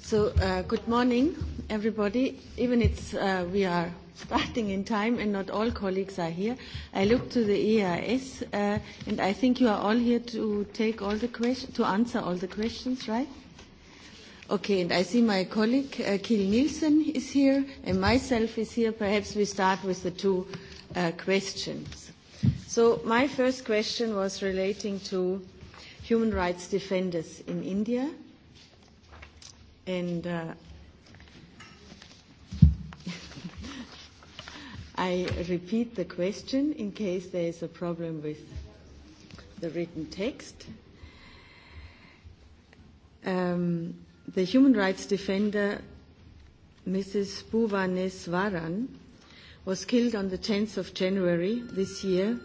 So, uh, good morning, everybody. Even it's uh, we are starting in time and not all colleagues are here. I look to the EIS, uh, and I think you are all here to take all the questions, to answer all the questions, right? Okay, and I see my colleague uh, Kiel Nielsen is here, and myself is here. Perhaps we start with the two uh, questions. So my first question was relating to human rights defenders in India, and uh, I repeat the question in case there is a problem with the written text. Um, the human rights defender Mrs. Bhuvaneswaran was killed on the 10th of January this year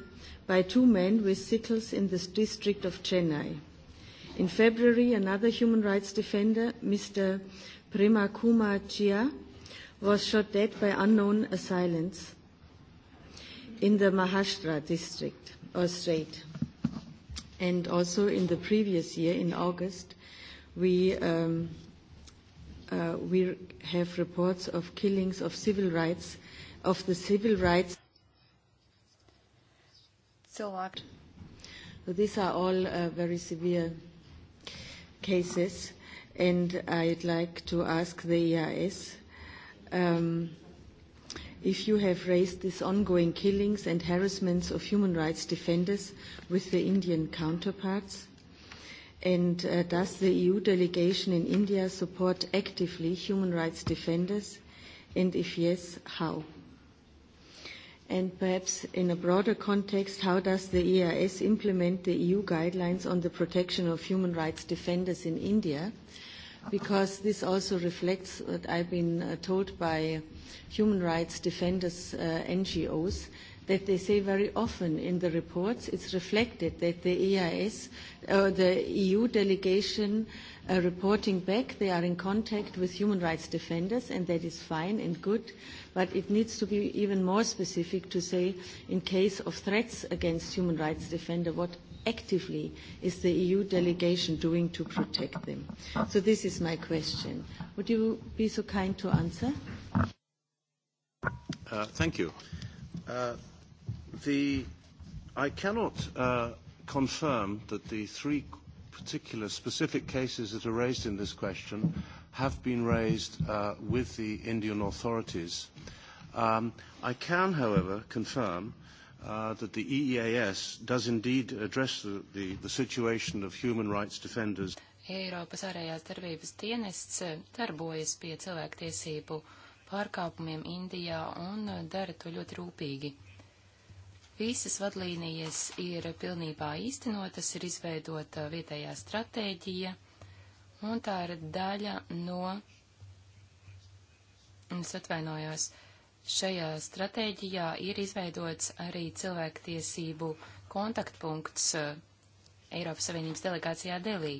by two men with sickles in the district of Chennai. In February, another human rights defender, Mr. Premakumar Chia, was shot dead by unknown assailants in the Maharashtra district or state. And also in the previous year, in August, we um, uh, we have reports of killings of civil rights, of the civil rights. Cilvēki. So these are all uh, very severe cases, and I'd like to ask the EIS um, if you have raised these ongoing killings and harassments of human rights defenders with the Indian counterparts And uh, does the EU delegation in India support actively human rights defenders? And if yes, how? And perhaps in a broader context, how does the EIS implement the EU guidelines on the protection of human rights defenders in India? Because this also reflects what I've been uh, told by human rights defenders uh, NGOs, that they say very often in the reports. It's reflected that the EIS, uh, the EU delegation uh, reporting back, they are in contact with human rights defenders, and that is fine and good, but it needs to be even more specific to say, in case of threats against human rights defender, what actively is the EU delegation doing to protect them? So this is my question. Would you be so kind to answer? Uh, thank you. Uh, the, I cannot uh, confirm that the three particular specific cases that are raised in this question have been raised uh, with the Indian authorities. Um, I can, however, confirm uh, that the EEAS does indeed address the, the, the situation of human rights defenders. Eiropas ārējās darbības dienests uh, darbojas pie cilvēktiesību pārkāpumiem Indijā un uh, dara to ļoti rūpīgi. Visas vadlīnijas ir pilnībā īstenotas, ir izveidota vietējā stratēģija, un tā ir daļa no, es atvainojos, šajā stratēģijā ir izveidots arī cilvēktiesību kontaktpunkts eh, Eiropas Savienības delegācijā Delī.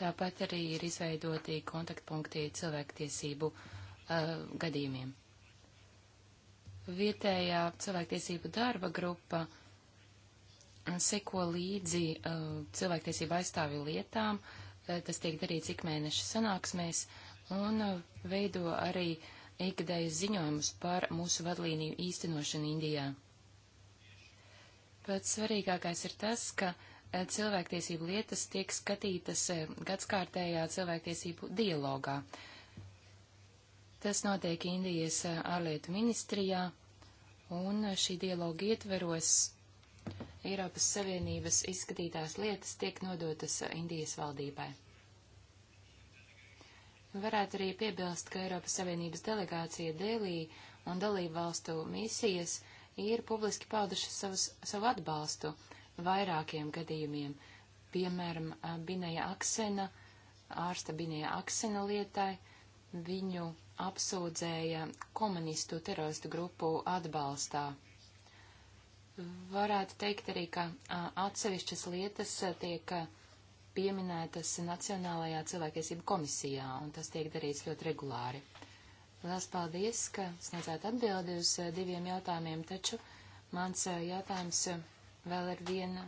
Tāpat arī ir izveidoti kontaktpunkti cilvēktiesību uh, gadījumiem vietējā cilvēktiesību darba grupa seko līdzi uh, cilvēktiesību aizstāvju lietām, uh, tas tiek darīts ikmēneša sanāksmēs, un uh, veido arī ikdējas ziņojumus par mūsu vadlīniju īstenošanu Indijā. Pats svarīgākais ir tas, ka uh, cilvēktiesību lietas tiek skatītas uh, gadskārtējā cilvēktiesību dialogā. Tas notiek Indijas uh, ārlietu ministrijā, un šī dialoga ietveros Eiropas Savienības izskatītās lietas tiek nodotas Indijas valdībai. Varētu arī piebilst, ka Eiropas Savienības delegācija Dēlī un dalību valstu misijas ir publiski pauduši savus, savu atbalstu vairākiem gadījumiem, piemēram, Binēja Aksena, ārsta Binēja Aksena lietai, viņu apsūdzēja komunistu teroristu grupu atbalstā. Varētu teikt arī, ka atsevišķas lietas tiek pieminētas Nacionālajā cilvēktiesību komisijā, un tas tiek darīts ļoti regulāri. Lielas paldies, ka sniedzāt atbildi uz diviem jautājumiem, taču mans jautājums vēl ir viena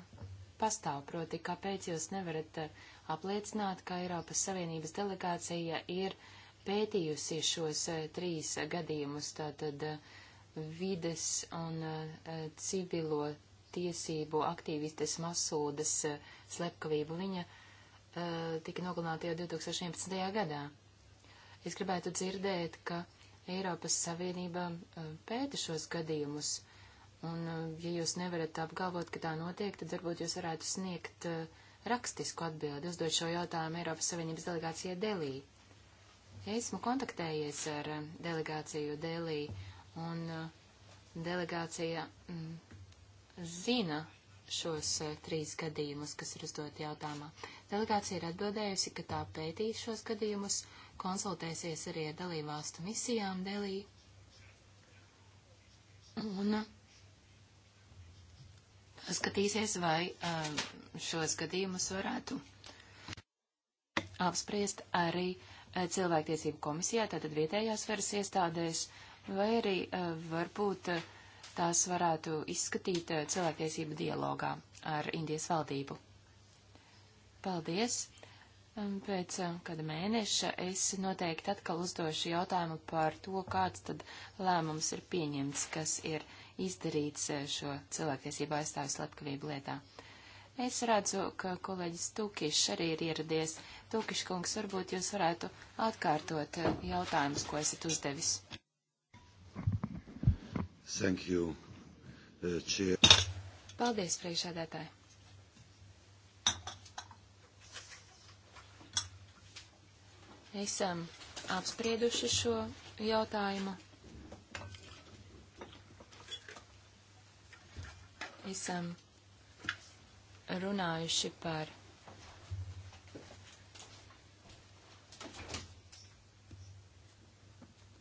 pastāv, proti, kāpēc jūs nevarat apliecināt, ka Eiropas Savienības delegācija ir uh, pētījusi šos eh, trīs gadījumus, tātad eh, vides un eh, civilo tiesību aktīvistes Masūdas slepkavību. Viņa tika nogalināta jau 2011. gadā. Es gribētu dzirdēt, ka Eiropas Savienība pēta šos gadījumus, un ja jūs nevarat apgalvot, ka tā notiek, tad varbūt jūs varētu sniegt rakstisku atbildi, uzdot šo jautājumu Eiropas Savienības delegācijai Delī. Esmu kontaktējies ar eh, delegāciju Delī, un eh, delegācija m, mm, zina šos eh, trīs gadījumus, kas ir uzdot jautājumā. Delegācija ir atbildējusi, ka tā pētīs šos gadījumus, konsultēsies arī ar dalībvalstu misijām Delī. Un skatīsies, vai šos gadījumus varētu apspriest arī uh, Eh, cilvēktiesību komisijā, tātad vietējās varas iestādēs, vai arī eh, varbūt eh, tās varētu izskatīt cilvēktiesību dialogā ar Indijas valdību. Paldies! Pēc kāda mēneša es noteikti atkal uzdošu jautājumu par to, kāds tad lēmums ir pieņemts, kas ir izdarīts šo cilvēktiesību aizstāvis Latkavību lietā. Es redzu, ka kolēģis Tūkišs arī ir ieradies. Tūkiškungs, varbūt jūs varētu atkārtot eh, jautājumus, ko esat uzdevis. Thank you. Uh, Paldies, priekšādētāji. Esam apsprieduši šo jautājumu. Esam runājuši par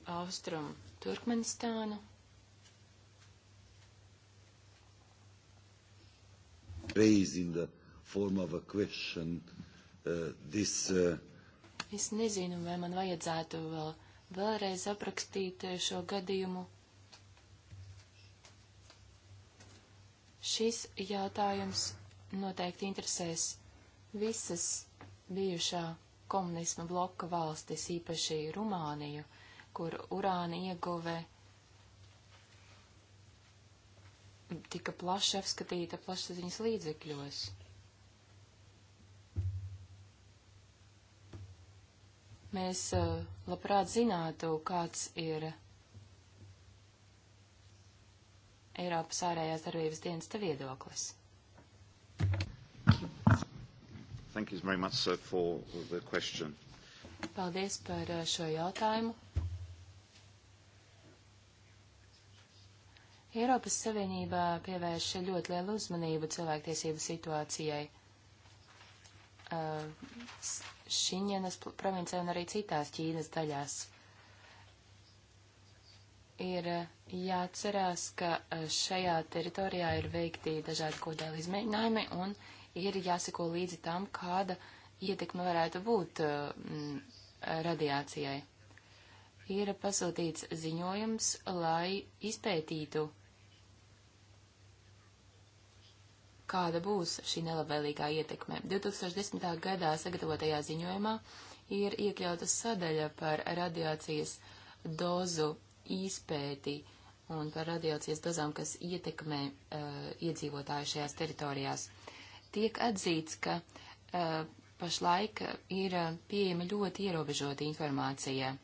austrumu Turkmenistānu. Raised in the form of a question uh, this. Uh... Es nezinu, vai man vajadzētu vēl, vēlreiz aprakstīt uh, šo gadījumu. Šis jautājums noteikti interesēs visas bijušā komunisma bloka valstis, īpaši Rumāniju, kur urāna ieguve tika plaši apskatīta plašsaziņas līdzekļos. Mēs eh, labprāt zinātu, kāds ir Eiropas ārējās darbības dienesta viedoklis. Thank you very much, sir, for the question. Paldies par eh, šo jautājumu. Eiropas Savienībā pievērš ļoti lielu uzmanību cilvēktiesību situācijai uh, Šiņenas provincē un arī citās Ķīnas daļās. Ir uh, jāatcerās, ka uh, šajā teritorijā ir veikti dažādi kodēli izmēģinājumi un ir jāseko līdzi tam, kāda ietekme varētu būt m, radiācijai. Ir pasūtīts ziņojums, lai izpētītu kāda būs šī nelabvēlīgā ietekme. 2010. gadā sagatavotajā ziņojumā ir iekļauta sadaļa par radiācijas dozu izpēti un par radiācijas dozām, kas ietekmē uh, eh, iedzīvotāju šajās teritorijās. Tiek atzīts, ka uh, pašlaik ir eh, pieejama ļoti ierobežota informācija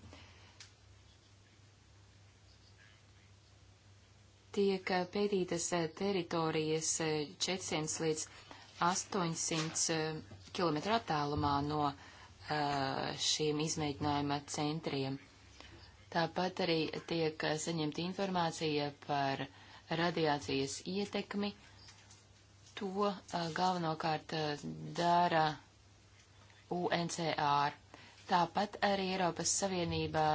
tiek eh, pētītas eh, teritorijas 400 eh, līdz 800 km attālumā no šīm izmēģinājuma centriem. Tāpat arī tiek saņemta informācija par radiācijas ietekmi. To galvenokārt dara UNCR. Tāpat arī Eiropas Savienība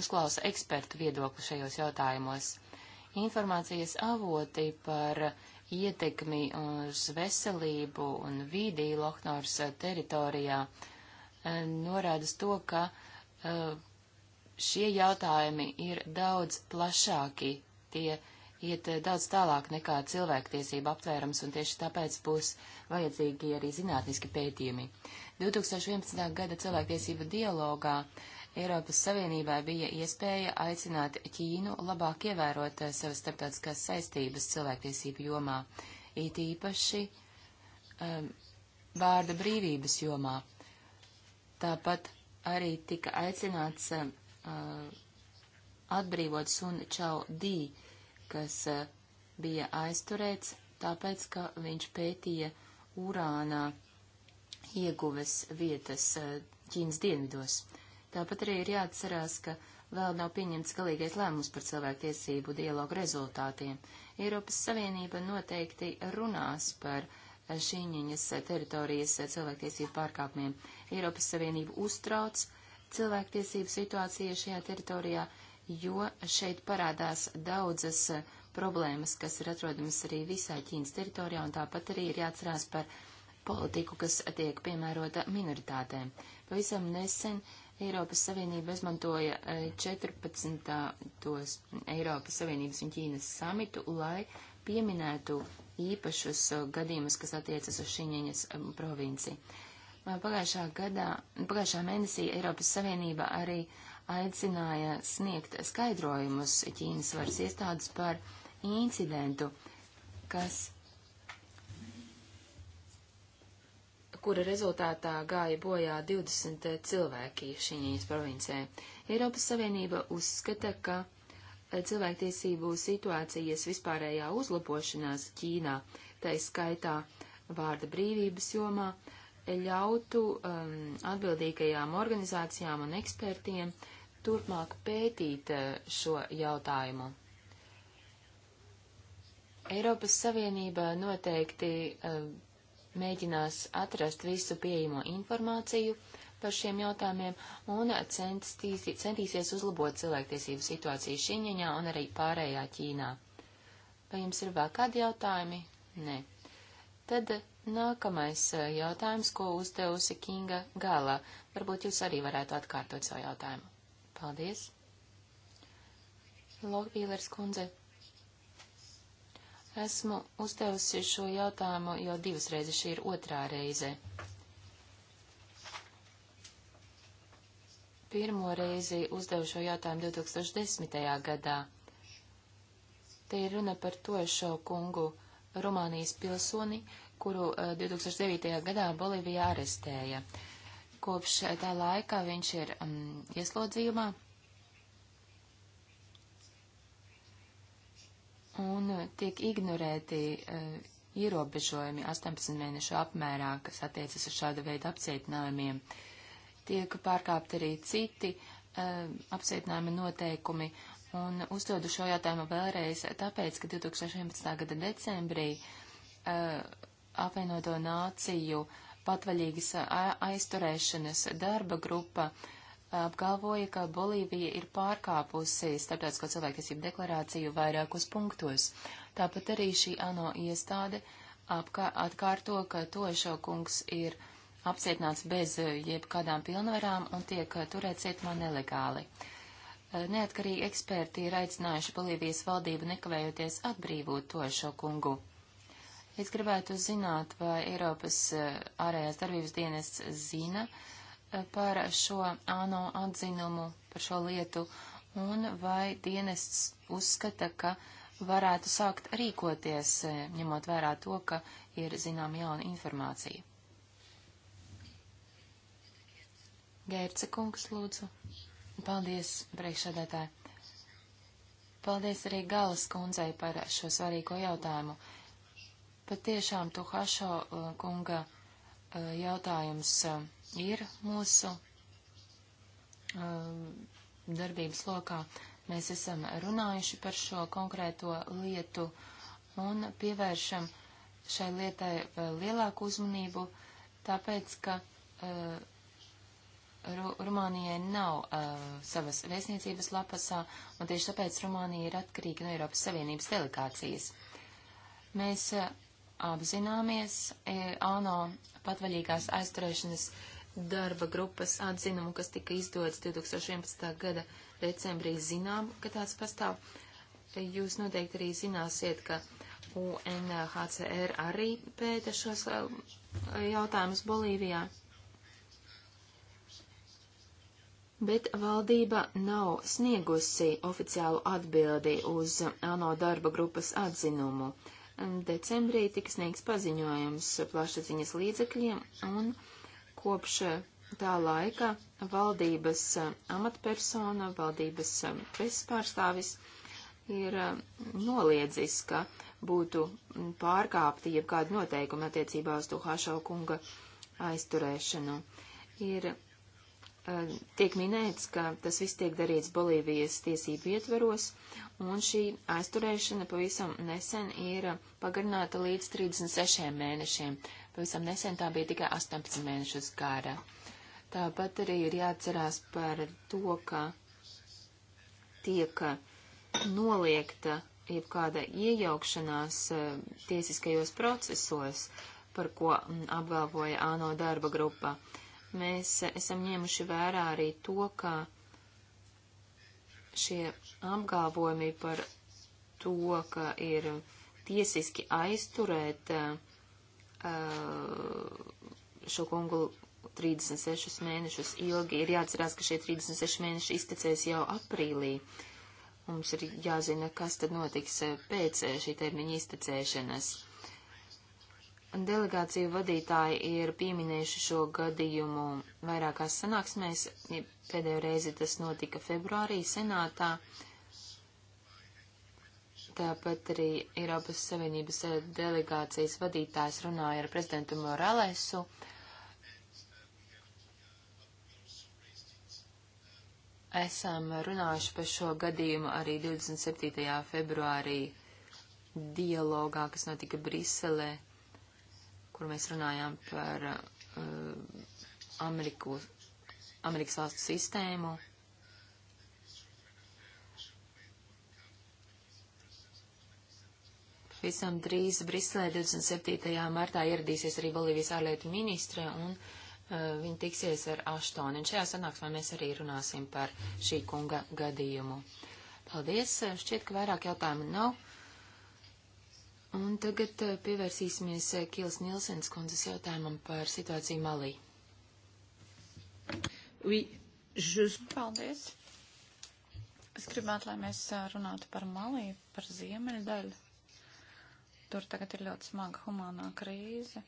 uzklausa ekspertu viedokli šajos jautājumos. Informācijas avoti par ietekmi uz veselību un vīdī Lohnors eh, teritorijā eh, norādas to, ka eh, šie jautājumi ir daudz plašāki, tie iet daudz tālāk nekā cilvēktiesība aptvērums, un tieši tāpēc būs vajadzīgi arī zinātniski pētījumi. 2011. gada cilvēktiesība dialogā uh, Eiropas Savienībai bija iespēja aicināt Ķīnu labāk ievērot eh, savas starptautiskās saistības cilvēktiesību jomā, it īpaši um, vārda brīvības jomā. Tāpat arī tika aicināts uh, atbrīvot Sun Čau Dī, kas uh, bija aizturēts tāpēc, ka viņš pētīja urānā ieguves vietas uh, Ķīnas dienvidos. Uh, Tāpat arī ir jāatcerās, ka vēl nav pieņemts galīgais lēmums par cilvēktiesību dialogu rezultātiem. Eiropas Savienība noteikti runās par šīņiņas teritorijas cilvēktiesību pārkāpumiem. Eiropas Savienība uztrauc cilvēktiesību situāciju šajā teritorijā, jo šeit parādās daudzas problēmas, kas ir atrodamas arī visā Ķīnas teritorijā, un tāpat arī ir jāatcerās par politiku, kas tiek piemērota minoritātēm. Pavisam nesen uh, Eiropas Savienība izmantoja 14. E, Eiropas Savienības un Ķīnas samitu, lai pieminētu īpašus e, gadījumus, kas attiecas uz Šiņaņas e, provinci. Pagājušā, gadā, pagājušā mēnesī Eiropas Savienība arī aicināja sniegt skaidrojumus Ķīnas varas iestādes par incidentu, kas kura rezultātā gāja bojā 20 eh, cilvēki Šīņijas provincē. Eiropas Savienība uzskata, ka eh, cilvēktiesību situācijas vispārējā uzlabošanās Ķīnā, tai skaitā vārda brīvības jomā, ļautu um, atbildīgajām organizācijām un ekspertiem turpmāk pētīt eh, šo jautājumu. Eiropas Savienība noteikti um, mēģinās atrast visu pieejamo informāciju par šiem jautājumiem un centīs, centīsies uzlabot cilvēktiesību situāciju Šiņaņā un arī pārējā Ķīnā. Vai jums ir vēl kādi jautājumi? Nē. Tad Nākamais eh, jautājums, ko uzdevusi Kinga Gala. Varbūt jūs arī varētu atkārtot savu jautājumu. Paldies. Lokvīlers kundze, Esmu uzdevusi šo jautājumu jau divas reizes, šī ir otrā reize. Pirmo reizi uzdevu šo jautājumu 2010. gadā. Te ir runa par to šo kungu Rumānijas pilsoni, kuru 2009. Eh, gadā Bolivija arestēja. Kopš eh, tā laika viņš ir um, ieslodzījumā. un eh, tiek ignorēti uh, ierobežojumi 18 mēnešu apmērā, kas attiecas uz šāda veida apcietinājumiem. Tiek pārkāpt arī citi uh, apcietinājuma noteikumi, un uzdodu šo jautājumu vēlreiz, tāpēc, ka 2011. gada decembrī uh, apvienoto nāciju patvaļīgas aizturēšanas darba grupa uh, apgalvoja, ka Bolīvija ir pārkāpusi starptautisko cilvēktiesību deklarāciju vairākos punktos. Tāpat arī šī ANO iestāde apkā, atkārto, ka Tošo kungs ir apcietināts bez eh, jebkādām pilnvarām un tiek eh, turēt cietumā nelegāli. Eh, neatkarīgi eksperti ir aicinājuši Bolīvijas valdību nekavējoties atbrīvot Tošo kungu. Es gribētu zināt, vai Eiropas ārējās darbības dienas zina, uh, par šo ANO atzinumu, par šo lietu, un vai dienests uzskata, ka varētu sākt rīkoties, e, ņemot vērā to, ka ir zinām jauna informācija. Gērce kungs, lūdzu. Paldies, priekšsēdētāji. Paldies arī Galas kundzei par šo svarīgo jautājumu. Pat tiešām Tuhašo e, kunga e, jautājums ir mūsu um, darbības lokā. Mēs esam runājuši par šo konkrēto lietu un pievēršam šai lietai vēl uh, lielāku uzmanību, tāpēc, ka uh, Ru Rumānijai nav uh, savas vēstniecības lapasā, un tieši tāpēc Rumānija ir atkarīga no Eiropas Savienības delegācijas. Mēs uh, apzināmies uh, ANO patvaļīgās aizturēšanas uh, darba grupas atzinumu, kas tika izdots 2011. gada decembrī, zinām, ka tāds pastāv. Jūs noteikti arī zināsiet, ka UNHCR arī pēta šos eh, jautājumus Bolīvijā. Bet valdība nav sniegusi oficiālu atbildi uz ANO darba grupas atzinumu. Decembrī tika sniegts paziņojums plašsaziņas līdzekļiem un uh, Kopš eh, tā laika valdības eh, amatpersona, valdības eh, vispārstāvis ir noliedzis, ka būtu mm, pārkāpti jebkādi noteikumi attiecībā uz to Hašau kunga aizturēšanu. Ir, tiek minēts, ka tas viss tiek darīts Bolīvijas tiesību ietveros, un šī aizturēšana pavisam nesen ir pagarināta līdz 36 mēnešiem Pavisam nesen tā bija tikai 18 mēnešus gara. Tāpat arī ir jāatcerās par to, ka tiek noliegta jebkāda iejaukšanās eh, tiesiskajos procesos, par ko mm, apgalvoja ANO darba grupa. Mēs eh, esam ņēmuši vērā arī to, ka šie apgalvojumi par to, ka ir tiesiski aizturēt uh, Uh, šo kungulu 36 mēnešus ilgi. Ir jāatcerās, ka šie 36 mēneši iztecēs jau aprīlī. Mums ir jāzina, kas tad notiks uh, pēc uh, šī termiņa iztecēšanas. Delegāciju vadītāji ir pieminējuši šo gadījumu vairākās sanāksmēs. Pēdējo reizi tas notika februārī senātā. Uh, Tāpat arī Eiropas Savienības eh, delegācijas vadītājs runāja ar prezidentu Moralesu. Esam runājuši par šo gadījumu arī 27. februārī dialogā, kas notika Briselē, kur mēs runājām par uh, Ameriku, Amerikas valstu sistēmu Pavisam drīz Briselē 27. martā ieradīsies arī Bolīvijas ārlietu ministre un uh, viņi tiksies ar Aštoni. Un šajā sanāksmē mēs arī runāsim par šī kunga gadījumu. Paldies, šķiet, ka vairāk jautājumu nav. Un tagad uh, pievērsīsimies uh, Kils Nilsens kundzes jautājumam par situāciju Malī. Oui, je... Paldies. Es gribētu, lai mēs uh, runātu par Malī, par ziemeļdaļu. Tur tagad ir ļoti smaga humānā krīze.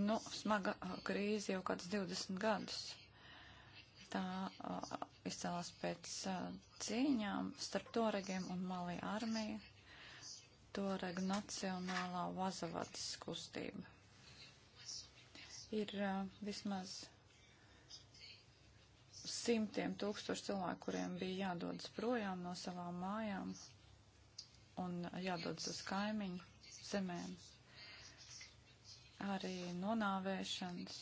Nu, smaga uh, krīze jau kāds 20 gadus. Tā uh, izcēlās pēc uh, cīņām starp Toregiem un Malī armiju. Toreg nacionālā vazavadas kustība. Ir uh, vismaz simtiem tūkstoši cilvēku, kuriem bija jādodas projām no savām mājām un jādodas uz kaimiņu zemēm, arī nonāvēšanas,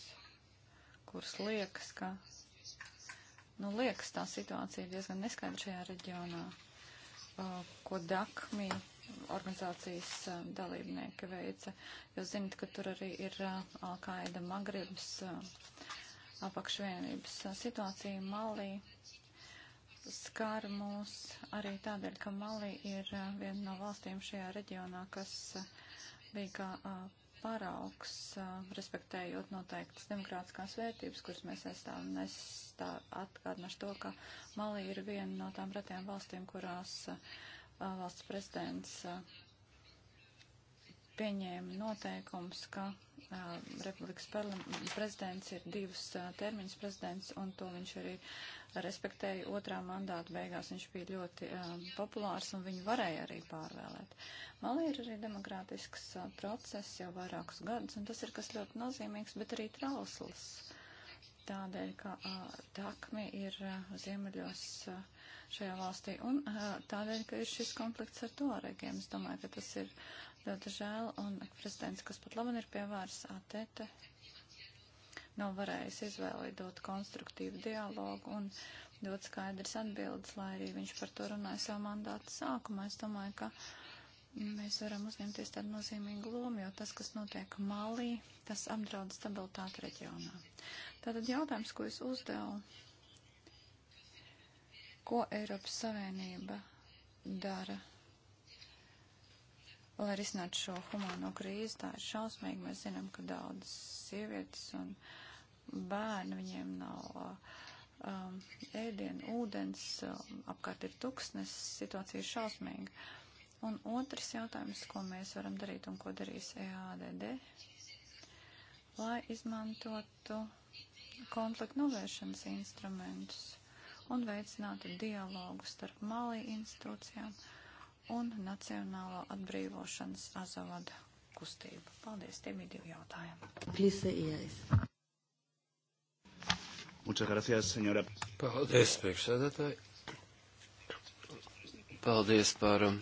kuras liekas, ka, nu, liekas tā situācija ir diezgan neskaidra šajā reģionā, uh, ko Dakmi organizācijas uh, dalībnieki veica. Jūs zinat, ka tur arī ir uh, Alkaida Magribs apakšvienības situācija Malī skāra mūs arī tādēļ, ka Mali ir uh, viena no valstīm šajā reģionā, kas uh, bija kā uh, paraugs, respektējot noteiktas demokrātiskās vērtības, kuras mēs aizstāvam. Es tā atgādināšu to, ka Mali ir viena no tām retajām valstīm, kurās valsts prezidents pieņēma noteikums, ka uh, Republikas prezidents ir divus uh, termiņus prezidents, un to viņš arī respektēja otrā mandāta beigās. Viņš bija ļoti uh, populārs, un viņu varēja arī pārvēlēt. Malī ir arī demokrātisks uh, process jau vairākus gadus, un tas ir kas ļoti nozīmīgs, bet arī trausls. Tādēļ, ka uh, takmi ir uh, ziemeļos uh, šajā valstī, un uh, tādēļ, ka ir šis konflikts ar to regiem. Es domāju, ka tas ir. Uh, Ļoti žēl, un prezidents, kas pat labi ir pie vāras ATT, nav varējis izvēlēt dot konstruktīvu dialogu un dot skaidrs atbildes, lai arī viņš par to runāja savu mandātu sākumā. Es domāju, ka mēs varam uzņemties tādu nozīmīgu lomu, jo tas, kas notiek Malī, tas apdraud stabilitāti reģionā. Tātad jautājums, ko es uzdevu, ko Eiropas Savienība dara lai risinātu šo humāno krīzi, tā ir šausmīgi. Mēs zinām, ka daudzas sievietes un bērni viņiem nav um, ēdienu, ūdens, um, apkārt ir tuksnes, situācija ir šausmīga. Un otrs jautājums, ko mēs varam darīt un ko darīs EADD, lai izmantotu konfliktu novēršanas instrumentus un veicinātu dialogu starp malī institūcijām. Uh, un Nacionālo atbrīvošanas azavada kustību. Paldies, tie bija divi jautājumi. Plisa ies. Muchas gracias, señora. Paldies, priekšsēdētāji. Paldies par um,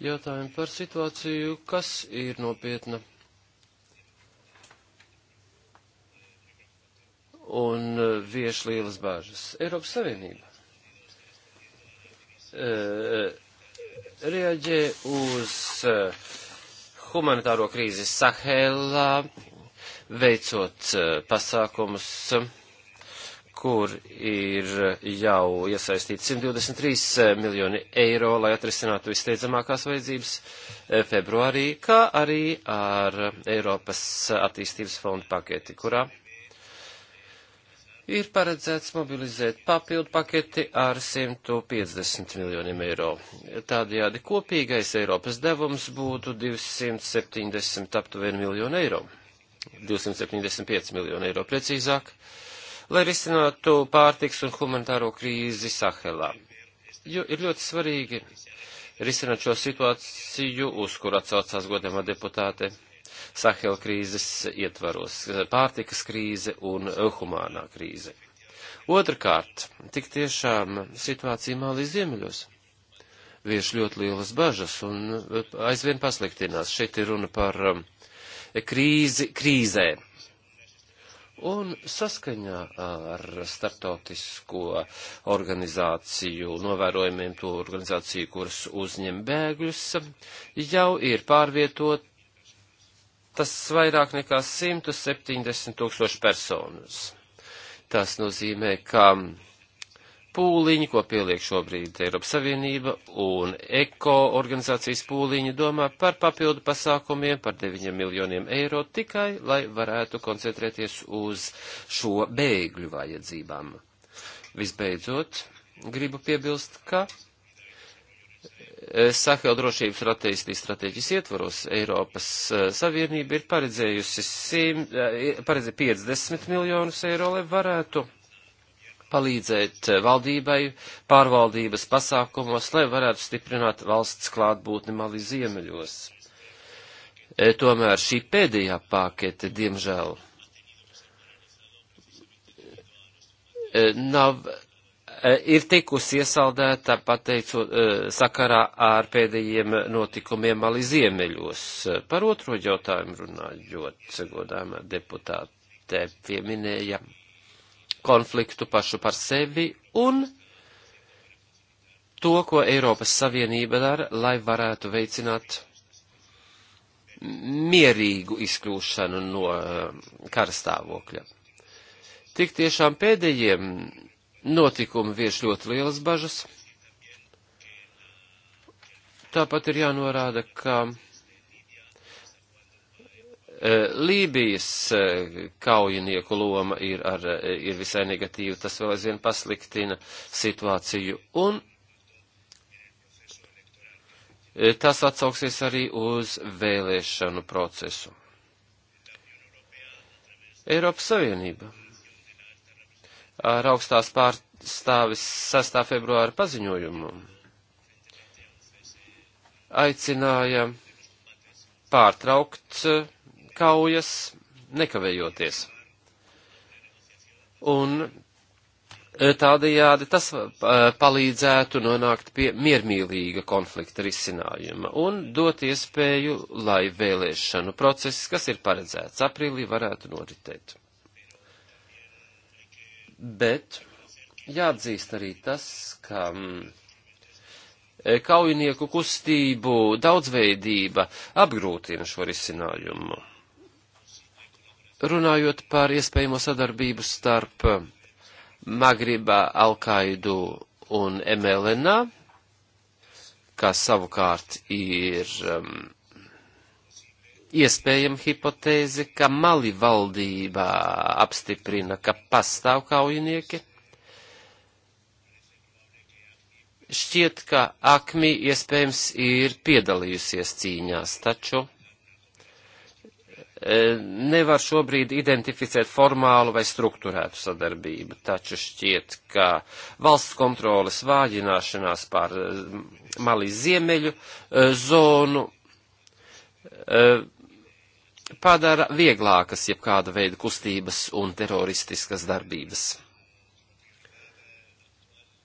jautājumu par situāciju, kas ir nopietna. Un uh, vieš lielas bāžas. Eiropas Savienība. E, reaģē uz eh, humanitāro krīzi Sahēlā, veicot eh, pasākumus, kur ir eh, jau iesaistīti 123 miljoni eiro, lai atrisinātu visteidzamākās vajadzības februārī, kā arī ar Eiropas attīstības fondu paketi, kurā ir paredzēts mobilizēt papildu paketi ar 150 miljoniem eiro. Tādējādi kopīgais Eiropas devums būtu 270 aptuveni miljonu eiro. 275 miljonu eiro precīzāk, lai risinātu pārtiks un humanitāro krīzi Sahelā. Jo ir ļoti svarīgi risināt šo situāciju, uz kur atsaucās godamā deputāte Sahel krīzes ietvaros - pārtikas krīze un humānā krīze. Otrakārt, tik tiešām situācija Malī ziemeļos vieš ļoti lielas bažas un aizvien pasliktinās. Šeit ir runa par um, krīzi krīzē. Un saskaņā ar startautisko organizāciju novērojumiem, to organizāciju, kuras uzņem bēgļus, jau ir pārvietot tas vairāk nekā 170 tūkstoši personas. Tas nozīmē, ka pūliņi, ko pieliek šobrīd Eiropas Savienība un eko organizācijas pūliņi domā par papildu pasākumiem par 9 miljoniem eiro tikai, lai varētu koncentrēties uz šo bēgļu vajadzībām. Visbeidzot, gribu piebilst, ka Sahel drošības un attīstības stratēģijas ietvaros Eiropas eh, Savienība ir paredzējusi sim, paredz 50 miljonus eiro, lai varētu palīdzēt eh, valdībai pārvaldības pasākumos, lai varētu stiprināt valsts klātbūtni Mali ziemeļos. Eh, tomēr šī pēdējā pakete, diemžēl, nav Eh, ir tikusi iesaldēta, pateicu, eh, sakarā ar pēdējiem notikumiem Mali ziemeļos. Eh, par otro jautājumu runājot, godāmā deputāte pieminēja konfliktu pašu par sevi un to, ko Eiropas Savienība dara, lai varētu veicināt mierīgu izkļūšanu no karstāvokļa. Tik tiešām pēdējiem notikumi vieš ļoti lielas bažas. Tāpat ir jānorāda, ka e, Lībijas e, kaujinieku loma ir, ar, e, ir visai negatīva, tas vēl aizvien pasliktina situāciju, un tas atsauksies arī uz vēlēšanu procesu. Eiropas Savienība ar augstās pārstāvis 6. februāra paziņojumu aicināja pārtraukt eh, kaujas, nekavējoties. Un eh, tādējādi tas eh, palīdzētu nonākt pie miermīlīga konflikta risinājuma un dot iespēju, lai vēlēšanu process, kas ir paredzēts aprīlī, varētu noritēt bet jāatzīst arī tas, ka mm, kaujinieku kustību daudzveidība apgrūtina šo risinājumu. Runājot par iespējamo sadarbību starp Magribā, Alkaidu un MLNA, kas savukārt ir um, iespējama hipotēze, ka Mali valdībā apstiprina, ka pastāv kaujinieki. Šķiet, ka Akmi iespējams ir piedalījusies cīņās, taču e, nevar šobrīd identificēt formālu vai struktūrētu sadarbību, taču šķiet, ka valsts kontroles vāģināšanās pār e, Mali ziemeļu e, zonu padara vieglākas jebkāda veida kustības un teroristiskas darbības.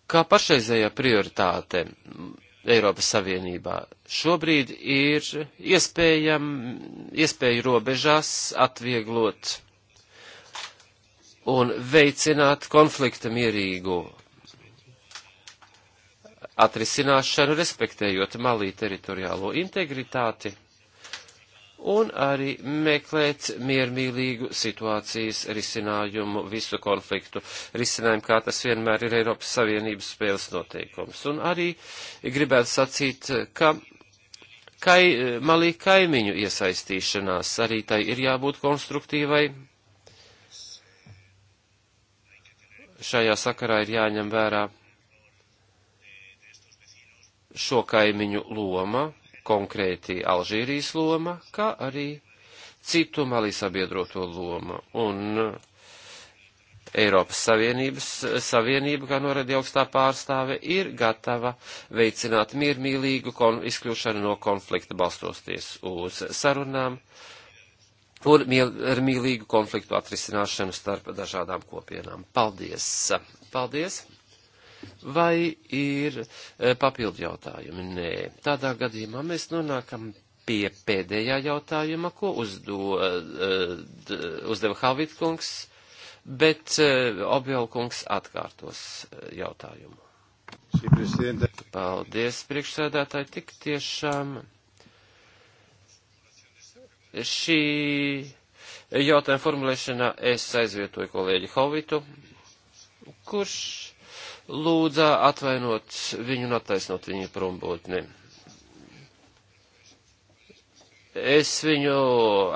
Kā pašreizējā prioritāte Eiropas Savienībā šobrīd ir iespējam, iespēju robežās atvieglot un veicināt konflikta mierīgu atrisināšanu, respektējot malī teritoriālo integritāti un arī meklēt miermīlīgu situācijas risinājumu, visu konfliktu risinājumu, kā tas vienmēr ir Eiropas Savienības spēles noteikums. Un arī gribētu sacīt, ka kai, malī kaimiņu iesaistīšanās arī tai ir jābūt konstruktīvai. Šajā sakarā ir jāņem vērā šo kaimiņu loma konkrēti Alžīrijas loma, kā arī citu malī sabiedroto loma. Un uh, Eiropas Savienības uh, Savienība, kā norādīja augstā pārstāve, ir gatava veicināt miermīlīgu kon, izkļūšanu no konflikta balstoties uz sarunām un miermīlīgu konfliktu atrisināšanu starp dažādām kopienām. Paldies! Paldies! Vai ir e, papildu jautājumi? Nē. Tādā gadījumā mēs nonākam pie pēdējā jautājuma, ko uzdo, e, uzdeva Havitkungs, bet e, Objolkungs atkārtos jautājumu. Paldies, priekšsēdētāji, tik tiešām šī jautājuma formulēšanā es aizvietoju kolēģi Hovitu, kurš lūdza atvainot viņu un attaisnot viņu prombūtni. Es viņu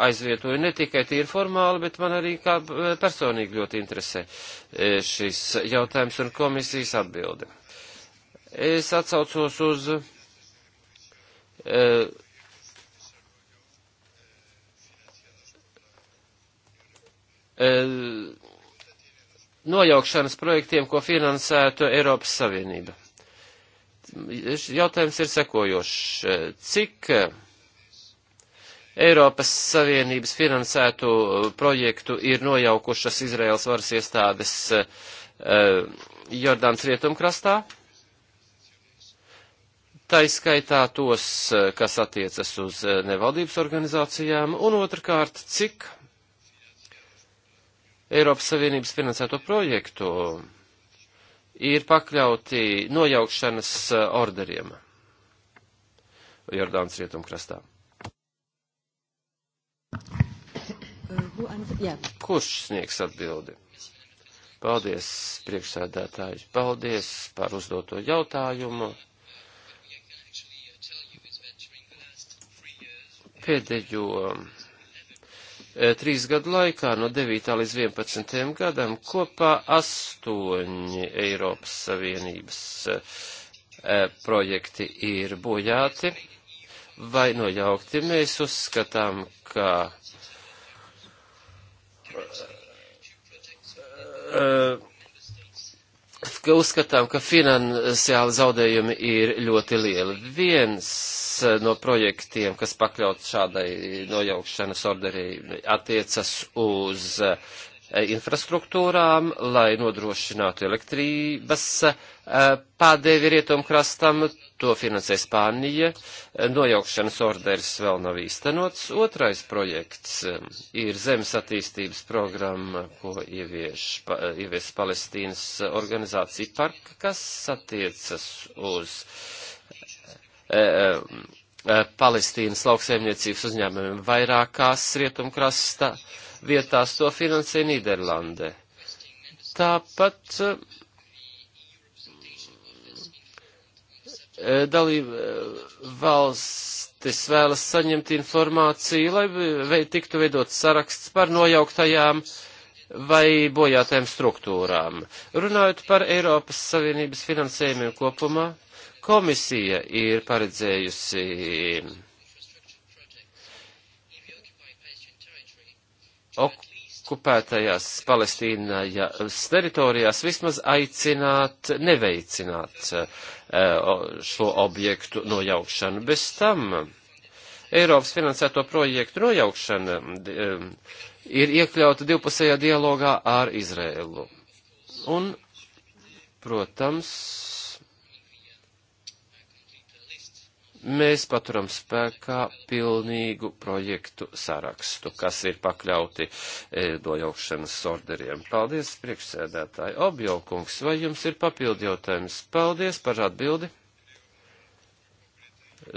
aizvietoju ne tikai tīri formāli, bet man arī kā personīgi ļoti interesē e, šis jautājums un komisijas atbildi. Es atsaucos uz uh, uh, nojaukšanas projektiem, ko finansētu Eiropas Savienība. Jautājums ir sekojošs. Cik Eiropas Savienības finansētu projektu ir nojaukušas Izraels varas iestādes e, Jordāns rietumkrastā? Taiskaitā tos, kas attiecas uz nevaldības organizācijām, un otrkārt, cik Eiropas Savienības finansēto projektu ir pakļauti nojaukšanas eh, orderiem Jordānas rietumkrastā. Kurš sniegs atbildi? Paldies, priekšsēdētāji, paldies par uzdoto jautājumu. Pēdējo Eh, trīs gadu laikā no 9. līdz 11. gadam kopā astoņi Eiropas Savienības eh, eh, projekti ir bojāti vai nojaukti. Mēs uzskatām, ka ka uzskatām, ka finansiāli zaudējumi ir ļoti lieli. Viens Eh, no projektiem, kas pakļaut šādai nojaukšanas orderī, attiecas uz eh, infrastruktūrām, lai nodrošinātu elektrības eh, pādēvi rietumkrastam, to finansē Spānija, nojaukšanas orders vēl nav īstenots. Otrais projekts ir zemes attīstības programma, ko ievieš, ievies Palestīnas organizācija parka, kas attiecas uz uh, E, e, e, Palestīnas lauksaimniecības uzņēmumiem vairākās rietumkrasta vietās to finansē Nīderlande. Tāpat dalība valstis vēlas saņemt informāciju, lai vei, tiktu veidots saraksts par nojauktajām vai bojātajām struktūrām. Runājot par Eiropas Savienības finansējumiem kopumā, Komisija ir paredzējusi okupētajās Palestīnas teritorijās vismaz aicināt, neveicināt eh, šo objektu nojaukšanu. Bez tam Eiropas finansēto projektu nojaukšana eh, ir iekļauta divpusējā dialogā ar Izrēlu. Un, protams, mēs paturam spēkā pilnīgu projektu sarakstu, kas ir pakļauti e, dojaukšanas orderiem. Paldies, priekšsēdētāji. Objaukungs, vai jums ir papildi jautājums? Paldies par atbildi.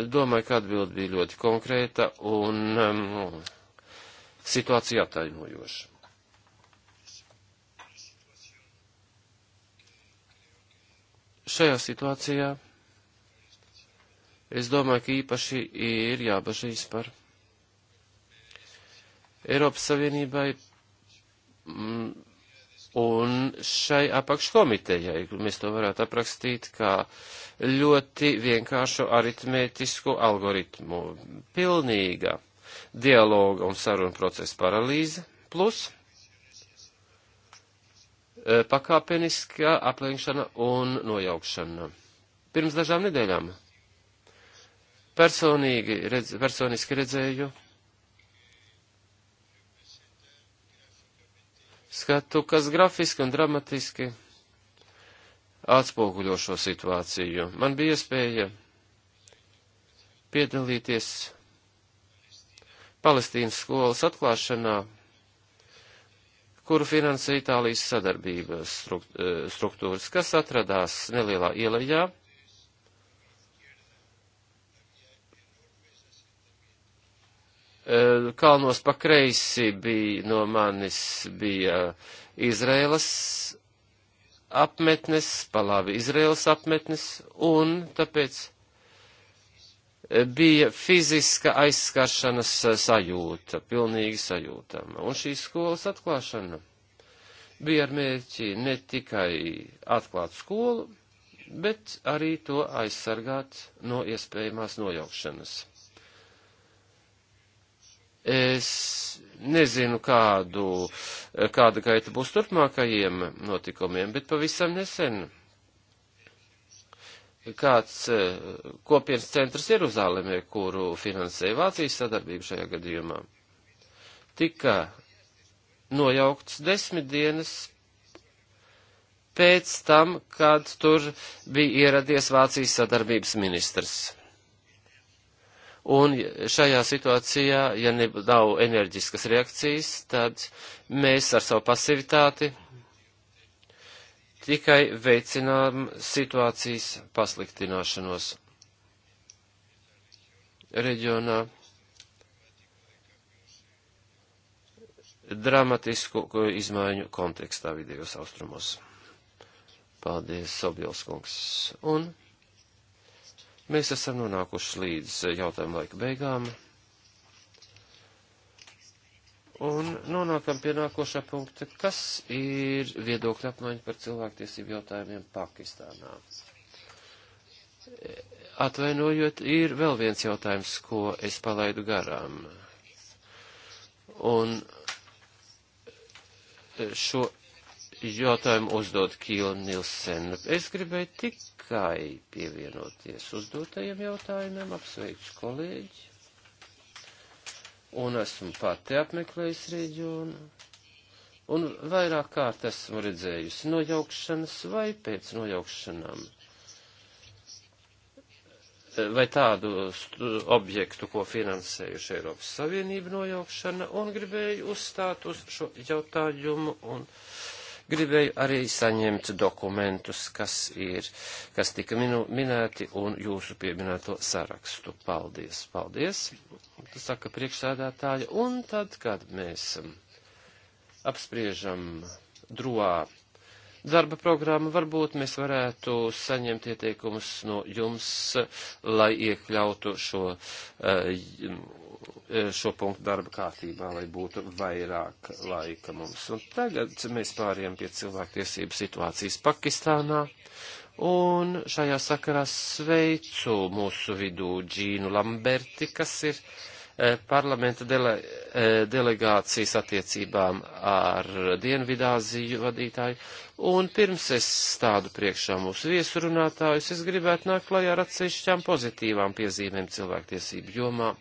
Domāju, ka atbildi bija ļoti konkrēta un um, situācija attainojoša. Šajā situācijā Es domāju, ka īpaši ir jābažīs par Eiropas Savienībai mm, un šai apakškomitejai. Mēs to varētu aprakstīt kā ļoti vienkāršu aritmētisku algoritmu. Pilnīga dialoga un saruna procesa paralīze plus e, pakāpeniskā aplenkšana un nojaukšana. Pirms dažām nedēļām Personīgi, redz, personiski redzēju skatu, kas grafiski un dramatiski atspoguļo šo situāciju. Man bija iespēja piedalīties Palestīnas skolas atklāšanā, kuru finansē Itālijas sadarbības struktūras, kas atradās nelielā ielajā Eh, kalnos pa kreisi bija no manis bija Izrēlas apmetnes, pa labi Izrēlas apmetnes, un tāpēc eh, bija fiziska aizskaršanas eh, sajūta, pilnīgi sajūtama. Un šīs skolas atklāšana bija ar mērķi ne tikai atklāt skolu, bet arī to aizsargāt no iespējamās nojaukšanas. Es nezinu, kādu, kāda gaita būs turpmākajiem notikumiem, bet pavisam nesen kāds eh, kopienas centrs Jeruzalemē, kuru finansēja Vācijas sadarbība šajā gadījumā, tika nojaukts desmit dienas pēc tam, kad tur bija ieradies Vācijas sadarbības ministrs. Un šajā situācijā, ja nav enerģiskas reakcijas, tad mēs ar savu pasivitāti tikai veicinām situācijas pasliktināšanos reģionā. dramatisku izmaiņu kontekstā vidējos austrumos. Paldies, Sobjelskungs. Un Mēs esam nonākuši līdz jautājumu laika beigām. Un nonākam pie nākošā punkta, kas ir viedokļa apmaiņa par cilvēktiesību jautājumiem Pakistānā. Atvainojot, ir vēl viens jautājums, ko es palaidu garām. Un šo jautājumu uzdod Kīla Nilsen. Es gribēju tik tikai pievienoties uzdotajiem jautājumiem, apsveicu kolēģi, un esmu pati apmeklējis reģionu, un vairāk kārt esmu redzējusi nojaukšanas vai pēc nojaukšanām, vai tādu objektu, ko finansējuši Eiropas Savienība nojaukšana, un gribēju uzstāt uz šo jautājumu un. Uh, Gribēju arī saņemt dokumentus, kas ir, kas tika minu, minēti un jūsu pieminēto sarakstu. Paldies, paldies, saka priekšsēdētāja. Un tad, kad mēs apspriežam droā darba programmu, varbūt mēs varētu saņemt ieteikumus no jums, lai iekļautu šo uh, E, šo punktu darba kārtībā, lai būtu vairāk laika mums. Un tagad mēs pāriem pie cilvēktiesību situācijas Pakistānā. Un šajā sakarā sveicu mūsu vidū Džīnu Lamberti, kas ir e, parlamenta dele, e, delegācijas attiecībām ar Dienvidāziju vadītāju. Un pirms es stādu priekšā mūsu viesurunātājus, es gribētu nākt klajā ar atsevišķām pozitīvām piezīmēm cilvēktiesību jomā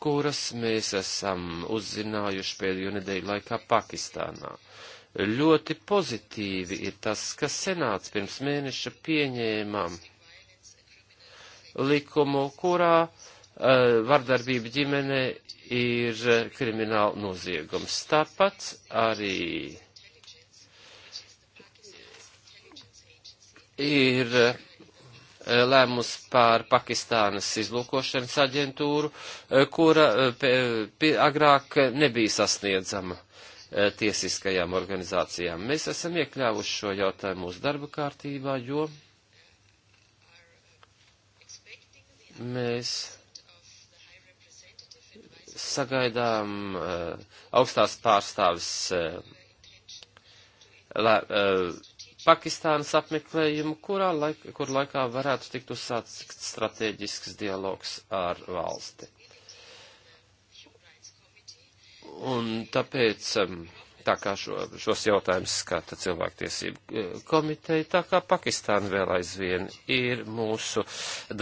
kuras mēs esam uzzinājuši pēdējo nedēļu laikā Pakistānā. Ļoti pozitīvi ir tas, ka senāts pirms mēneša pieņēma likumu, kurā uh, vardarbība ģimene ir krimināla noziegums. Tāpat arī ir Eh, lēmums pār Pakistānas izlūkošanas aģentūru, eh, kura eh, agrāk nebija sasniedzama tiesiskajām organizācijām. Mēs esam iekļāvuši šo jautājumu mūsu darba kārtībā, jo mēs sagaidām augstās pārstāvis lē, Pakistānas apmeklējumu, kurā laik, kur laikā varētu tikt uzsākts strateģisks dialogs ar valsti. Un tāpēc, um, tā kā šo, šos jautājumus skata cilvēktiesību eh, komiteja, tā kā Pakistāna vēl aizvien ir mūsu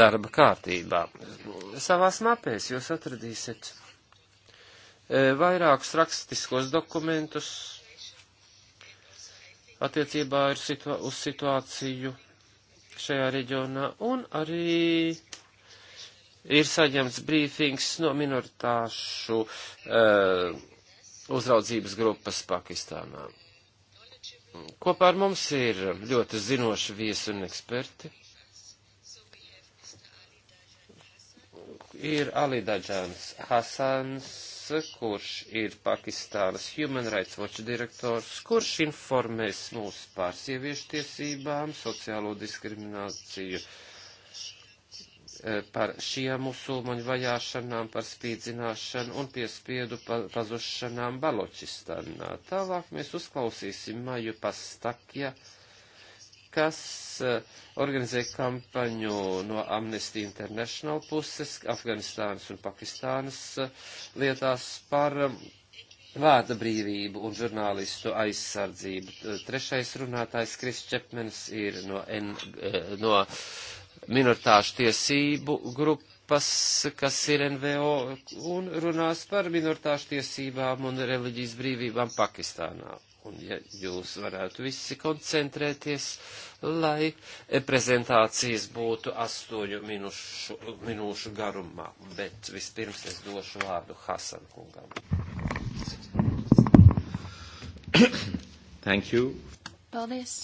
darba kārtībā. Savās mapēs jūs atradīsiet eh, vairākus rakstiskos dokumentus, attiecībā ir situā uz situāciju šajā reģionā, un arī ir saņemts brīfings no minoritāšu uh, uzraudzības grupas Pakistānā. Kopā ar mums ir ļoti zinoši viesi un eksperti. Ir Ali Dažans Hasans, kurš ir Pakistānas Human Rights Watch direktors, kurš informēs mūs par sieviešu tiesībām, sociālo diskrimināciju, e, par šiem musulmaņu vajāšanām, par spīdzināšanu un piespiedu pazušanām Baločistanā. Tālāk mēs uzklausīsim Maju Pastakja. Ja kas eh, organizē kampaņu no Amnesty International puses, Afganistānas un Pakistānas eh, lietās par eh, vārda brīvību un žurnālistu aizsardzību. Trešais runātājs Kris Čepmens ir no, N, no minoritāšu tiesību grupas, kas ir NVO, un runās par minoritāšu tiesībām un reliģijas brīvībām Pakistānā. Un ja jūs varētu visi koncentrēties, lai prezentācijas būtu astoņu minušu, minūšu garumā. Bet vispirms es došu vārdu Hasan kungam. Thank you. Paldies.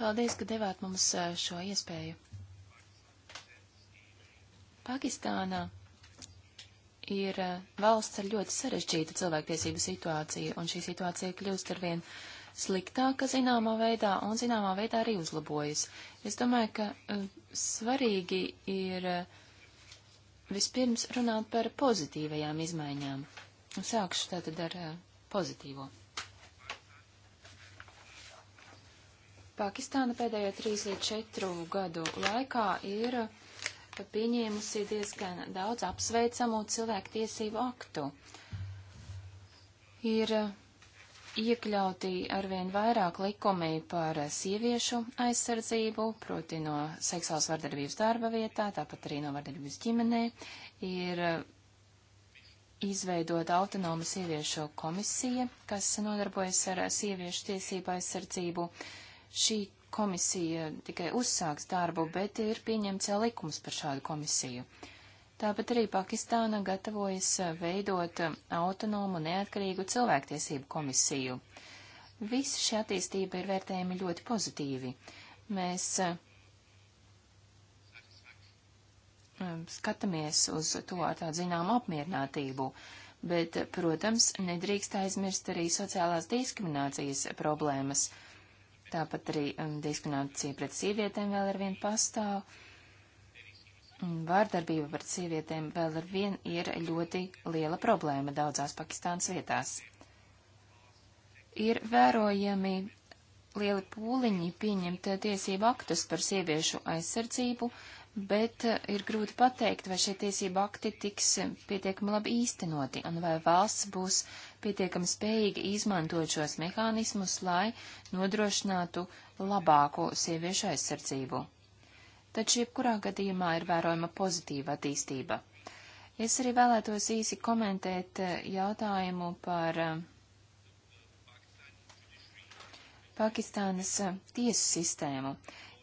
Paldies, ka devāt mums eh, šo iespēju. Pakistānā ir eh, valsts ar ļoti sarežģītu cilvēktiesību situāciju, un šī situācija kļūst arvien sliktāka zināmā veidā, un zināmā veidā arī uzlabojas. Es domāju, ka eh, svarīgi ir eh, vispirms runāt par pozitīvajām izmaiņām. Un sākšu tātad ar pozitīvo. Pakistāna pēdējo 3 līdz 4 gadu laikā ir uh, pieņēmusi diezgan daudz apsveicamu cilvēku tiesību aktu. Ir uh, iekļauti arvien vairāk likumi par uh, sieviešu aizsardzību, proti no seksuālas vardarbības darba vietā, tāpat arī no vardarbības ģimenē, ir uh, izveidota autonoma sieviešu komisija, kas nodarbojas ar sieviešu tiesību aizsardzību. Šī komisija tikai uzsāks darbu, bet ir pieņemts jau likums par šādu komisiju. Tāpat arī Pakistāna gatavojas veidot autonomu neatkarīgu cilvēktiesību komisiju. Visa šī attīstība ir vērtējama ļoti pozitīvi. Mēs um, skatāmies uz to ar tādu zināmu apmierinātību, bet, protams, nedrīkst aizmirst arī sociālās diskriminācijas problēmas Tāpat arī um, diskriminācija pret sievietēm vēl ar vienu pastāv. Vārdarbība pret sievietēm vēl ar vienu ir ļoti liela problēma daudzās Pakistānas vietās. Ir vērojami lieli pūliņi pieņemt uh, tiesību aktus par sieviešu aizsardzību, bet uh, ir grūti pateikt, vai šie tiesību akti tiks um, pietiekami labi īstenoti un vai valsts būs pietiekami spējīgi izmantot šos mehānismus, lai nodrošinātu labāku sieviešu aizsardzību. Taču jebkurā gadījumā ir vērojama pozitīva attīstība. Es arī vēlētos īsi komentēt eh, jautājumu par eh, Pakistānas eh, tiesu sistēmu.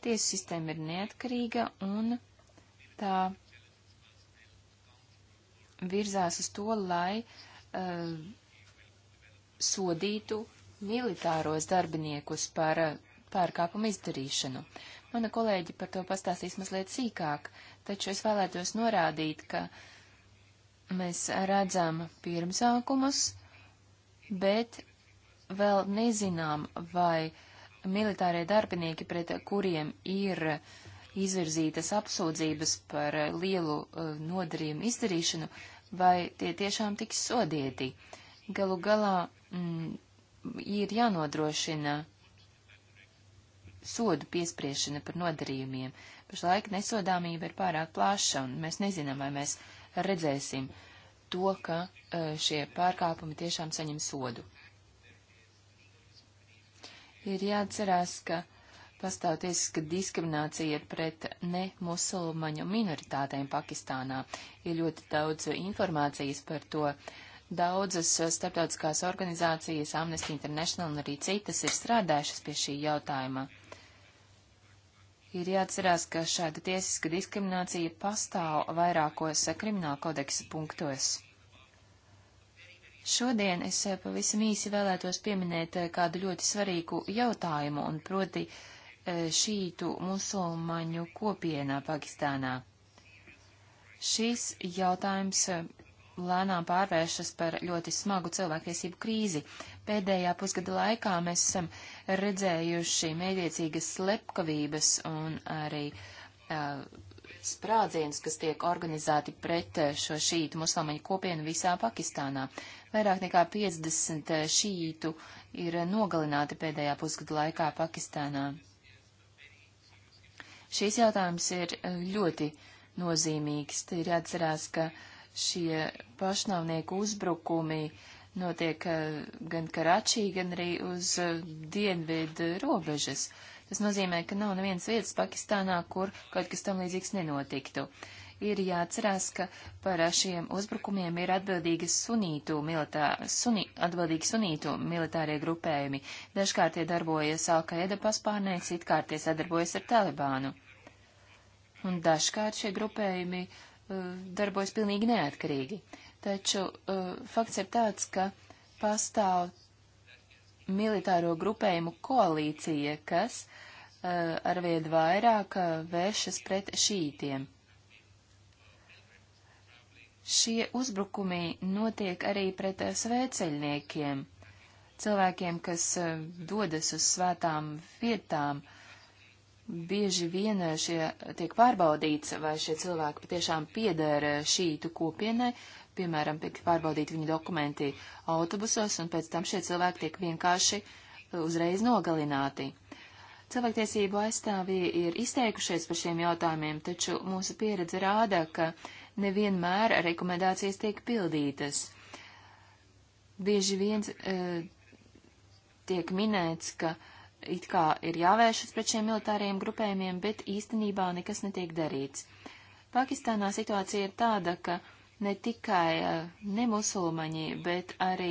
Tiesu sistēma ir neatkarīga un tā virzās uz to, lai uh, sodītu militāros darbiniekus par eh, pārkāpumu izdarīšanu. Mana kolēģi par to pastāstīs mazliet sīkāk, taču es vēlētos norādīt, ka mēs redzam pirmsākumus, bet vēl nezinām, vai militārie darbinieki, pret kuriem ir izvirzītas apsūdzības par eh, lielu uh, nodarījumu izdarīšanu, vai tie tiešām tiks sodīti. Galu galā mm, ir jānodrošina sodu piespriešana par nodarījumiem. Pašlaik nesodāmība ir pārāk plaša, un mēs nezinām, vai mēs redzēsim to, ka eh, šie pārkāpumi tiešām saņem sodu. Ir jāatcerās, ka pastāv tiesiska diskriminācija pret ne musulmaņu minoritātēm Pakistānā. Ir ļoti daudz informācijas par to. Uh, Daudzas eh, starptautiskās organizācijas, Amnesty International un arī citas, ir strādājušas pie šī jautājuma. Ir jāatcerās, ka šāda tiesiska diskriminācija pastāv vairākos eh, krimināla kodeksa punktos. Šodien es eh, pavisam īsi vēlētos pieminēt kādu ļoti svarīgu jautājumu, un proti šītu musulmaņu kopienā Pakistānā. Šis jautājums lēnām pārvēršas par ļoti smagu cilvēktiesību krīzi. Pēdējā pusgada laikā mēs esam redzējuši mēdiecīgas slepkavības un arī uh, eh, sprādzienus, kas tiek organizēti pret eh, šo šītu musulmaņu kopienu visā Pakistānā. Vairāk nekā 50 eh, šītu ir nogalināti pēdējā pusgada laikā Pakistānā. Šīs jautājums ir ļoti nozīmīgs. Te ir jāatcerās, ka uh, Šie pašnāvnieku uzbrukumi notiek eh, gan Karačī, gan arī uz eh, dienvidu robežas. Tas nozīmē, ka nav nevienas vietas Pakistānā, kur kaut kas tam līdzīgs nenotiktu. Ir jāatcerās, ka par šiem uzbrukumiem ir atbildīgi sunītu, militā, suni, atbildīgi sunītu militārie grupējumi. Dažkārt tie darbojas Alkaida paspārnē, citkārt tie sadarbojas ar Talibānu. Un dažkārt šie grupējumi uh, Uh, darbojas pilnīgi neatkarīgi. Taču uh, fakts ir tāds, ka pastāv militāro grupējumu koalīcija, kas uh, arvien vairāk uh, vēršas pret šītiem. Šie uzbrukumi notiek arī pret uh, svēceļniekiem, cilvēkiem, kas uh, dodas uz svētām vietām, bieži vien šie tiek pārbaudīts, vai šie cilvēki patiešām piedara šītu kopienai, piemēram, tiek pārbaudīti viņu dokumenti autobusos, un pēc tam šie cilvēki tiek vienkārši uzreiz nogalināti. Cilvēktiesību aizstāvji ir izteikušies par šiem jautājumiem, taču mūsu pieredze rāda, ka nevienmēr rekomendācijas tiek pildītas. Bieži viens e, eh, tiek minēts, ka e, it kā ir jāvēršas pret šiem militāriem grupējumiem, bet īstenībā nekas netiek darīts. Pakistānā situācija ir tāda, ka ne tikai eh, nemusulmaņi, bet arī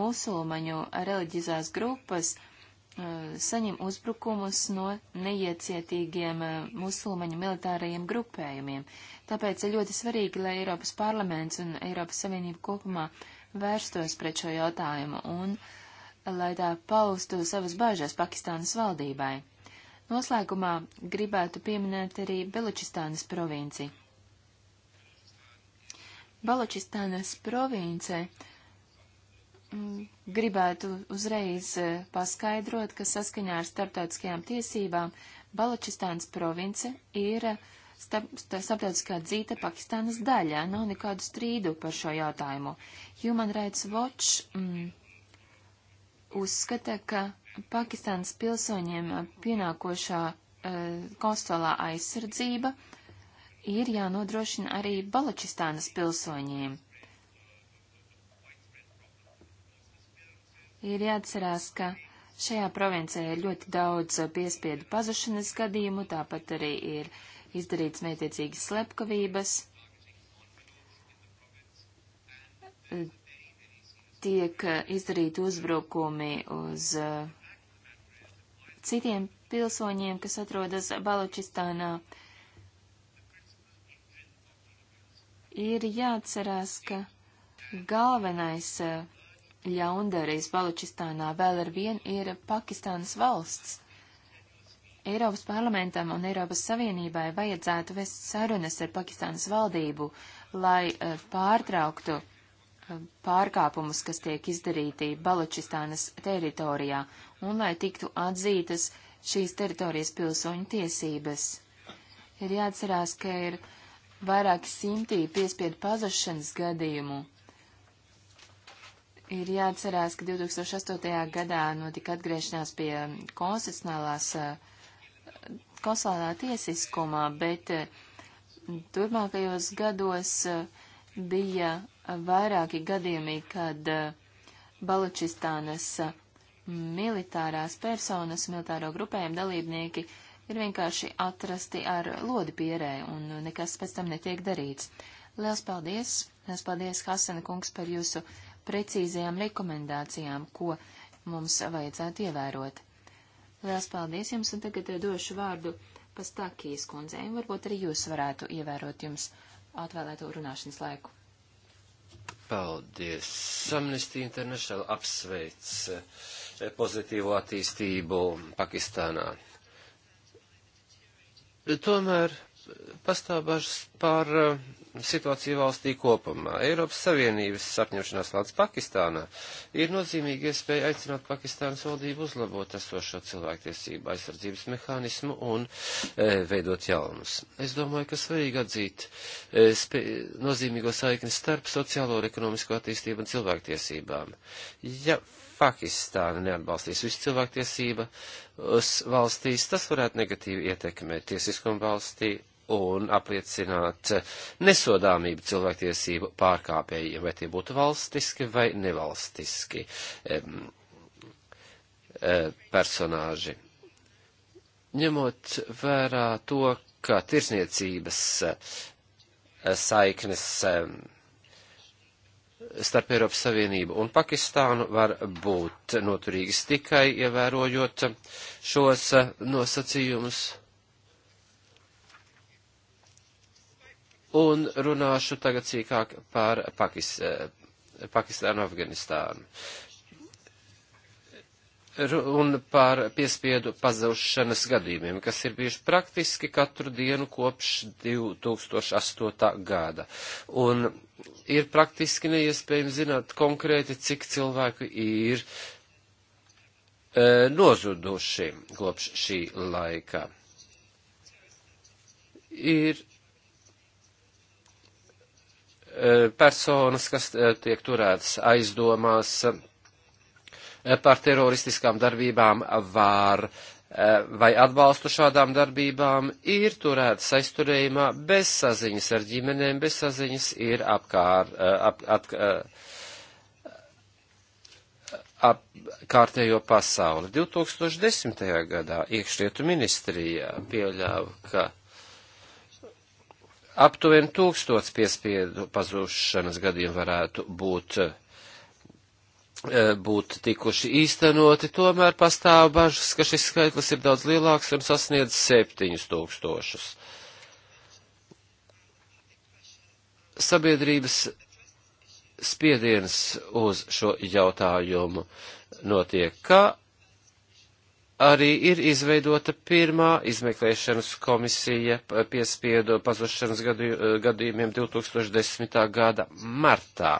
musulmaņu reliģizās grupas eh, saņem uzbrukumus no neiecietīgiem eh, musulmaņu militārajiem grupējumiem. Tāpēc ir ļoti svarīgi, lai Eiropas parlaments un Eiropas Savienība kopumā vērstos pret šo jautājumu un uh, lai tā paustu savas bāžas Pakistānas valdībai. Noslēgumā gribētu pieminēt arī Belučistānas provinci. Belučistānas province mm, gribētu uzreiz eh, paskaidrot, ka saskaņā ar starptautiskajām tiesībām Balučistānas province ir eh, starptautiskā dzīta Pakistānas daļā. Nav nekādu strīdu par šo jautājumu. Human Rights Watch mm, uzskata, ka Pakistānas pilsoņiem pienākošā uh, eh, konstitūlā aizsardzība ir jānodrošina arī Baločistānas pilsoņiem. Ir jāatcerās, ka šajā provincē ir ļoti daudz eh, piespiedu pazušanas gadījumu, tāpat arī ir izdarīts mētiecīgas slepkavības tiek eh, izdarīti uzbrukumi uz eh, citiem pilsoņiem, kas atrodas Baločistānā. Ir jāatcerās, ka galvenais eh, ļaundarījis Baločistānā vēl ar vien ir Pakistānas valsts. Eiropas parlamentam un Eiropas Savienībai vajadzētu vest sarunas ar Pakistānas valdību, lai pārtrauktu uh, pārkāpumus, kas tiek izdarīti Baločistānas teritorijā, un lai tiktu atzītas šīs teritorijas pilsoņu tiesības. Ir jāatcerās, ka ir vairāki simtī piespiedu pazašanas gadījumu. Ir jāatcerās, ka 2008. gadā notika atgriešanās pie konstitucionālās, konstitucionālā tiesiskumā, bet eh, turpmākajos gados eh, bija vairāki gadījumi, kad eh, Baločistānas eh, militārās personas, militāro grupējumu dalībnieki ir vienkārši atrasti ar lodi pierē un nekas pēc tam netiek darīts. Liels paldies! Liels paldies, Hasana kungs, par jūsu precīzajām rekomendācijām, ko mums vajadzētu ievērot. Liels paldies jums, un tagad eh, došu vārdu pastākijas kundzei, un varbūt arī jūs varētu ievērot jums atvēlēto runāšanas laiku. Paldies! Amnesty International apsveic eh, pozitīvo attīstību Pakistānā. Tomēr eh, pastāv bažas par eh, situāciju valstī kopumā. Eiropas Savienības apņemšanās lāds Pakistānā ir nozīmīga iespēja aicināt Pakistānas valdību uzlabot esošo cilvēktiesību aizsardzības mehānismu un e, veidot jaunus. Es domāju, ka svarīgi atzīt e, spē, nozīmīgo saikni starp sociālo un ekonomisko attīstību un cilvēktiesībām. Ja Pakistāna neatbalstīs visu cilvēktiesību valstīs, tas varētu negatīvi ietekmēt tiesiskumu valstī un apliecināt nesodāmību cilvēktiesību pārkāpējiem, vai tie būtu valstiski vai nevalstiski um, personāži. Ņemot vērā to, ka tirsniecības e, saiknes e, starp Eiropas Savienību un Pakistānu var būt noturīgas tikai ievērojot šos nosacījumus un runāšu tagad cīkāk par Pakis, eh, Pakistānu, Afganistānu. Un par piespiedu pazaušanas gadījumiem, kas ir bijuši praktiski katru dienu kopš 2008. gada. Un ir praktiski neiespējami zināt konkrēti, cik cilvēku ir e, nozuduši kopš šī laika. Ir personas, kas eh, tiek turētas aizdomās eh, par teroristiskām darbībām var, eh, vai atbalstu šādām darbībām, ir turētas aizturējumā bez saziņas ar ģimenēm, bez saziņas ir apkār, ap, at, ap, kārtējo pasauli. 2010. gadā iekšlietu ministrijā pieļāva, ka aptuveni tūkstots piespiedu pazūšanas gadījumu varētu būt, eh, būt tikuši īstenoti, tomēr pastāv bažas, ka šis skaitlis ir daudz lielāks un sasniedz septiņus tūkstošus. Sabiedrības spiediens uz šo jautājumu notiek, kā arī ir izveidota pirmā izmeklēšanas komisija piespiedu pazušanas gadījumiem 2010. gada martā.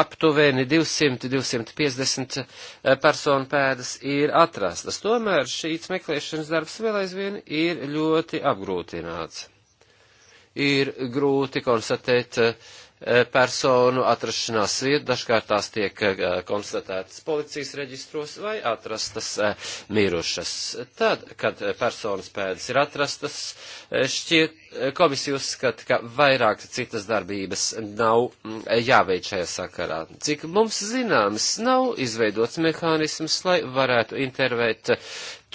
aptuveni 200-250 eh, personu pēdas ir atrastas. Tomēr šīs meklēšanas darbs vēl aizvien ir ļoti apgrūtināts. Ir grūti konstatēt uh, E, personu atrašanās vietu, dažkārt tās tiek e, konstatētas policijas reģistros vai atrastas e, mirušas. Tad, kad personas pēdas ir atrastas, šķiet, komisija uzskata, ka vairāk citas darbības nav jāveic šajā sakarā. Cik mums zināms, nav izveidots mehānisms, lai varētu intervēt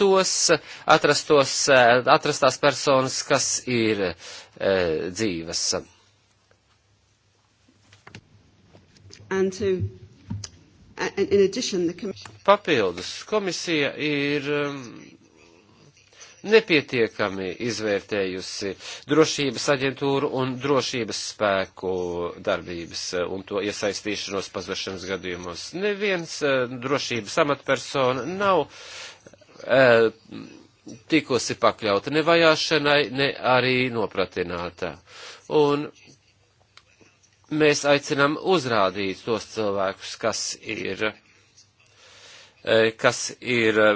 tos atrastos, atrastās personas, kas ir dzīves and to in addition the commission Papildus komisija ir um, nepietiekami izvērtējusi drošības aģentūru un drošības spēku darbības uh, un to iesaistīšanos pazušanas gadījumos. Neviens uh, drošības amatpersona nav e, tikusi pakļauta ne vajāšanai, ne arī nopratinātā. Un mēs aicinām uzrādīt tos cilvēkus, kas ir, e, kas ir e,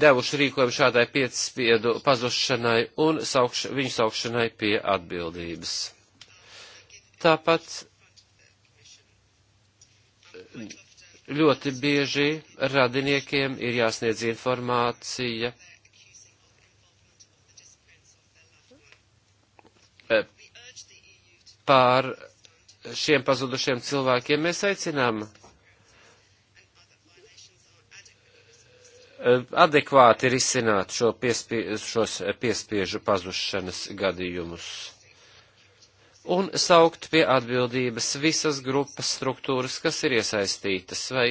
devuši rīkojumu šādai piespiedu pazušanai un saukš, viņu saukšanai pie atbildības. Tāpat ļoti bieži radiniekiem ir jāsniedz informācija par šiem pazudušiem cilvēkiem mēs aicinām eh, adekvāti risināt šo piespie, šos piespiežu pazušanas gadījumus un saukt pie atbildības visas grupas struktūras, kas ir iesaistītas vai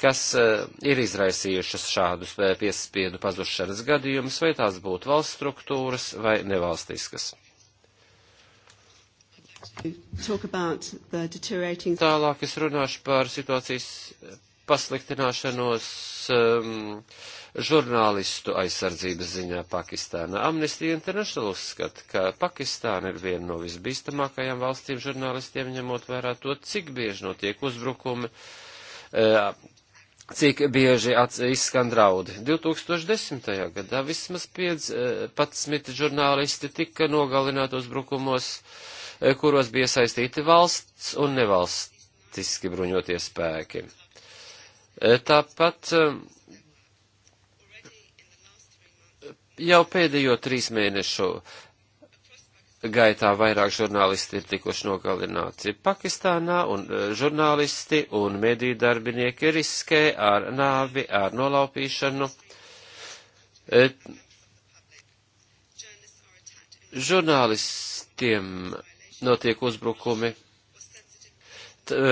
kas uh, ir izraisījušas šādus eh, piespiedu pazušanas gadījumus, vai tās būtu valsts struktūras vai nevalstiskas. Tālāk es runāšu par situācijas pasliktināšanos um, žurnālistu aizsardzības ziņā Pakistāna. Amnesty International uzskata, ka Pakistāna ir viena no visbīstamākajām valstīm žurnālistiem, ņemot vērā to, cik bieži notiek uzbrukumi, uh, cik bieži izskan draudi. 2010. gadā vismaz 15 eh, žurnālisti tika nogalināti uzbrukumos. Uh, Eh, kuros bija saistīti valsts un nevalstiski bruņotie spēki. Eh, tāpat eh, jau pēdējo trīs mēnešu gaitā vairāk žurnālisti ir tikuši nogalināti Pakistānā, un žurnālisti un mediju darbinieki riskē ar nāvi, ar nolaupīšanu. Et, žurnālistiem notiek uzbrukumi t, e,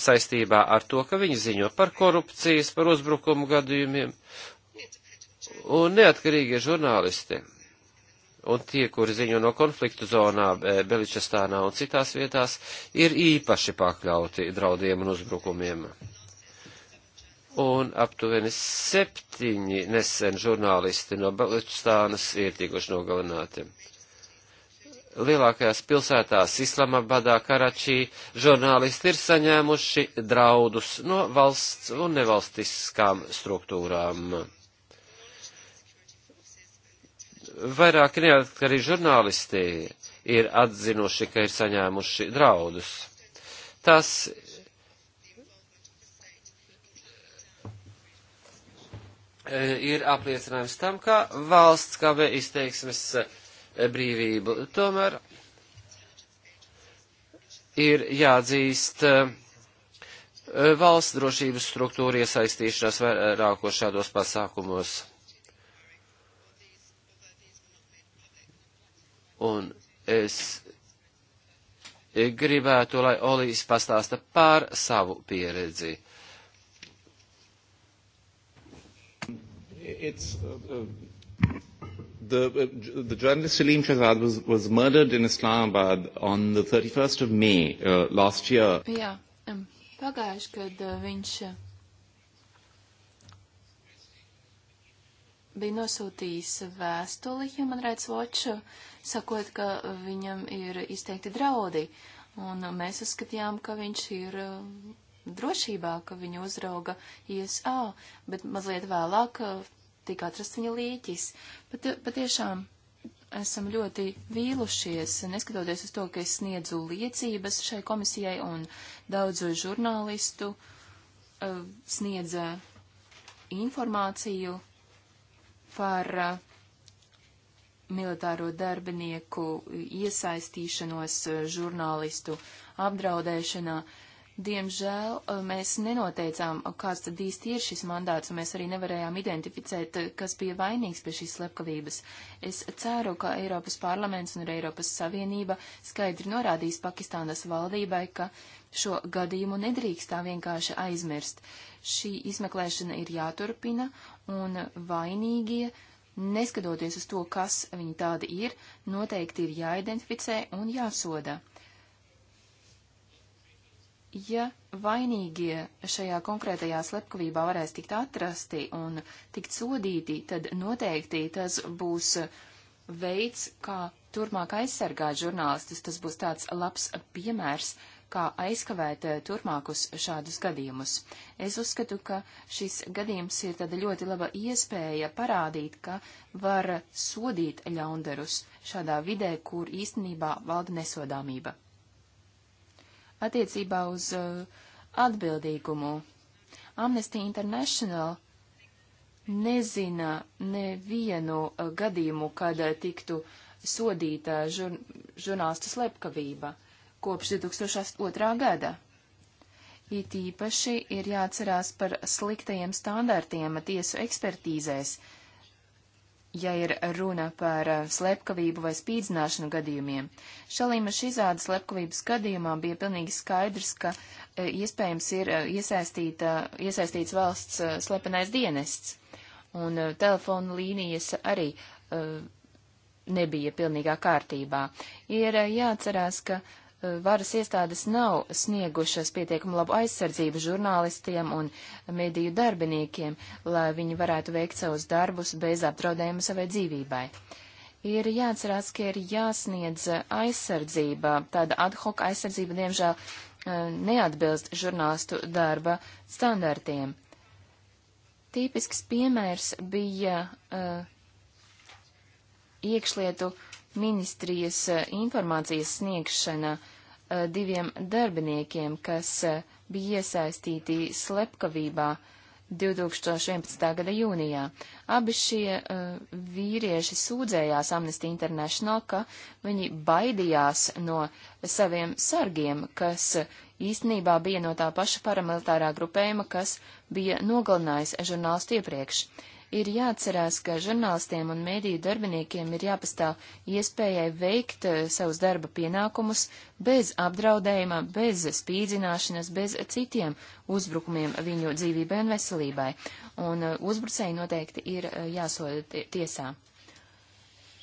saistībā ar to, ka viņi ziņo par korupcijas, par uzbrukumu gadījumiem, un neatkarīgie žurnālisti un tie, kuri ziņo no konfliktu zonā, e, Beličestānā un citās vietās, ir īpaši pakļauti draudiem un uzbrukumiem. Un aptuveni septiņi nesen žurnālisti no Beličestānas ir tikuši nogalināti lielākajās pilsētās Islamabadā, Karačī, žurnālisti ir saņēmuši draudus no valsts un nevalstiskām struktūrām. Vairāki neatkarīgi žurnālisti ir atzinuši, ka ir saņēmuši draudus. Tas ir apliecinājums tam, ka valsts kavē izteiksmes brīvību. Tomēr ir jāatzīst eh, valsts drošības struktūra iesaistīšanās vairākos šādos pasākumos. Un es gribētu, lai Olīs pastāsta par savu pieredzi. It's, uh, uh the, uh, the journalist Salim Shahzad was, was murdered in Islamabad on the 31st of May uh, last year. Jā, um, pagājuši, kad uh, viņš uh, bija nosūtījis vēstuli Human Rights Watch, sakot, ka viņam ir izteikti draudi. Un mēs uzskatījām, ka viņš ir um, drošībā, ka viņu uzrauga ISA, bet mazliet vēlāk uh, tika atrasts viņa līķis. Pat, patiešām esam ļoti vīlušies, neskatoties uz to, ka es sniedzu liecības šai komisijai un daudzu žurnālistu uh, sniedza informāciju par uh, militāro darbinieku iesaistīšanos uh, žurnālistu apdraudēšanā. Uh, Diemžēl eh, mēs nenoteicām, kāds tad īsti ir šis mandāts, un mēs arī nevarējām identificēt, eh, kas bija vainīgs pie šīs slepkavības. Es ceru, ka Eiropas parlaments un arī Eiropas Savienība skaidri norādīs Pakistānas valdībai, ka šo gadījumu nedrīkst tā vienkārši aizmirst. Šī izmeklēšana ir jāturpina, un vainīgie, neskatoties uz to, kas viņi tādi ir, noteikti ir jāidentificē un jāsoda ja vainīgie šajā konkrētajā slepkavībā varēs tikt atrasti un tikt sodīti, tad noteikti tas būs veids, kā turmāk aizsargāt žurnālistus. Tas būs tāds labs piemērs, kā aizkavēt eh, turmākus šādus gadījumus. Es uzskatu, ka šis gadījums ir tāda ļoti laba iespēja parādīt, ka var sodīt ļaundarus šādā vidē, kur īstenībā valda nesodāmība attiecībā uz uh, atbildīgumu. Amnesty International nezina nevienu uh, gadījumu, kad uh, tiktu sodīta žur, žurnālista slepkavība kopš 2002. gada. It īpaši ir jāatcerās par sliktajiem standartiem tiesu ekspertīzēs, ja ir runa par eh, slepkavību vai spīdzināšanu gadījumiem. Šalīma Šizāda slepkavības gadījumā bija pilnīgi skaidrs, ka eh, iespējams ir eh, iesaistīta, iesaistīts valsts slepenais dienests, un telefonu līnijas arī nebija pilnīgā kārtībā. Ir jāatcerās, ka varas iestādes nav sniegušas pietiekumu labu aizsardzību žurnālistiem un mediju darbiniekiem, lai viņi varētu veikt savus darbus bez apdraudējuma savai dzīvībai. Ir jāatcerās, ka ir jāsniedz aizsardzība, tāda ad hoc aizsardzība, diemžēl, eh, neatbilst žurnālistu darba standartiem. Tīpisks piemērs bija uh, iekšlietu uh, ministrijas eh, informācijas sniegšana eh, diviem darbiniekiem, kas eh, bija iesaistīti slepkavībā 2011. gada jūnijā. Abi šie uh, vīrieši sūdzējās Amnesty International, ka viņi baidījās no saviem sargiem, kas īstenībā bija no tā paša paramilitārā grupējuma, kas bija nogalinājis žurnālistu iepriekš. Uh, Ir jāatcerās, ka žurnālistiem un mēdīju darbiniekiem ir jāpastāv iespējai veikt eh, savus darba pienākumus bez apdraudējuma, bez spīdzināšanas, bez citiem uzbrukumiem viņu dzīvībai un veselībai. Un eh, uzbrucēji noteikti ir eh, jāsoda tiesā.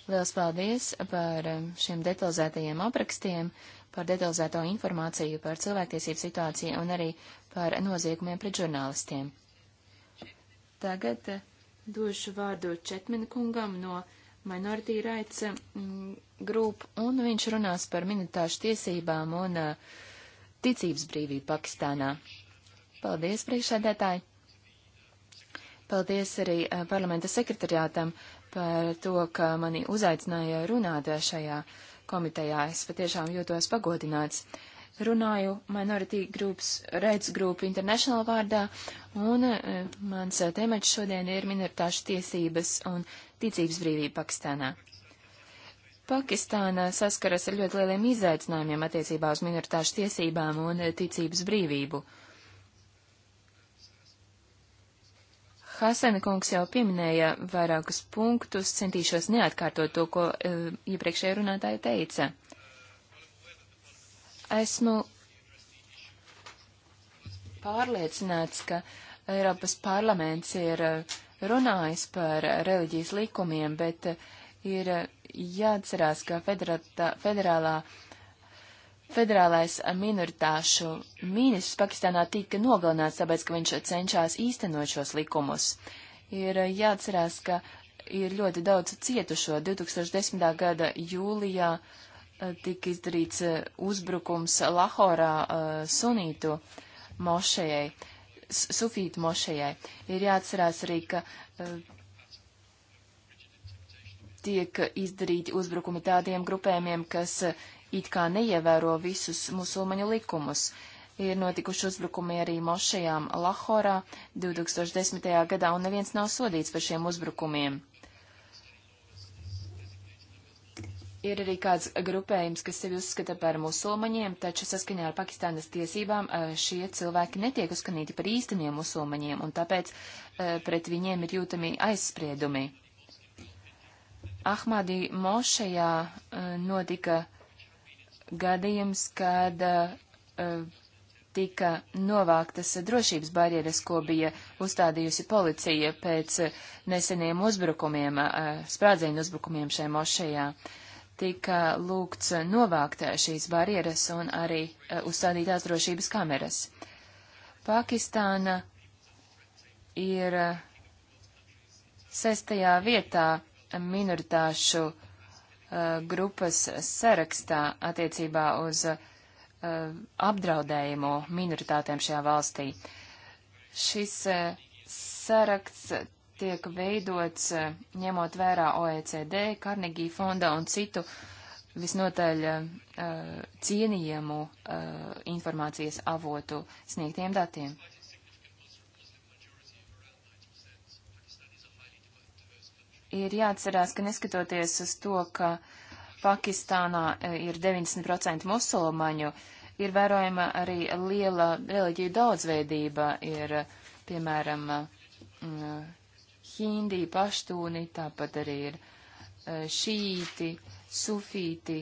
Liels paldies par šiem detalizētajiem aprakstiem, par detalizēto informāciju par cilvēktiesību situāciju un arī par noziegumiem pret žurnālistiem. Tagad došu vārdu Četmina kungam no Minority Rights mm, Group, un viņš runās par minitāšu tiesībām un uh, ticības brīvību Pakistānā. Paldies, priekšsēdētāji! Paldies arī uh, parlamenta sekretariātam par to, ka mani uzaicināja runāt uh, šajā komitejā. Es patiešām jūtos pagodināts. Uh, runāju Minority Groups Reds Group International vārdā, un uh, mans uh, temats šodien ir minoritāšu tiesības un ticības brīvība Pakistānā. Pakistāna saskaras ar ļoti lieliem izaicinājumiem attiecībā uz minoritāšu tiesībām un e, ticības brīvību. Hasena kungs jau pieminēja vairākus punktus, centīšos neatkārtot to, ko uh, iepriekšējā runātāja teica. Uh, Esmu pārliecināts, ka Eiropas parlaments ir eh, runājis par reliģijas likumiem, bet eh, ir eh, jāatcerās, ka federata, federālā, federālais minoritāšu ministrs Pakistānā tika nogalināts, tāpēc, ka viņš cenšas īstenot šos likumus. Ir jāatcerās, ka ir ļoti daudz cietušo 2010. gada jūlijā. Uh, tika izdarīts eh, uzbrukums Lahorā eh, sunītu mošajai, sufītu mošajai. Ir jāatcerās arī, ka eh, tiek izdarīti uzbrukumi tādiem grupējumiem, kas it kā neievēro visus musulmaņu likumus. Ir notikuši uzbrukumi arī mošajām Lahorā 2010. gadā, un neviens nav sodīts par šiem uzbrukumiem. Ir arī kāds grupējums, kas sevi uzskata par musulmaņiem, taču saskaņā ar Pakistānas tiesībām eh, šie cilvēki netiek uzskatīti par īsteniem musulmaņiem, un tāpēc eh, pret viņiem ir jūtami aizspriedumi. Ahmadi Mošejā eh, notika gadījums, kad tika novāktas drošības barjeras, ko bija uzstādījusi policija pēc neseniem uzbrukumiem, sprādzienu uzbrukumiem šai mošajā tika lūgts novākt eh, šīs barjeras un arī eh, uzstādītās drošības kameras. Pakistāna ir eh, sestajā vietā minoritāšu grupas sarakstā attiecībā uz apdraudējumu minoritātēm šajā valstī. Šis saraksts tiek veidots eh, ņemot vērā OECD, Carnegie fonda un citu visnotaļ eh, cienījamu eh, informācijas avotu sniegtiem datiem. ir jāatcerās, ka neskatoties uz to, ka Pakistānā ir 90% musulmaņu, ir vērojama arī liela reliģiju daudzveidība, ir, piemēram, hindi, paštūni, tāpat arī ir e, šīti, sufīti,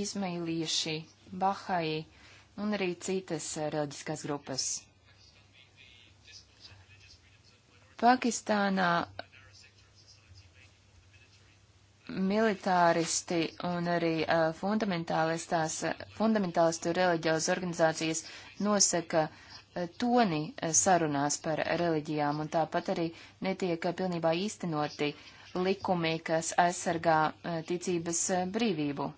izmailieši, bahai un arī citas e, reliģiskās grupas. Pakistānā militāristi un arī uh, fundamentālistu reliģiozu organizācijas nosaka uh, toni eh, sarunās par reliģijām, un tāpat arī netiek eh, pilnībā īstenoti likumi, kas aizsargā eh, ticības brīvību.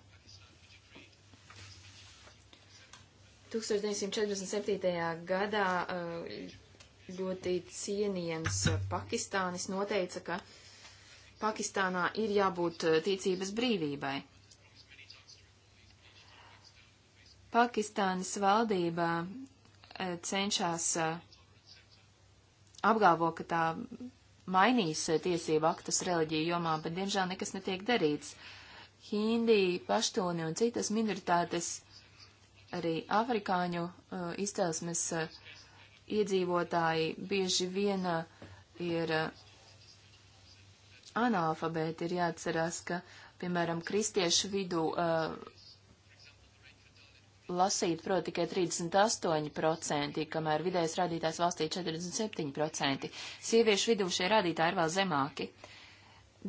1947. gadā ļoti cienījams Pakistānis noteica, ka Pakistānā ir jābūt ticības brīvībai. Pakistānas valdība Eh, cenšas eh, apgalvo, ka tā mainīs eh, tiesību aktus reliģiju jomā, bet diemžēl nekas netiek darīts. Hindi, paštoni un citas minoritātes, arī afrikāņu uh, izcelsmes uh, iedzīvotāji bieži vien ir uh, analfabēti, ir jāatcerās, ka, piemēram, kristiešu vidū uh, lasīt prot tikai 38%, kamēr vidējais rādītājs valstī 47%. Sieviešu vidū šie rādītāji ir vēl zemāki.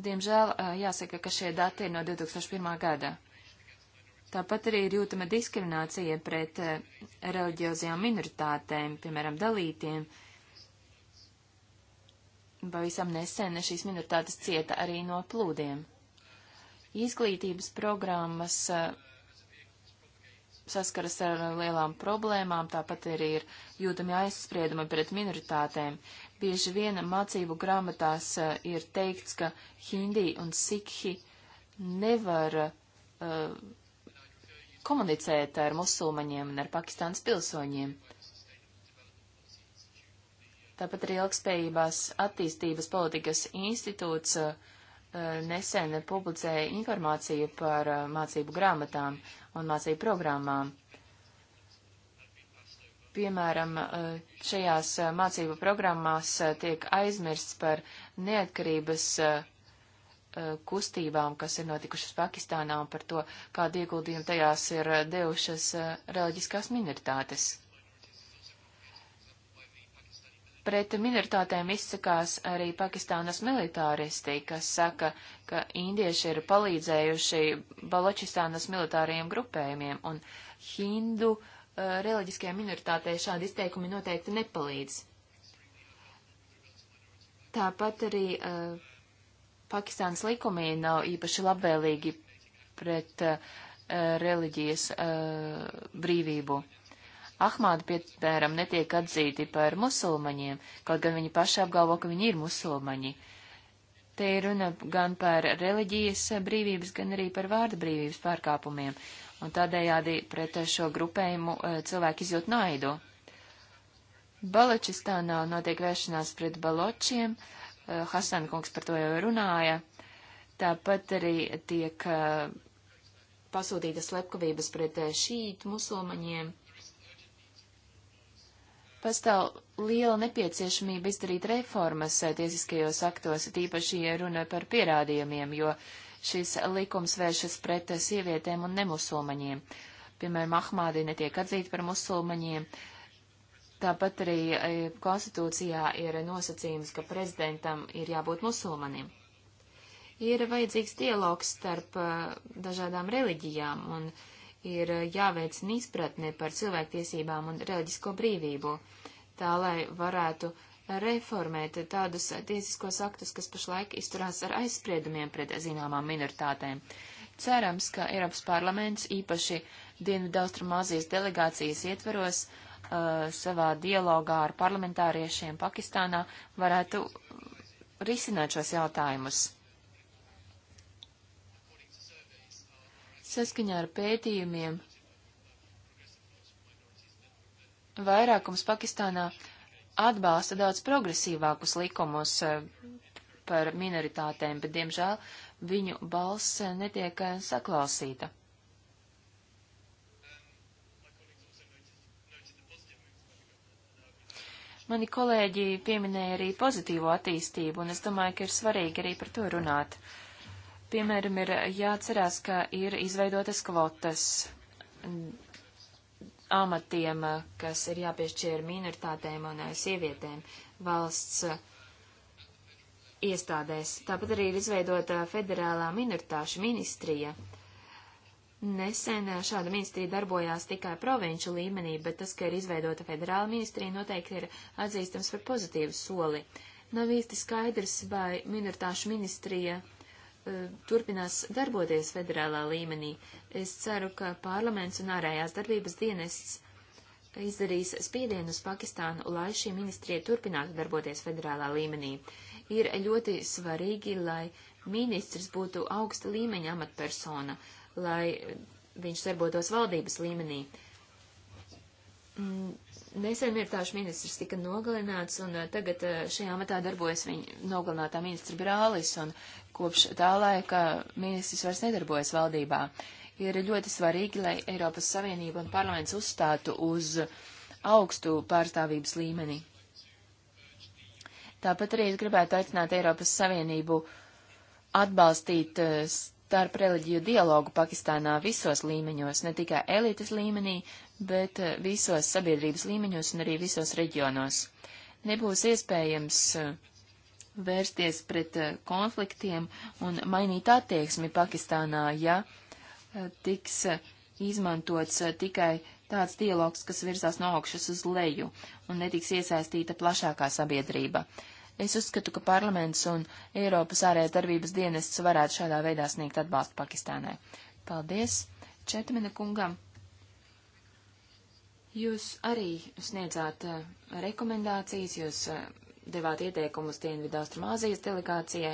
Diemžēl jāsaka, ka šie dati ir no 2001. gada. Tāpat arī ir jūtama diskriminācija pret reliģiozajām minoritātēm, piemēram, dalītiem. Pavisam nesen šīs minoritātes cieta arī no plūdiem. Izglītības programmas saskaras ar lielām problēmām, tāpat arī ir jūtami aizspriedumi pret minoritātēm. Bieži vien mācību grāmatās eh, ir teikts, ka hindi un sikhi nevar uh, komunicēt ar musulmaņiem un ar Pakistānas pilsoņiem. Tāpat arī ilgspējībās attīstības politikas institūts uh, Eh, nesen publicēja informāciju par eh, mācību grāmatām un mācību programmām. Piemēram, eh, šajās mācību programmās tiek aizmirsts par neatkarības kustībām, kas ir notikušas Pakistānā un par to, kādu ieguldījumu tajās ir devušas reliģiskās minoritātes. Pret minoritātēm izsakās arī Pakistānas militāristi, kas saka, ka indieši ir palīdzējuši Baločistānas militārajiem grupējumiem, un hindu uh, reliģiskajai minoritātei šādi izteikumi noteikti nepalīdz. Tāpat arī uh, Pakistānas likumi nav īpaši labvēlīgi pret uh, reliģijas uh, brīvību. Ahmādi, piemēram, netiek atzīti par musulmaņiem, kaut gan viņi paši apgalvo, ka viņi ir musulmaņi. Te ir runa gan par reliģijas brīvības, gan arī par vārda brīvības pārkāpumiem, un tādējādi pret šo grupējumu eh, cilvēki izjūt naidu. Baločistānā notiek vēršanās pret baločiem, eh, Hasan kungs par to jau runāja, tāpat arī tiek eh, pasūtītas slepkavības pret šītu musulmaņiem pastāv liela nepieciešamība izdarīt reformas eh, tiesiskajos aktos, tīpaši, ja runa par pierādījumiem, jo šis likums vēršas pret sievietēm un nemusulmaņiem. Piemēram, Ahmādi netiek atzīti par musulmaņiem. Tāpat arī eh, konstitūcijā ir nosacījums, ka prezidentam ir jābūt musulmanim. Ir vajadzīgs dialogs starp eh, dažādām reliģijām, un uh, ir eh, jāveicina izpratne par cilvēktiesībām un reliģisko brīvību, tā lai varētu reformēt tādus tiesiskos aktus, kas pašlaik izturās ar aizspriedumiem pret zināmām minoritātēm. Cerams, ka Eiropas parlaments īpaši Dienvidaustrumāzijas delegācijas ietveros uh, savā dialogā ar parlamentāriešiem Pakistānā varētu risināt šos jautājumus. Saskaņā ar pētījumiem vairākums Pakistānā atbalsta daudz progresīvākus likumus eh, par minoritātēm, bet, diemžēl, viņu balss eh, netiek eh, saklausīta. Mani kolēģi pieminēja arī pozitīvo attīstību, un es domāju, ka ir svarīgi arī par to runāt. Uh, Piemēram, ir jāatcerās, ka ir izveidotas kvotas amatiem, kas ir jāpiešķir minoritātēm un eh, sievietēm valsts eh, iestādēs. Tāpat arī ir izveidota federālā minoritāšu ministrija. Nesen eh, šāda ministrija darbojās tikai provinču līmenī, bet tas, ka ir izveidota federāla ministrija, noteikti ir atzīstams par pozitīvu soli. Nav īsti skaidrs, vai minoritāšu ministrija E, turpinās darboties federālā līmenī. Es ceru, ka parlaments un ārējās darbības dienests izdarīs spiedienu uz Pakistānu, lai šī ministrija turpinātu darboties federālā līmenī. Ir ļoti svarīgi, lai ministrs būtu augsta līmeņa amatpersona, lai viņš darbotos valdības līmenī. Mm, Nesen ir tāds ministrs tika nogalināts, un eh, tagad eh, šajā amatā darbojas viņa nogalinātā ministra brālis, un kopš tā laika ministrs vairs nedarbojas valdībā. Ir ļoti svarīgi, lai Eiropas Savienība un parlaments uzstātu uz augstu pārstāvības līmeni. Tāpat arī es gribētu aicināt Eiropas Savienību atbalstīt eh, starp reliģiju dialogu Pakistānā visos līmeņos, ne tikai elites līmenī, bet eh, visos sabiedrības līmeņos un arī visos reģionos. Nebūs iespējams eh, vērsties pret eh, konfliktiem un mainīt attieksmi Pakistānā, ja tiks izmantots tikai tāds dialogs, kas virzās no augšas uz leju un netiks iesaistīta plašākā sabiedrība. Es uzskatu, ka parlaments un Eiropas ārējās darbības dienests varētu šādā veidā sniegt atbalstu Pakistānai. Paldies Četmina kungam! Jūs arī sniedzāt eh, rekomendācijas, jūs eh, devāt ieteikumus Dienvidu Austrumāzijas delegācijai.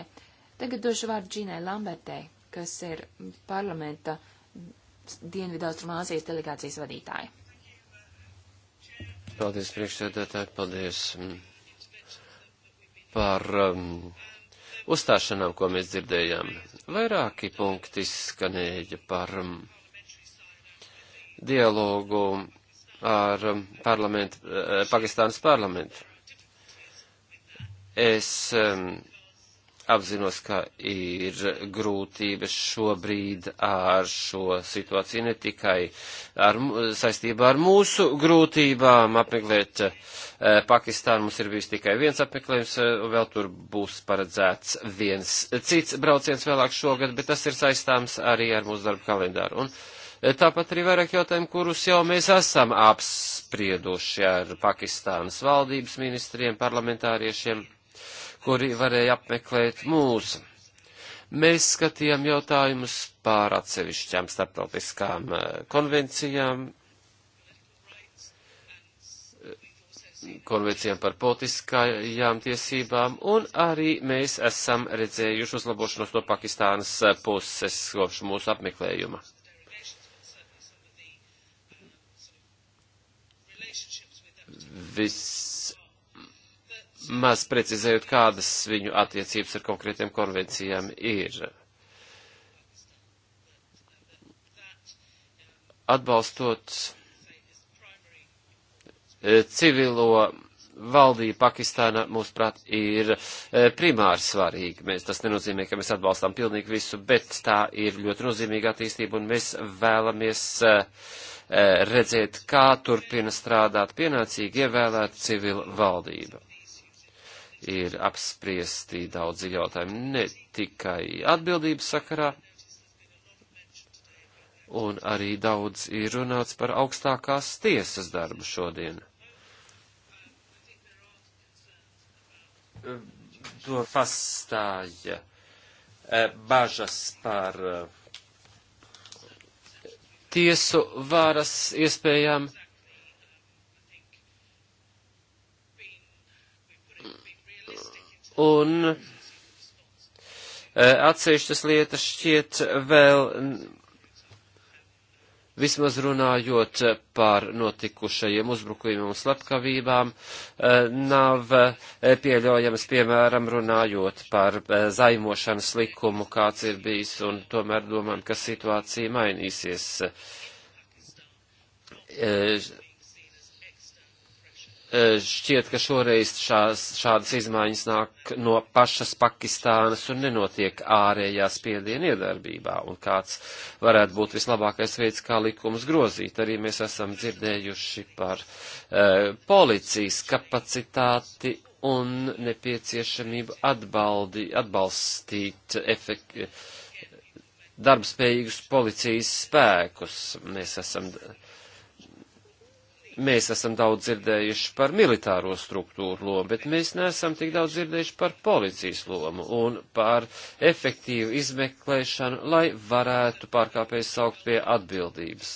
Tagad došu vārdu Džīnai Lambertei, kas ir parlamenta Dienvidu Austrumāzijas delegācijas vadītāja. Paldies, priekšsēdētāji, paldies mm, par um, uzstāšanām, ko mēs dzirdējām. Vairāki punkti skanēja par um, dialogu ar um, parlamentu, eh, Pakistānas parlamentu. Es um, apzinos, ka ir grūtības šobrīd ar šo situāciju ne tikai ar, saistībā ar mūsu grūtībām apmeklēt eh, Pakistānu. Mums ir bijis tikai viens apmeklējums, eh, vēl tur būs paredzēts viens cits brauciens vēlāk šogad, bet tas ir saistāms arī ar mūsu darbu kalendāru. Un, eh, Tāpat arī vairāk jautājumu, kurus jau mēs esam apsprieduši ar Pakistānas valdības ministriem, parlamentāriešiem, kuri varēja apmeklēt mūsu. Mēs skatījām jautājumus pār atsevišķām starptautiskām eh, konvencijām, konvencijām par politiskajām tiesībām, un arī mēs esam redzējuši uzlabošanos no Pakistānas eh, puses kopš mūsu apmeklējuma. vismaz precizējot, kādas viņu attiecības ar konkrētiem konvencijām ir. Atbalstot eh, civilo valdība Pakistāna, mūsuprāt, ir eh, primāri svarīga. Mēs, tas nenozīmē, ka mēs atbalstām pilnīgi visu, bet tā ir ļoti nozīmīga attīstība un mēs vēlamies uh, Eh, redzēt, kā turpina strādāt pienācīgi ievēlēta civila valdība. Ir apspriesti daudzi jautājumi ne tikai atbildības sakarā, un arī daudz ir runāts par augstākās tiesas darbu šodien. Eh, to pastāja eh, bažas par uh, tiesu varas iespējām. Un eh, atsevišķas lietas šķiet vēl Vismaz runājot par notikušajiem uzbrukumiem un slepkavībām, eh, nav eh, pieļaujams, piemēram, runājot par eh, zaimošanas likumu, kāds ir bijis, un tomēr domājam, ka situācija mainīsies Eh, šķiet, ka šoreiz šās, šādas izmaiņas nāk no pašas Pakistānas un nenotiek ārējā spiediena iedarbībā, un kāds varētu būt vislabākais veids, kā likumus grozīt. Arī mēs esam dzirdējuši par uh, policijas kapacitāti un nepieciešamību atbaldi, atbalstīt efekt, darbspējīgus policijas spēkus. Mēs esam. Uh, Mēs esam daudz dzirdējuši par militāro struktūru lomu, bet mēs neesam tik daudz dzirdējuši par policijas lomu un par efektīvu izmeklēšanu, lai varētu pārkāpējs saukt pie atbildības.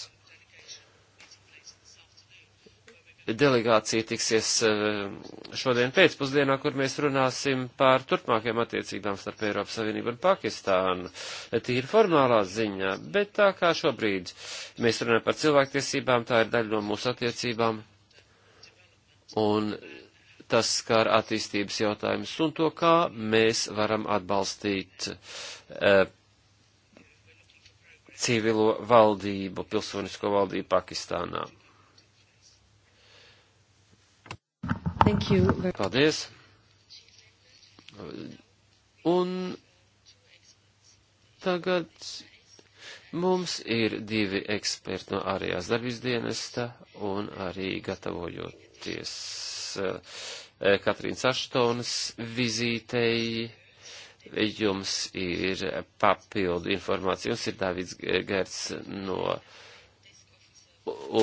delegācija tiksies eh, šodien pēcpusdienā, kur mēs runāsim par turpmākajām attiecībām starp Eiropas Savienību un Pakistānu. Tīri formālā ziņā, bet tā kā šobrīd mēs runājam par cilvēktiesībām, tā ir daļa no mūsu attiecībām. Un tas skar attīstības jautājumus un to, kā mēs varam atbalstīt eh, civilo valdību, pilsonisko valdību Pakistānā. Thank you. Paldies. Un tagad mums ir divi eksperti no ārējās darbības dienesta un arī gatavojoties eh, Katrīnas Aštonas vizītei. Jums ir papildu informācija. Jums ir Davids Gerts no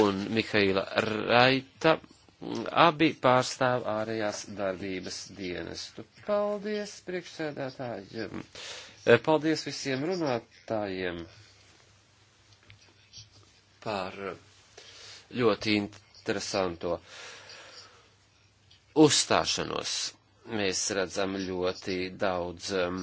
un Mihaila Raita Abi pārstāv ārējās darbības dienestu. Paldies, priekšsēdētāji. Paldies visiem runātājiem par ļoti interesanto uzstāšanos. Mēs redzam ļoti daudz um,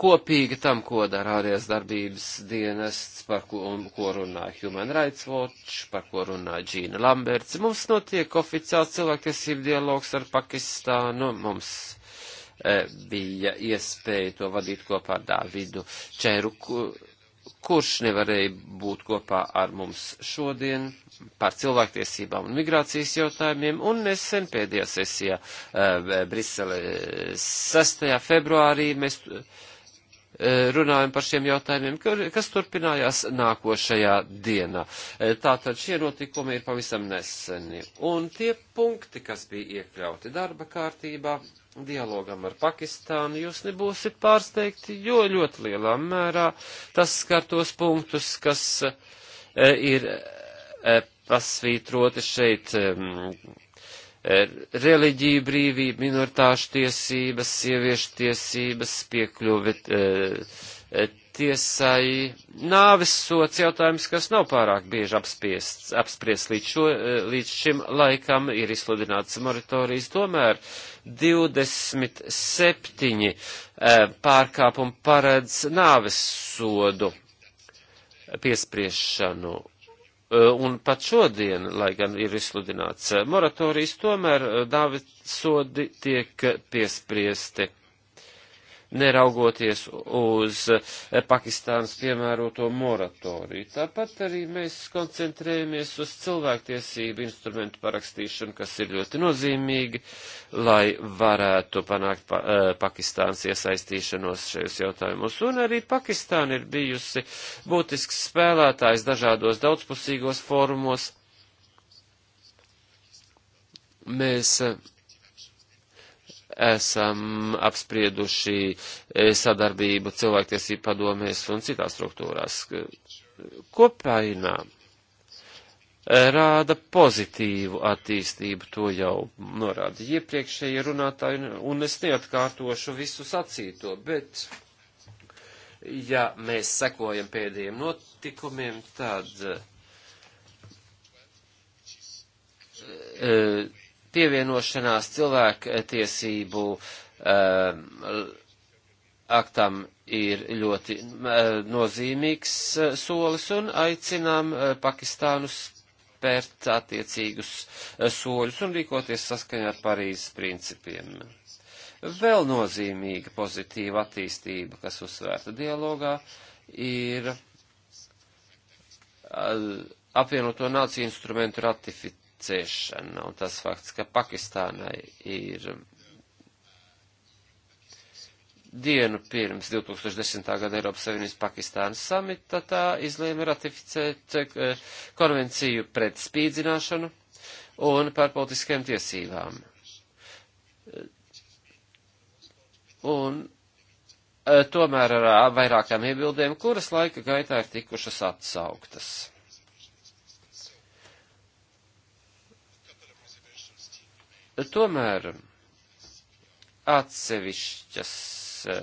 kopīga tam, ko dara ārējās darbības dienests, par ko, un, ko runā Human Rights Watch, par ko runā Džīna Lamberts. Mums notiek oficiāls cilvēktiesību dialogs ar Pakistānu, mums e, bija iespēja to vadīt kopā ar Dāvidu Čēru, kurš nevarēja būt kopā ar mums šodien par cilvēktiesībām un migrācijas jautājumiem, un nesen pēdējā sesijā e, Brisele 6. februārī mēs. E, Eh, runājam par šiem jautājumiem, kas turpinājās nākošajā dienā. Eh, tātad šie notikumi ir pavisam neseni. Un tie punkti, kas bija iekļauti darba kārtībā, dialogam ar Pakistānu, jūs nebūsiet pārsteigti, jo ļoti lielā mērā tas skar tos punktus, kas eh, ir pasvītroti šeit reliģiju brīvība, minoritāšu tiesības, sieviešu tiesības, piekļuvi eh, eh, tiesai, nāves sots jautājums, kas nav pārāk bieži apspiests, apspriests līdz, šo, eh, līdz šim laikam, ir izsludināts moratorijas, tomēr 27 pārkāpumi paredz nāves sodu piespriešanu Eh, un pat šodien, lai gan ir izsludināts eh, moratorijas, tomēr eh, dāvid sodi tiek piespriesti neraugoties uz Pakistānas piemēroto moratoriju. Tāpat arī mēs koncentrējamies uz cilvēktiesību instrumentu parakstīšanu, kas ir ļoti nozīmīgi, lai varētu panākt pa, eh, Pakistānas iesaistīšanos šajos jautājumos. Un arī Pakistāna ir bijusi būtisks spēlētājs dažādos daudzpusīgos fórumos. Mēs eh, esam apsprieduši e, sadarbību cilvēktiesību padomēs un citās struktūrās. Kopainā e, rāda pozitīvu attīstību, to jau norāda iepriekšēji runātāji, un es neatkārtošu visu sacīto, bet ja mēs sekojam pēdējiem notikumiem, tad. Uh, pievienošanās cilvēktiesību um, aktam ir ļoti eh, nozīmīgs eh, solis un aicinām eh, Pakistānu spērt attiecīgus soļus un rīkoties saskaņā ar Parīzes principiem. Vēl nozīmīga pozitīva attīstība, kas uzsvērta dialogā, ir apvienoto nāciju instrumentu ratifikācija ciešana un tas fakts, ka Pakistānai ir dienu pirms 2010. gada Eiropas Savienības Pakistānas samita tā izlēma ratificēt eh, konvenciju pret spīdzināšanu un par politiskajām tiesībām. Un eh, tomēr ar vairākām iebildēm, kuras laika gaitā ir tikušas atsauktas. Tomēr atsevišķas eh,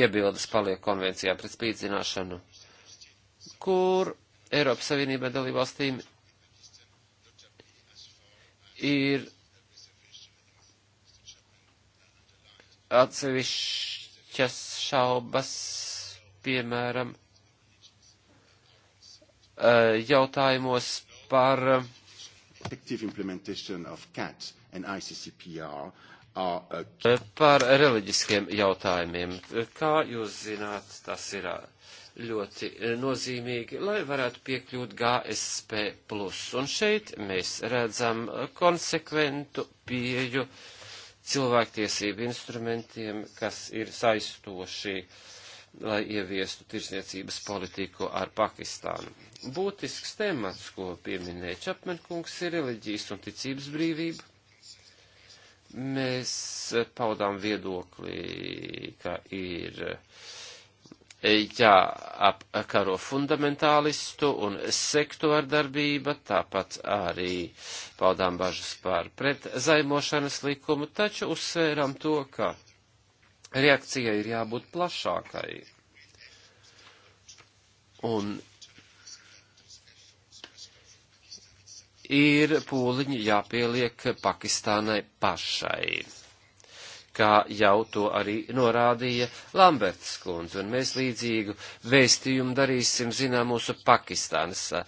iebildes paliek konvencijā pret spīdzināšanu, kur Eiropas Savienībā dalībvalstīm ir atsevišķas šaubas, piemēram, eh, jautājumos par eh, effective implementation of CAT and ICCPR are a key. Par reliģiskiem jautājumiem. Kā jūs zināt, tas ir ļoti nozīmīgi, lai varētu piekļūt GSP. Un šeit mēs redzam konsekventu pieju cilvēktiesību instrumentiem, kas ir saistoši, lai ieviestu tirsniecības politiku ar Pakistānu. Būtisks temats, ko pieminēja Čapmenkungs, ir reliģijas un ticības brīvība Mēs paudām viedoklī, ka ir jāapkaro fundamentālistu un sektuārdarbība, tāpat arī paudām bažas par pretzaimošanas likumu, taču uzsvērām to, ka reakcija ir jābūt plašākai. Un ir pūliņi jāpieliek Pakistānai pašai, kā jau to arī norādīja Lamberts kundze, un mēs līdzīgu vēstījumu darīsim zinām mūsu Pakistānas uh,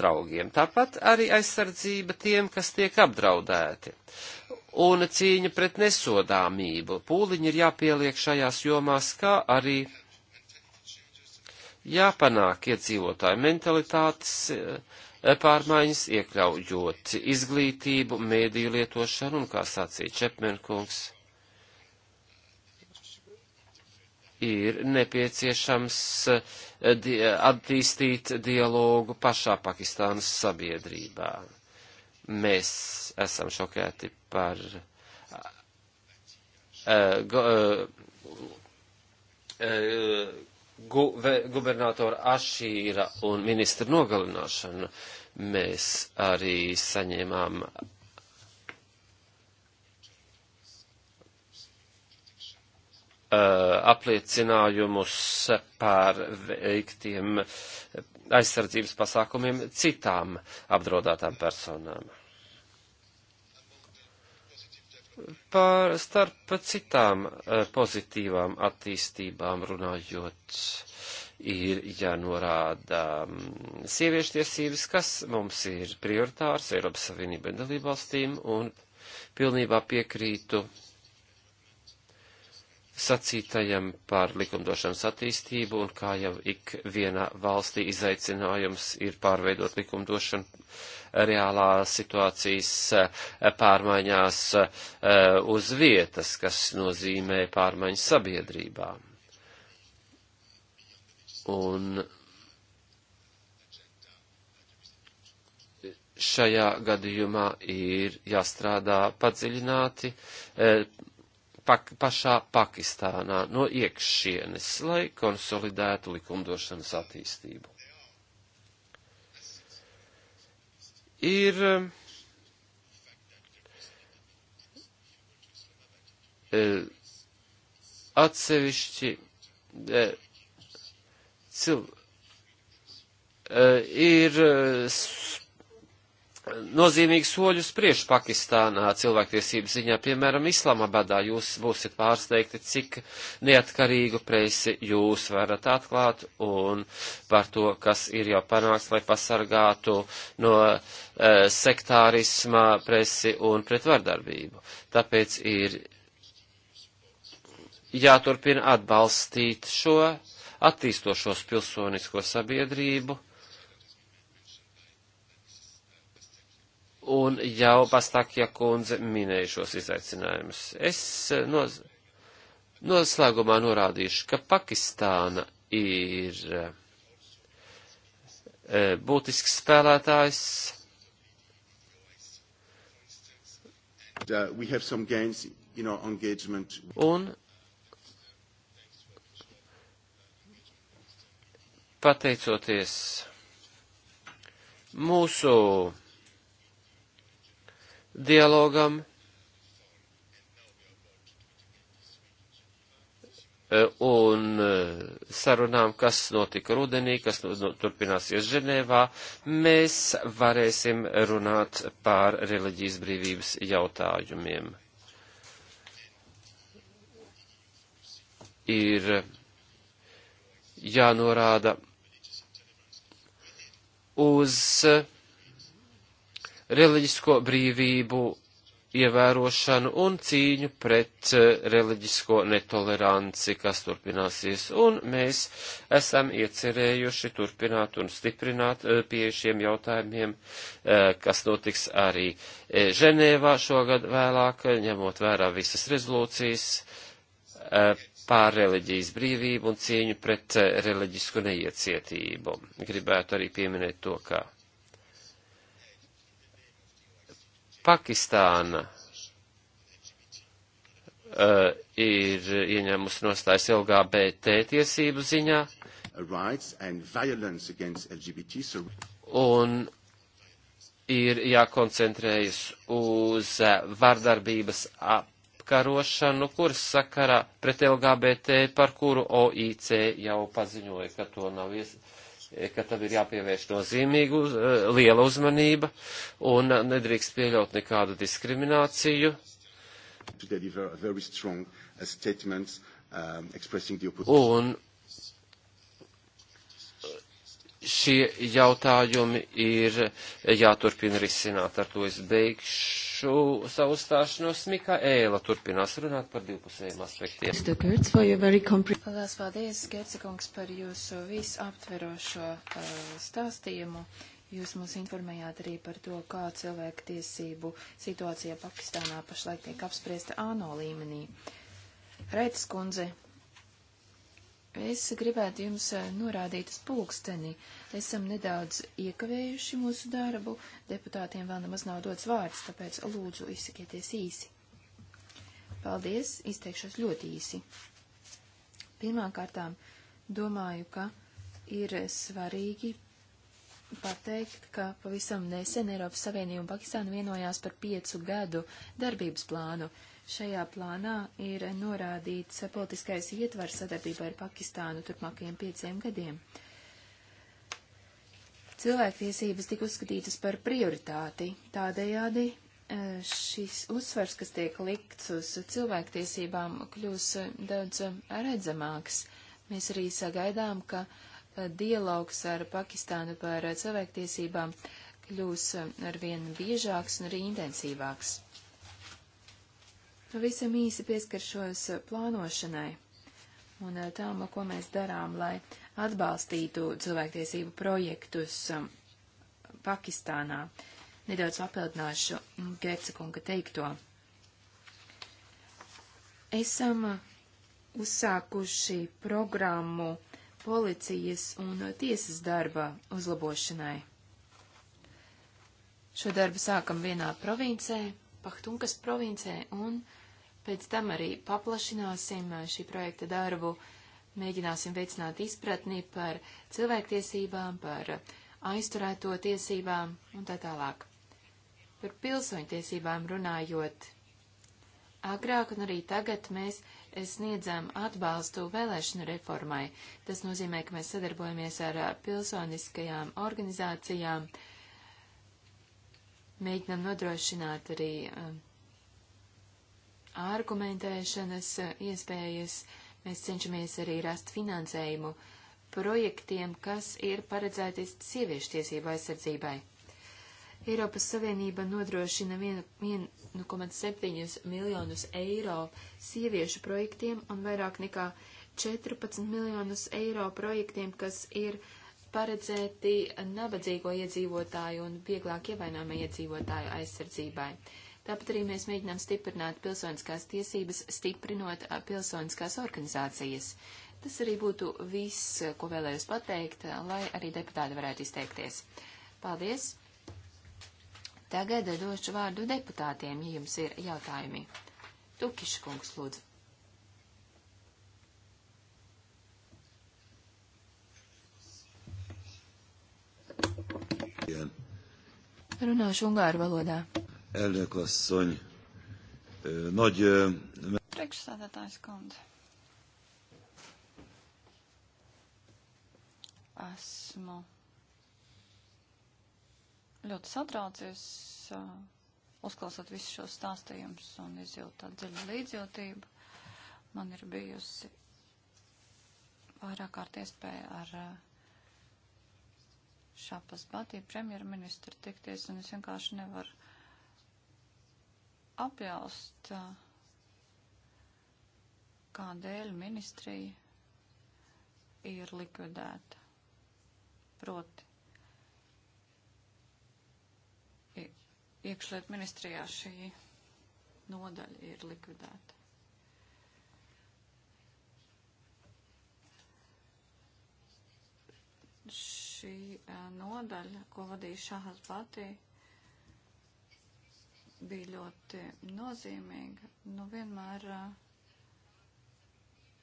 draugiem. Tāpat arī aizsardzība tiem, kas tiek apdraudēti. Un cīņa pret nesodāmību. Pūliņi ir jāpieliek šajās jomās, kā arī jāpanāk iedzīvotāju mentalitātes uh, pārmaiņas, iekļaujot izglītību, mēdīju lietošanu un, kā sacīja Čepmenkungs, ir nepieciešams eh, di attīstīt dialogu pašā Pakistānas sabiedrībā. Mēs esam šokēti par uh, go, uh, uh, gu, gubernatora Ašīra un ministra nogalināšanu, mēs arī saņēmām apliecinājumus par veiktiem aizsardzības pasākumiem citām apdraudētām personām. Par starp citām eh, pozitīvām attīstībām runājot, ir jānorāda ja mm, sieviešu tiesības, kas mums ir prioritārs Eiropas Savienībai dalībvalstīm, un pilnībā piekrītu sacītajam par likumdošanas attīstību un kā jau ik vienā valstī izaicinājums ir pārveidot likumdošanu reālā situācijas eh, pārmaiņās eh, uz vietas, kas nozīmē pārmaiņas sabiedrībā. Un šajā gadījumā ir jāstrādā padziļināti eh, pak, pašā Pakistānā no iekšienes, lai konsolidētu likumdošanas attīstību. ir eh, atsevišķi eh, cil, eh, ir nozīmīgu soļu uz priekšu Pakistānā cilvēktiesību ziņā, piemēram, Islamabadā. Jūs būsiet pārsteigti, cik neatkarīgu presi jūs varat atklāt un par to, kas ir jau panāks, lai pasargātu no e, sektārisma presi un pretvardarbību. Tāpēc ir jāturpina atbalstīt šo attīstošos pilsonisko sabiedrību un jau pastākja kundze minēja šos izaicinājumus. Es eh, noz, noslēgumā norādīšu, ka Pakistāna ir eh, būtisks spēlētājs. Un pateicoties mūsu dialogam. E, un e, sarunām, kas notika rudenī, kas turpināsies Ženēvā, mēs varēsim runāt pār reliģijas brīvības jautājumiem. Ir jānorāda uz uh, reliģisko brīvību ievērošanu un cīņu pret eh, reliģisko netoleranci, kas turpināsies, un mēs esam iecerējuši turpināt un stiprināt eh, pie šiem jautājumiem, eh, kas notiks arī Ženēvā šogad vēlāk, ņemot vērā visas rezolūcijas pār reliģijas brīvību un cieņu pret reliģisku neiecietību. Gribētu arī pieminēt to, ka Pakistāna uh, ir ieņēmusi nostājas LGBT tiesību ziņā. Un ir jākoncentrējas uz eh, vardarbības apkarošanu, kuras sakara pret LGBT, par kuru OIC jau paziņoja, ka to nav iespējams Eh, ka tam ir jāpievērš nozīmīga uz, eh, liela uzmanība un nedrīkst pieļaut nekādu diskrimināciju. Eh, um, un šie jautājumi ir jāturpina risināt, ar to es beigšu beigšu savu stāšanos. Mika Ēla turpinās runāt par divpusējiem aspektiem. Paldies, paldies, Gercikungs, par jūsu visaptverošo uh, stāstījumu. Jūs mūs informējāt arī par to, kā cilvēku tiesību situācija Pakistānā pašlaik tiek apspriesta ANO līmenī. Reitas kundze Es gribētu jums eh, norādīt uz pulksteni. Esam nedaudz iekavējuši mūsu darbu, deputātiem vēl nemaz nav dots vārds, tāpēc lūdzu izsakieties īsi. Paldies, izteikšos ļoti īsi. Pirmkārtām domāju, ka ir svarīgi pateikt, ka pavisam nesen Eiropas Savienība un Pakistāna vienojās par piecu gadu darbības plānu. Uh, Šajā plānā ir norādīts politiskais ietvars sadarbībā ar Pakistānu turpmākajiem pieciem gadiem. Cilvēktiesības tika uzskatītas par prioritāti. Tādējādi e, šis uzsvars, kas tiek likts uz cilvēktiesībām, kļūs e, daudz e, redzamāks. Mēs arī sagaidām, ka dialogs ar Pakistānu par cilvēktiesībām kļūs arvien biežāks un arī intensīvāks. Pavisam īsi pieskaršos eh, plānošanai un eh, tām, ko mēs darām, lai atbalstītu cilvēktiesību projektus eh, Pakistānā. Nedaudz papildināšu Gerca kunga teikto. Esam uzsākuši programmu policijas un tiesas darba uzlabošanai. Šo darbu sākam vienā provincē, Pahtunkas provincē, un pēc tam arī paplašināsim eh, šī projekta darbu, mēģināsim veicināt izpratni par cilvēktiesībām, par aizturēto tiesībām un tā tālāk. Par pilsoņtiesībām runājot, agrāk un arī tagad mēs sniedzam atbalstu vēlēšanu reformai. Tas nozīmē, ka mēs sadarbojamies ar eh, pilsoniskajām organizācijām, uh, mēģinam nodrošināt arī um, argumentēšanas uh, iespējas. Mēs cenšamies arī rast finansējumu projektiem, kas ir paredzēti sieviešu tiesību aizsardzībai. Eiropas Savienība nodrošina 1,7 miljonus eiro sieviešu projektiem un vairāk nekā 14 miljonus eiro projektiem, kas ir uh, paredzēti nabadzīgo iedzīvotāju un vieglāk ievainojamie iedzīvotāju aizsardzībai. Tāpat arī mēs mēģinām stiprināt pilsoniskās tiesības, stiprinot pilsoniskās organizācijas. Tas arī būtu viss, ko vēlējos pateikt, lai arī deputāti varētu izteikties. Paldies! Tagad došu vārdu deputātiem, ja jums ir jautājumi. Tukiškungs, lūdzu. Runāšu ungāru valodā. Elnök asszony, nagy... Priekšsādātājs kundze. Esmu ļoti satraucies, uzklausot visus šos stāstījumus un izjūt tādu dziļu līdzjūtību. Man ir bijusi vairāk kārt iespēja ar uh, Šāpas Batī premjerministru tikties, un es vienkārši nevaru apjaust, kādēļ ministrija ir likvidēta. Proti, iekšliet ministrijā šī nodaļa ir likvidēta. Š šī nodaļa, ko vadīja Šahas Batī, bija ļoti nozīmīga. Nu, vienmēr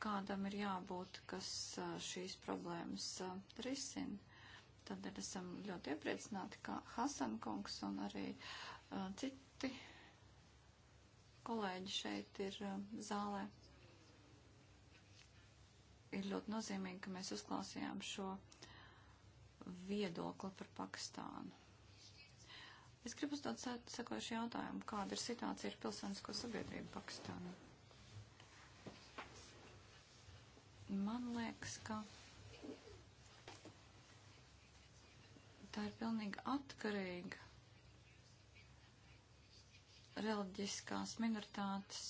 kādam ir jābūt, kas šīs problēmas risina. Tad ir esam ļoti iepriecināti, ka Hasan kungs un arī citi kolēģi šeit ir zālē. Ir ļoti nozīmīgi, ka mēs uzklausījām šo viedokli par Pakistānu. Es gribu uzdot sekojuši jautājumu, kāda ir situācija ar pilsonisko sabiedrību Pakistānā. Man liekas, ka tā ir pilnīgi atkarīga reliģiskās minoritātes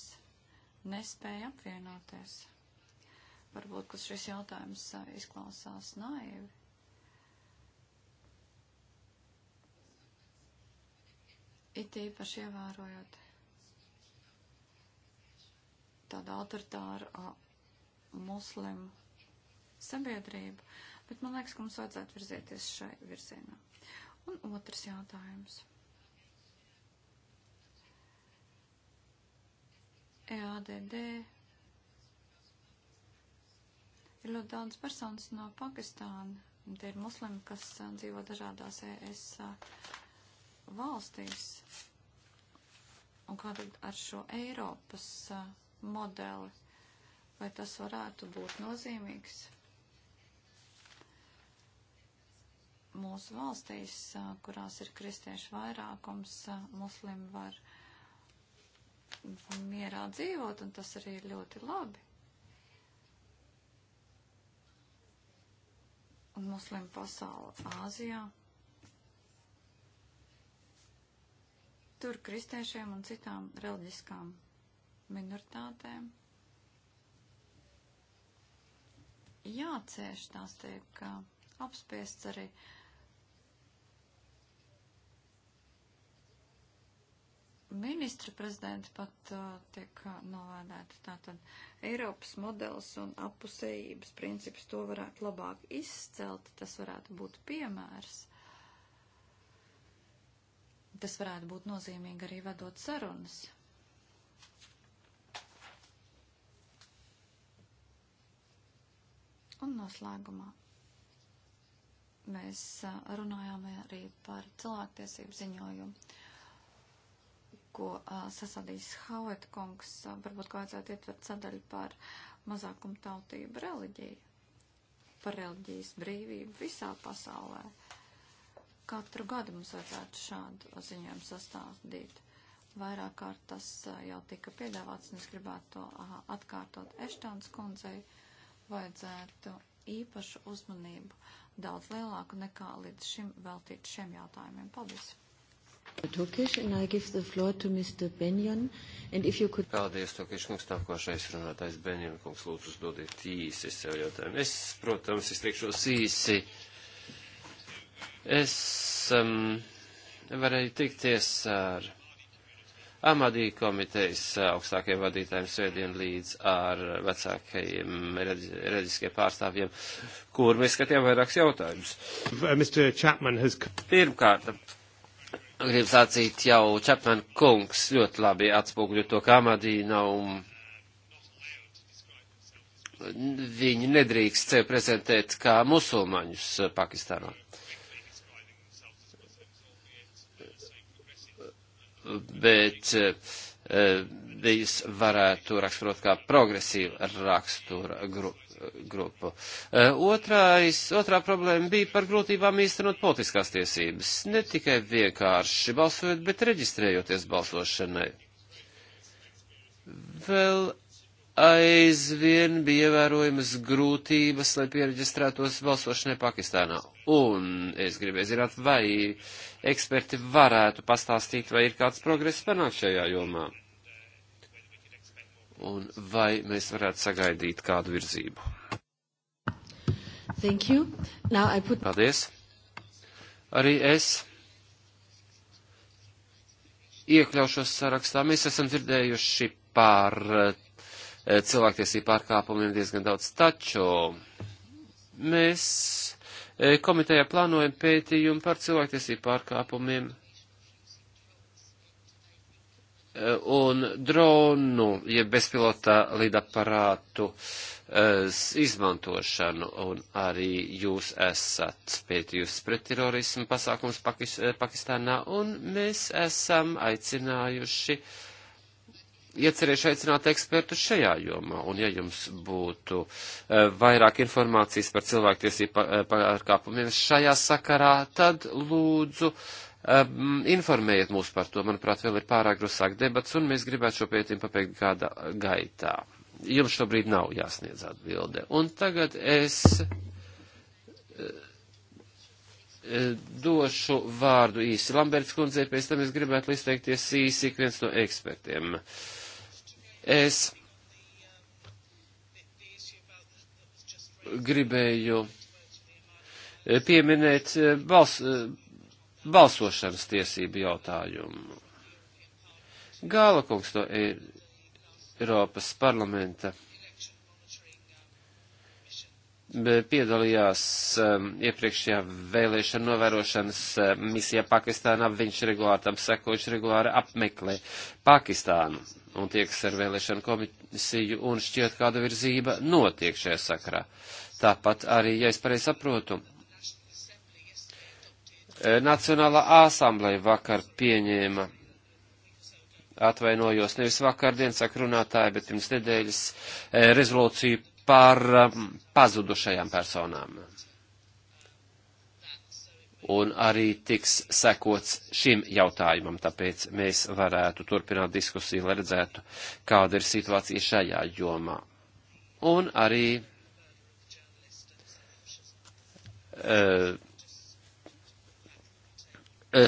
nespēja apvienoties. Varbūt, ka šis jautājums uh, izklausās naivi, it īpaši ievērojot tādu autoritāru a, muslimu sabiedrību, bet man liekas, ka mums vajadzētu virzieties šai virzienā. Un otrs jautājums. EADD ir ļoti daudz personas no Pakistāna. Tie ir muslimi, kas dzīvo dažādās ES valstīs. Un kā tad ar šo Eiropas modeli? Vai tas varētu būt nozīmīgs? Mūsu valstīs, kurās ir kristiešu vairākums, muslimi var mierā dzīvot, un tas arī ir ļoti labi. Un muslimi pasauli Āzijā tur kristiešiem un citām reliģiskām minoritātēm jācieš, tās tiek apspiests arī. Ministra prezidenti pat uh, tiek novēdēti. Tātad Eiropas modelis un apusējības princips to varētu labāk izcelt, tas varētu būt piemērs Tas varētu būt nozīmīgi arī vedot sarunas. Un noslēgumā mēs runājām arī par cilvēktiesību ziņojumu, ko sasadīs Hauet kungs. Varbūt kā vajadzētu ietvert sadaļu par mazākumu tautību reliģiju, par reliģijas brīvību visā pasaulē katru gadu mums vajadzētu šādu ziņojumu sastādīt. Vairāk kārt tas jau tika piedāvāts, un es gribētu to atkārtot Eštāns kundzei. Vajadzētu īpašu uzmanību daudz lielāku nekā līdz šim veltīt šiem jautājumiem. Paldies! Turkish, and I give the floor to Mr. Benjon. And if you could... Paldies, Turkish, kungs, nākošais runātājs Benjon, kungs, lūdzu uzdodiet īsi sev jautājumu. Es, protams, es teikšos īsi. Uh, Es um, varēju tikties ar Amadī komitejas augstākajiem vadītājiem svētdien līdz ar vecākajiem reģiskiem pārstāvjiem, kur mēs skatījām vairākus jautājumus. Uh, has... Pirmkārt, gribu sacīt jau Čepman kungs ļoti labi atspoguļo to, ka Amadī nav viņi nedrīkst sevi prezentēt kā musulmaņus Pakistānā. bet viņas eh, varētu raksturot kā progresīvu rakstura gru, grupu. Eh, otrais, otrā problēma bija par grūtībām īstenot politiskās tiesības. Ne tikai vienkārši balsojot, bet reģistrējoties balsošanai. Vēl aizvien bija ievērojamas grūtības, lai piereģistrētos balsošanai Pakistānā. Un es gribēju zināt, vai eksperti varētu pastāstīt, vai ir kāds progress panākt šajā jomā. Un vai mēs varētu sagaidīt kādu virzību. Thank you. Now I put... Paldies. Arī es iekļaušos sarakstā. Mēs esam dzirdējuši par Eh, cilvēktiesību pārkāpumiem diezgan daudz. Taču mēs eh, komitejā plānojam pētījumu par cilvēktiesību pārkāpumiem eh, un dronu, jeb ja bezpilota lidaparātu izmantošanu, un arī jūs esat pētījusi pret terorismu pasākums Pakis Pakistānā, un mēs esam aicinājuši uh, iecerēšu aicināt ekspertus šajā jomā, un ja jums būtu e, vairāk informācijas par cilvēktiesību e, pārkāpumiem šajā sakarā, tad lūdzu um, informējiet mūs par to. Manuprāt, vēl ir pārāk grusāk debats, un mēs gribētu šo pētījumu pabeigt gada gaitā. Jums šobrīd nav jāsniedz atbilde. Un tagad es došu vārdu īsi Lamberts kundzei, pēc tam es gribētu izteikties īsi ik viens no ekspertiem. Uh, Es gribēju pieminēt eh, bals, eh, balsošanas tiesību jautājumu. Gāla kungs no Eiropas parlamenta eh, piedalījās um, iepriekšējā vēlēšana novērošanas um, misijā Pakistānā. Viņš regulāri tam sekojuši, regulāri apmeklē Pakistānu un tieks ar vēlēšanu komisiju, un šķiet kāda virzība notiek šajā sakrā. Tāpat arī, ja es pareizi saprotu, e, Nacionālā asambleja vakar pieņēma, atvainojos, nevis vakardien saka runātāji, bet pirms nedēļas e, rezolūciju par um, pazudušajām personām un arī tiks sekots šim jautājumam, tāpēc mēs varētu turpināt diskusiju, lai redzētu, kāda ir situācija šajā jomā. Un arī uh,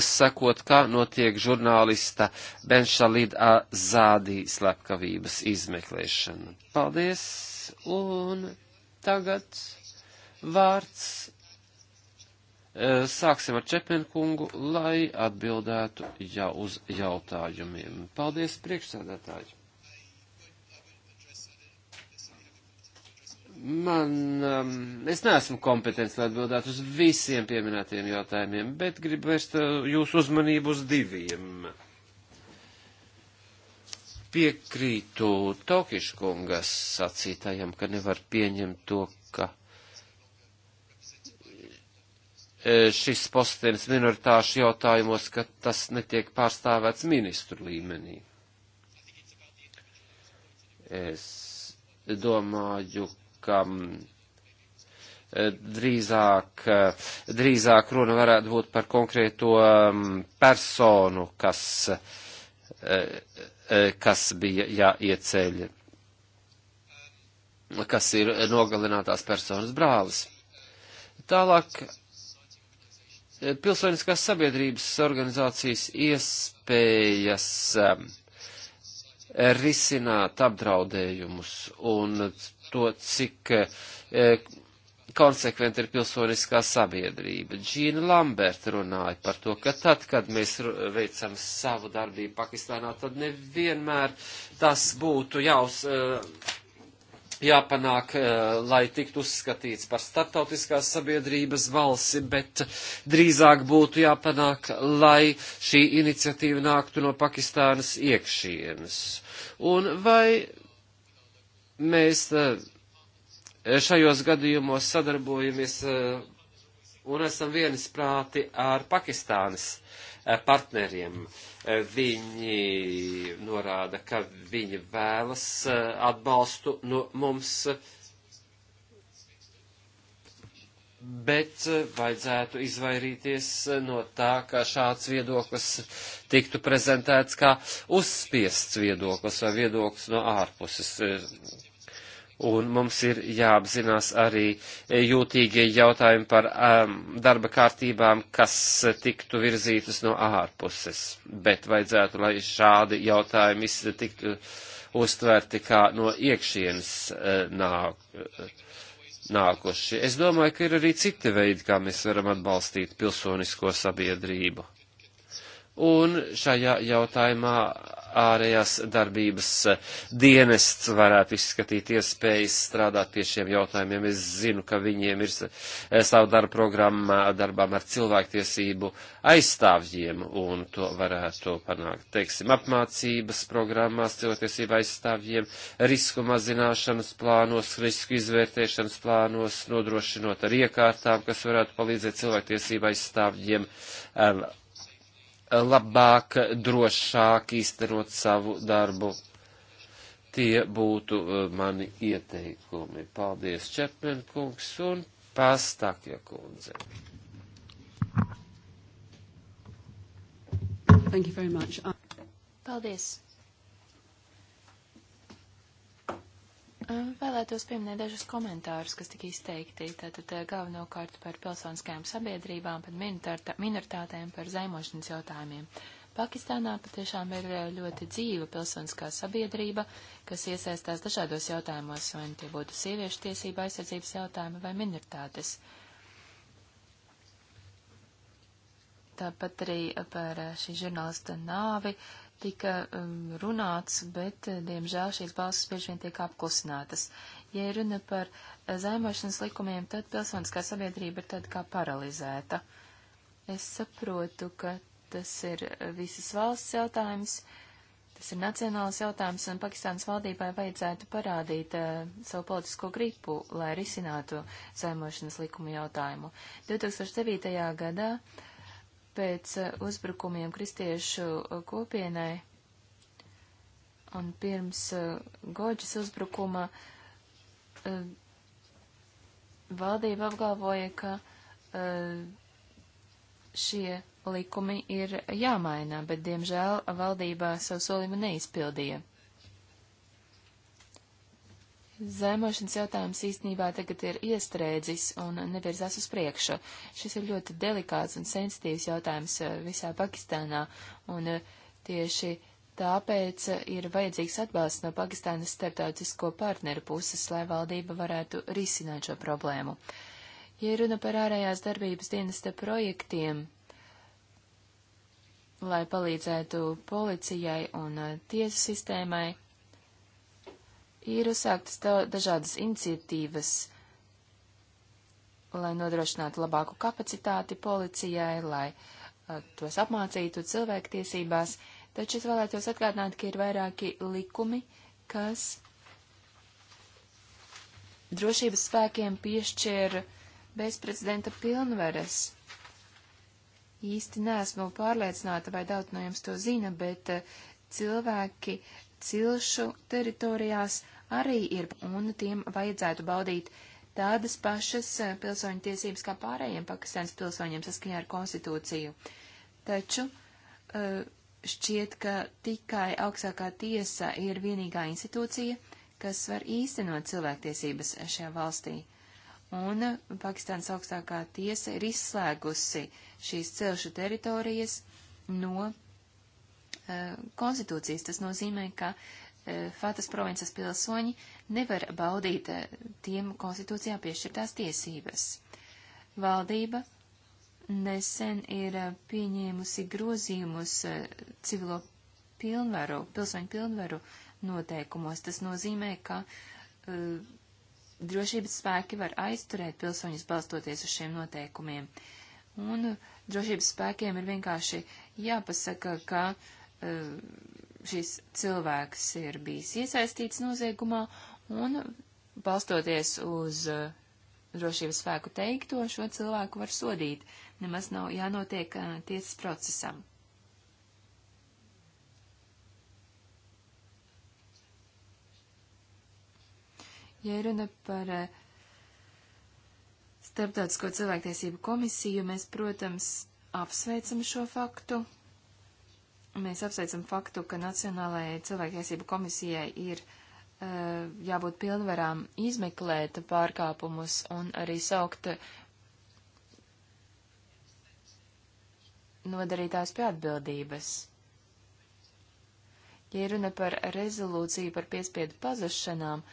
sekot, kā notiek žurnālista Benšalid Azādī slepkavības izmeklēšana. Paldies, un tagad vārds Eh, sāksim ar Čepinkungu, lai atbildētu jau uz jautājumiem. Paldies, priekšsēdētāji! Man, um, es neesmu kompetents, lai atbildētu uz visiem pieminētiem jautājumiem, bet gribu vērst eh, jūsu uzmanību uz diviem. Piekrītu Tokiškungas sacītajam, ka nevar pieņemt to, ka E, šis postenis minoritāšu jautājumos, ka tas netiek pārstāvēts ministru līmenī. Es domāju, ka mm, e, drīzāk, e, drīzāk runa varētu būt par konkrēto mm, personu, kas, kas bija jāieceļ, kas ir nogalinātās personas brālis. Tālāk pilsoniskās sabiedrības organizācijas iespējas um, risināt apdraudējumus un to, cik eh, konsekventi ir pilsoniskā sabiedrība. Džīna Lamberta runāja par to, ka tad, kad mēs veicam savu darbību Pakistānā, tad nevienmēr tas būtu jāuz, jāpanāk, eh, lai tiktu uzskatīts par starptautiskās sabiedrības valsi, bet drīzāk būtu jāpanāk, lai šī iniciatīva nāktu no Pakistānas iekšienes. Un vai mēs eh, šajos gadījumos sadarbojamies eh, un esam vienisprāti ar Pakistānas Eh, partneriem. Eh, viņi norāda, ka viņi vēlas eh, atbalstu no mums, bet vajadzētu izvairīties no tā, ka šāds viedoklis tiktu prezentēts kā uzspiests viedoklis vai viedoklis no ārpuses Un mums ir jāapzinās arī jūtīgie jautājumi par um, darba kārtībām, kas tiktu virzītas no ārpuses. Bet vajadzētu, lai šādi jautājumi tiktu uztverti kā no iekšienes uh, nāk, uh, nākuši. Es domāju, ka ir arī citi veidi, kā mēs varam atbalstīt pilsonisko sabiedrību. Un šajā jautājumā ārējās darbības eh, dienests varētu izskatīt iespējas strādāt pie šiem jautājumiem. Es zinu, ka viņiem ir eh, savu darbu programmā darbām ar cilvēktiesību aizstāvjiem, un to varētu panākt, teiksim, apmācības programmās cilvēktiesību aizstāvjiem, risku mazināšanas plānos, risku izvērtēšanas plānos, nodrošinot ar iekārtām, kas varētu palīdzēt cilvēktiesību aizstāvjiem labāk, drošāk izdarot savu darbu. Tie būtu uh, mani ieteikumi. Paldies, Čepmen kungs un Pastakja kundze. Thank you very much. Paldies. Mm, vēlētos pieminēt dažus komentārus, kas tika izteikti, tātad eh, galvenokārt par pilsoniskajām sabiedrībām, par minoritātēm, par zaimošanas jautājumiem. Pakistānā patiešām ir eh, ļoti dzīva pilsoniskā sabiedrība, kas iesaistās dažādos jautājumos, vai nu tie būtu sieviešu tiesība aizsardzības jautājumi vai minoritātes. Tāpat arī par eh, šī žurnālista nāvi. Uh, tika um, runāts, bet, eh, diemžēl, šīs balsis bieži vien tiek apklusinātas. Ja runa par eh, zaimošanas likumiem, tad pilsoniskā sabiedrība ir tāda kā paralizēta. Es saprotu, ka tas ir eh, visas valsts jautājums, tas ir nacionāls jautājums, un Pakistānas valdībai vajadzētu parādīt uh, savu politisko gripu, lai risinātu zaimošanas likumu jautājumu. 2009. gadā pēc eh, uzbrukumiem kristiešu eh, kopienai un pirms eh, Goģis uzbrukuma valdība apgalvoja, ka šie likumi ir jāmainā, bet, diemžēl, valdībā savu solījumu neizpildīja. Zēmošanas jautājums īstenībā tagad ir iestrēdzis un nevirzās uz priekšu. Šis ir ļoti delikāts un sensitīvs jautājums eh, visā Pakistānā, un eh, tieši tāpēc eh, ir vajadzīgs atbalsts no Pakistānas starptautisko partneru puses, lai valdība varētu risināt šo problēmu. Ja runa par ārējās darbības dienesta projektiem, lai palīdzētu policijai un tiesu sistēmai, ir uzsāktas dažādas iniciatīvas, lai nodrošinātu labāku kapacitāti policijai, lai a, uh, tos apmācītu cilvēktiesībās, taču es vēlētos atgādināt, ka ir vairāki likumi, kas drošības spēkiem piešķir bezprecedenta pilnveres. Īsti neesmu pārliecināta, vai daudz no jums to zina, bet a, uh, cilvēki cilšu teritorijās arī ir, un tiem vajadzētu baudīt tādas pašas eh, pilsoņu tiesības kā pārējiem Pakistānas pilsoņiem saskaņā ar konstitūciju. Taču eh, šķiet, ka tikai augstākā tiesa ir vienīgā institūcija, kas var īstenot cilvēktiesības šajā valstī. Un Pakistānas augstākā tiesa ir izslēgusi šīs celšu teritorijas no uh, konstitūcijas. Tas nozīmē, ka uh, Eh, Fatas provinces pilsoņi nevar baudīt eh, tiem konstitūcijā piešķirtās tiesības. Valdība nesen ir eh, pieņēmusi grozījumus civilo pilnvaru, pilsoņu pilnvaru noteikumos. Tas nozīmē, ka uh, drošības spēki var aizturēt pilsoņus balstoties uz šiem noteikumiem. Un drošības spēkiem ir vienkārši jāpasaka, ka uh, šis cilvēks ir bijis iesaistīts noziegumā un balstoties uz uh, drošības spēku teikto, šo cilvēku var sodīt. Nemaz nav jānotiek uh, tiesas procesam. Ja runa par uh, Starptautisko cilvēktiesību komisiju, mēs, protams, apsveicam šo faktu. Mēs apsveicam faktu, ka Nacionālajai cilvēktiesību komisijai ir uh, jābūt pilnvarām izmeklēt pārkāpumus un arī saukt nodarītās pie atbildības. Ja runa par rezolūciju par piespiedu pazušanām,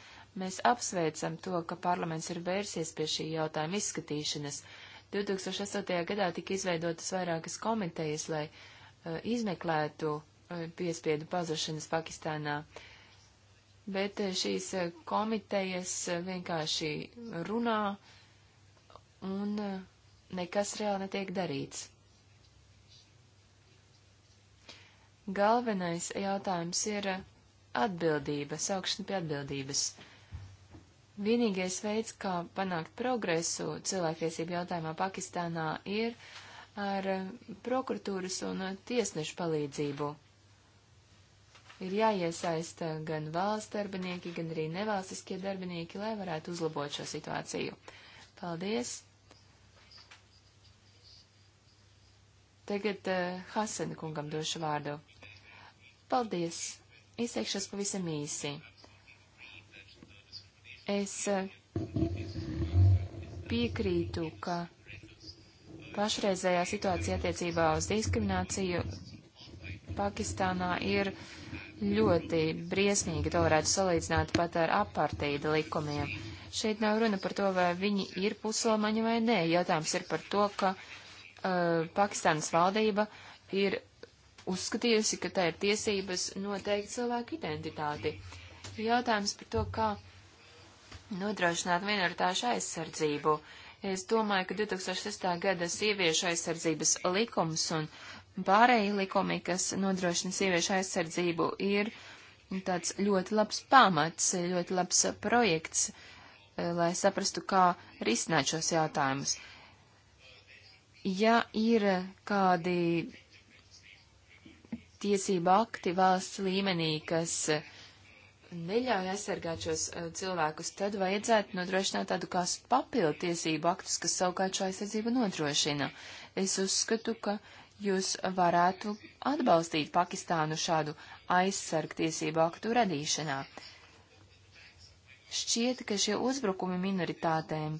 mēs apsveicam to, ka parlaments ir vērsies pie šī jautājuma izskatīšanas. 2008. gadā tika izveidotas vairākas komitejas, lai Uh, izmeklētu uh, piespiedu pazušanas Pakistānā, bet uh, šīs komitejas vienkārši runā un nekas reāli netiek darīts. Galvenais jautājums ir atbildība, saukšana pie atbildības. Vienīgais veids, kā panākt progresu cilvēktiesību jautājumā Pakistānā, ir uh, ar eh, prokuratūras un eh, tiesnešu palīdzību. Ir jāiesaista gan valsts darbinieki, gan arī nevalstiskie darbinieki, lai varētu uzlabot šo situāciju. Paldies! Tagad uh, Hasena kungam došu vārdu. Paldies! Izteikšos pavisam īsi. Es uh, piekrītu, ka pašreizējā situācija attiecībā uz diskrimināciju Pakistānā ir ļoti briesmīga. To varētu salīdzināt pat ar apartīda likumiem. Šeit nav runa par to, vai viņi ir puslamaņi vai nē. Jautājums ir par to, ka uh, Pakistānas valdība ir uzskatījusi, ka tā ir tiesības noteikt cilvēku identitāti. Jautājums par to, kā nodrošināt minoritāšu aizsardzību. Uh, Es domāju, ka 2006. gada sieviešu aizsardzības likums un pārējie likumi, kas nodrošina sieviešu aizsardzību, ir tāds ļoti labs pamats, ļoti labs projekts, eh, lai saprastu, kā risināt šos jautājumus. Ja ir kādi tiesība akti valsts līmenī, kas uh, neļauj aizsargāt šos uh, cilvēkus, tad vajadzētu nodrošināt tādu kā papildu tiesību aktus, kas savukārt šo aizsardzību nodrošina. Es uzskatu, ka jūs varētu atbalstīt Pakistānu šādu aizsargtiesību aktu radīšanā. Šķiet, ka šie uzbrukumi minoritātēm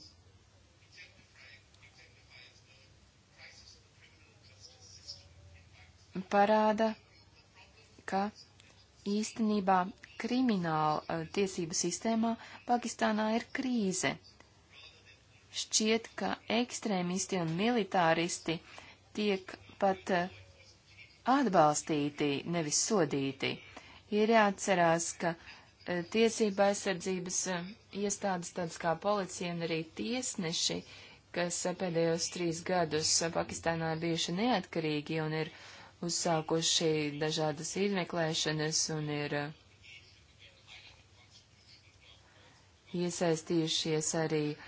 parāda, ka īstenībā krimināla eh, tiesību sistēmā Pakistānā ir krīze. Šķiet, ka ekstrēmisti un militāristi tiek pat eh, atbalstīti, nevis sodīti. Ir jāatcerās, ka eh, tiesība aizsardzības iestādes tādas kā policija un arī tiesneši, kas pēdējos trīs gadus Pakistānā ir bijuši neatkarīgi un ir uzsākuši dažādas izmeklēšanas un ir iesaistījušies arī e,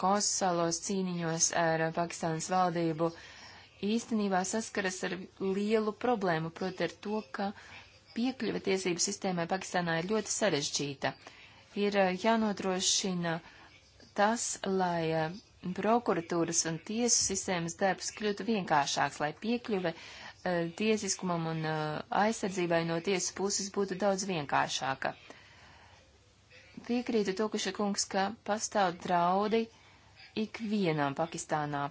Kosolos cīniņos ar e, Pakistānas valdību, īstenībā saskaras ar lielu problēmu, proti ar to, ka piekļuva tiesību sistēmai Pakistānā ir ļoti sarežģīta. Ir e, jānodrošina tas, lai prokuratūras un tiesu sistēmas darbs kļūtu vienkāršāks, lai piekļuve tiesiskumam un aizsardzībai no tiesas puses būtu daudz vienkāršāka piekrītu Tūkuša kungs, ka pastāv draudi ikvienam Pakistānā.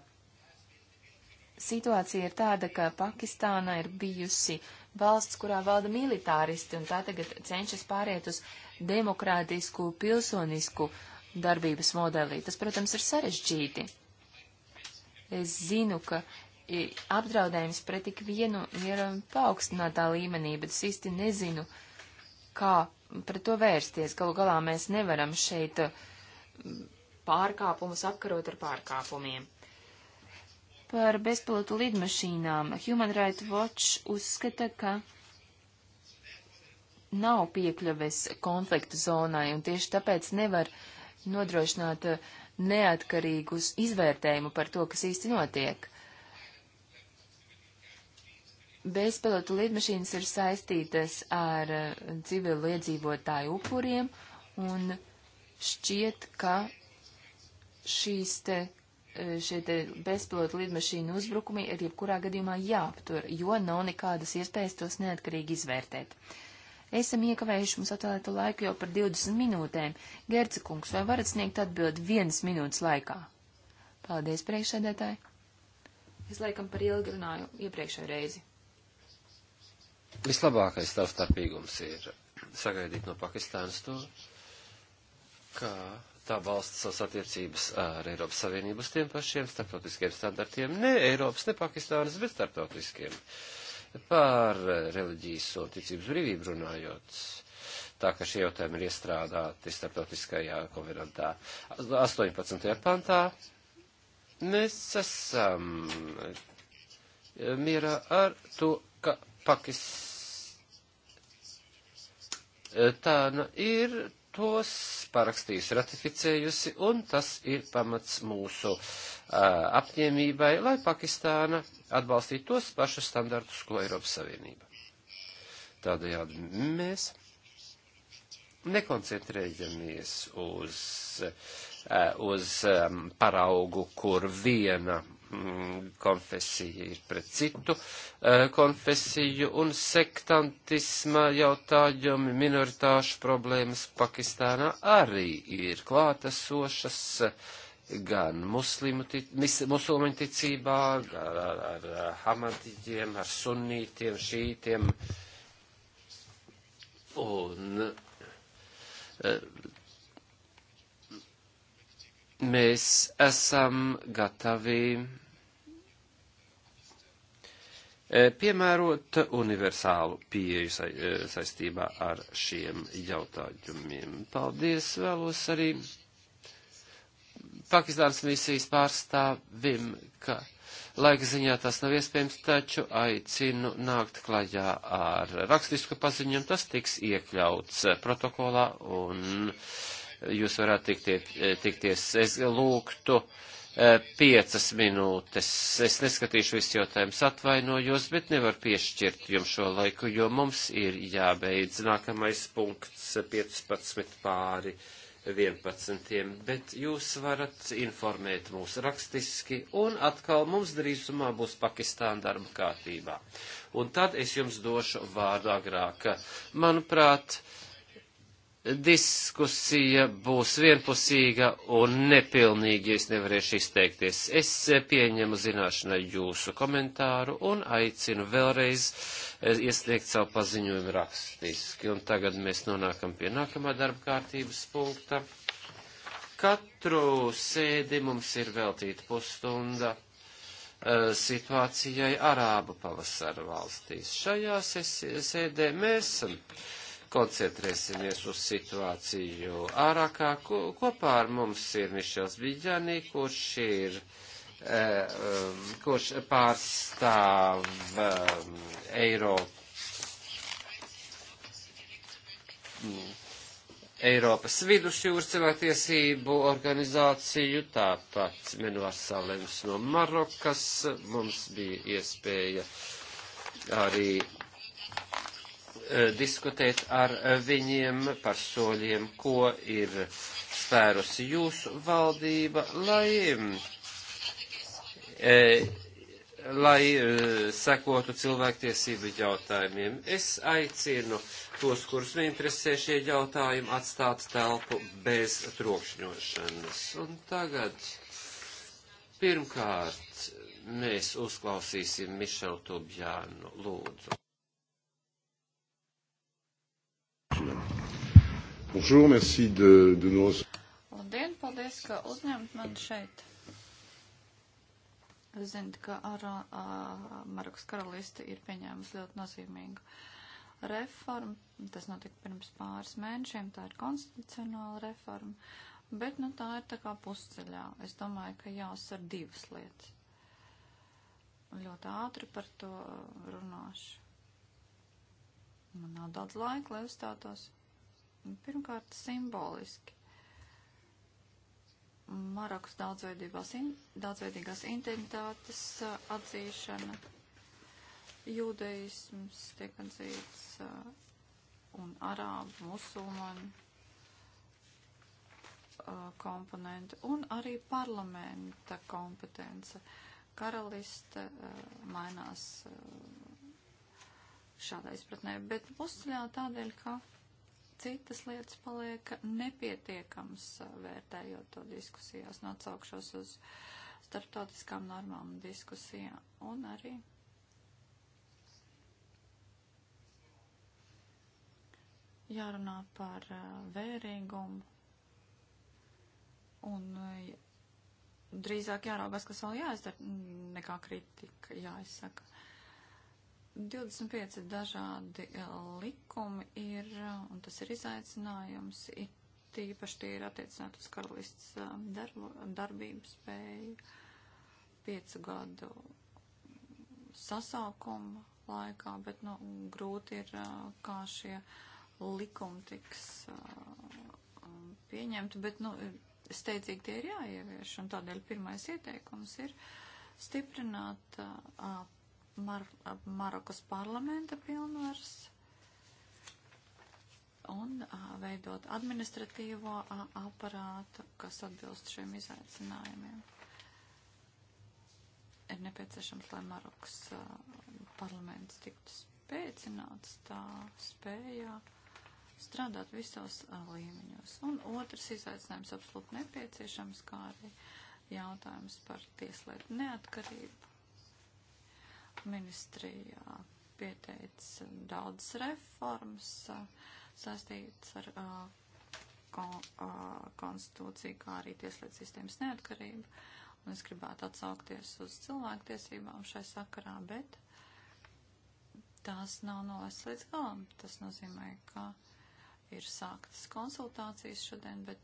Situācija ir tāda, ka Pakistāna ir bijusi valsts, kurā valda militāristi, un tā tagad cenšas pāriet uz demokrātisku, pilsonisku darbības modelī. Tas, protams, ir sarežģīti. Es zinu, ka apdraudējums pret ikvienu ir um, paaugstinātā līmenī, bet es īsti nezinu, kā pret to vērsties. Galu galā mēs nevaram šeit eh, pārkāpumus apkarot ar pārkāpumiem. Par bezpilotu lidmašīnām Human Rights Watch uzskata, ka nav piekļuves konfliktu zonai un tieši tāpēc nevar nodrošināt neatkarīgus izvērtējumu par to, kas īsti notiek bezpilota lidmašīnas ir saistītas ar eh, civilu iedzīvotāju upuriem, un šķiet, ka šīs te, eh, šie te bezpilota lidmašīnu uzbrukumi ir jebkurā gadījumā jāaptur, jo nav nekādas iespējas tos neatkarīgi izvērtēt. Esam iekavējuši mums atvēlēto laiku jau par 20 minūtēm. Gerci kungs, vai varat sniegt atbildi vienas minūtes laikā? Paldies, priekšsēdētāji! Es laikam par ilgi runāju iepriekšēju reizi. Vislabākais savstarpīgums ir sagaidīt no Pakistānas to, ka tā valsts savas attiecības ar Eiropas Savienību uz tiem pašiem starptautiskiem standartiem, ne Eiropas, ne Pakistānas, bet starptautiskiem, par reliģijas un ticības brīvību runājot. Tā ka šie jautājumi ir iestrādāti starptautiskajā konvenantā 18. pantā. Mēs esam mierā ar to, ka Pakistāna Eh, Tāna nu ir tos parakstījusi, ratificējusi, un tas ir pamats mūsu uh, apņēmībai, lai Pakistāna atbalstītu tos pašus standartus, ko Eiropas Savienība. Tādējādi mēs nekoncentrējamies uz, uh, uz um, paraugu, kur viena Mm, konfesija ir pret citu eh, konfesiju un sektantisma jautājumi, minoritāšu problēmas Pakistānā arī ir klātesošas gan muslimu, tic, musulmaņu ticībā, gan ar, ar, ar hamadiķiem, ar sunnītiem, šītiem. Un eh, mēs esam gatavi E, piemērot universālu pieeju sa e, saistībā ar šiem jautājumiem. Paldies, vēlos arī Pakistānas misijas pārstāvim, ka laika ziņā tas nav iespējams, taču aicinu nākt klajā ar rakstisku paziņojumu, tas tiks iekļauts protokolā un jūs varētu tikties, e, tikties es lūgtu. Uh, Eh, piecas minūtes. Es neskatīšu visus jautājumus, atvainojos, bet nevaru piešķirt jums šo laiku, jo mums ir jābeidz nākamais punkts 15 eh, pāri 11. Bet jūs varat informēt mūs rakstiski, un atkal mums drīzumā būs Pakistāna darba kārtībā. Un tad es jums došu vārdu agrāk. Manuprāt, uh, diskusija būs vienpusīga un nepilnīga, ja es nevarēšu izteikties. Es pieņemu zināšanai jūsu komentāru un aicinu vēlreiz e, iesniegt savu paziņojumu rakstiski. Un tagad mēs nonākam pie nākamā darba kārtības punkta. Katru sēdi mums ir veltīta pusstunda e, situācijai Arābu pavasara valstīs. Šajā sēdē mēs koncentrēsimies uz situāciju ārākā. Ko, kopā ar mums ir Mišels Biģani, kurš ir, eh, um, kurš pārstāv eh, Eiropu. Eiropas vidusjūras cilvēktiesību organizāciju, tāpat Menuars Salems no Marokas. Mums bija iespēja arī Eh, diskutēt ar eh, viņiem par soļiem, ko ir spērusi jūsu valdība, lai, e, lai sekotu cilvēktiesību jautājumiem. Es aicinu tos, kurus neinteresē šie jautājumi, atstāt telpu bez trokšņošanas. Un tagad pirmkārt mēs uzklausīsim Mišelu Tubjānu. Lūdzu. Bonjour, merci de, de nous recevoir. Labdien, paldies, ka uzņemt mani šeit. Jūs zināt, ka ar, ar Marokas karalisti ir pieņēmusi ļoti nozīmīgu reformu. Tas notika pirms pāris mēnešiem, tā ir konstitucionāla reforma, bet nu, tā ir tā kā pusceļā. Es domāju, ka jāuzsver divas lietas. Ļoti ātri par to runāšu. Man nav daudz laika, lai uzstātos. Pirmkārt, simboliski. Marokas in, daudzveidīgās identitātes atzīšana, jūdeisms tiek atzīts un arābu, musulmaņu komponenti un arī parlamenta kompetence. Karaliste mainās šādā izpratnē, bet uzceļā tādēļ, ka citas lietas paliek nepietiekams vērtējot to diskusijās. Nu, atsaukšos uz starptautiskām normām diskusijā un arī. Jārunā par vērīgumu un drīzāk jāraugās, kas vēl jāizdara, nekā kritika jāizsaka. 25 dažādi e, likumi ir, e, un tas ir izaicinājums, it tīpaši tie ir attiecināti uz karalists e, darbu, darbības spēju, piecu gadu sasaukuma laikā, bet nu, grūti ir, kā šie likumi tiks pieņemti, bet nu, steidzīgi tie ir jāievieš, un tādēļ pirmais ieteikums ir stiprināt Mar Marokas parlamenta pilnvars un a, veidot administratīvo a, aparātu, kas atbilst šiem izaicinājumiem. Ir nepieciešams, lai Marokas a, parlaments tiktu spēcināts tā spējā strādāt visos līmeņos. Un otrs izaicinājums absolūti nepieciešams, kā arī jautājums par tieslietu neatkarību ministrijā pieteica daudzas reformas uh, saistītas ar uh, kon, uh, konstitūciju, kā arī tieslietu sistēmas neatkarību. Un es gribētu atsaukties uz cilvēktiesībām šai sakarā, bet tās nav novests līdz galam. Tas nozīmē, ka ir sāktas konsultācijas šodien, bet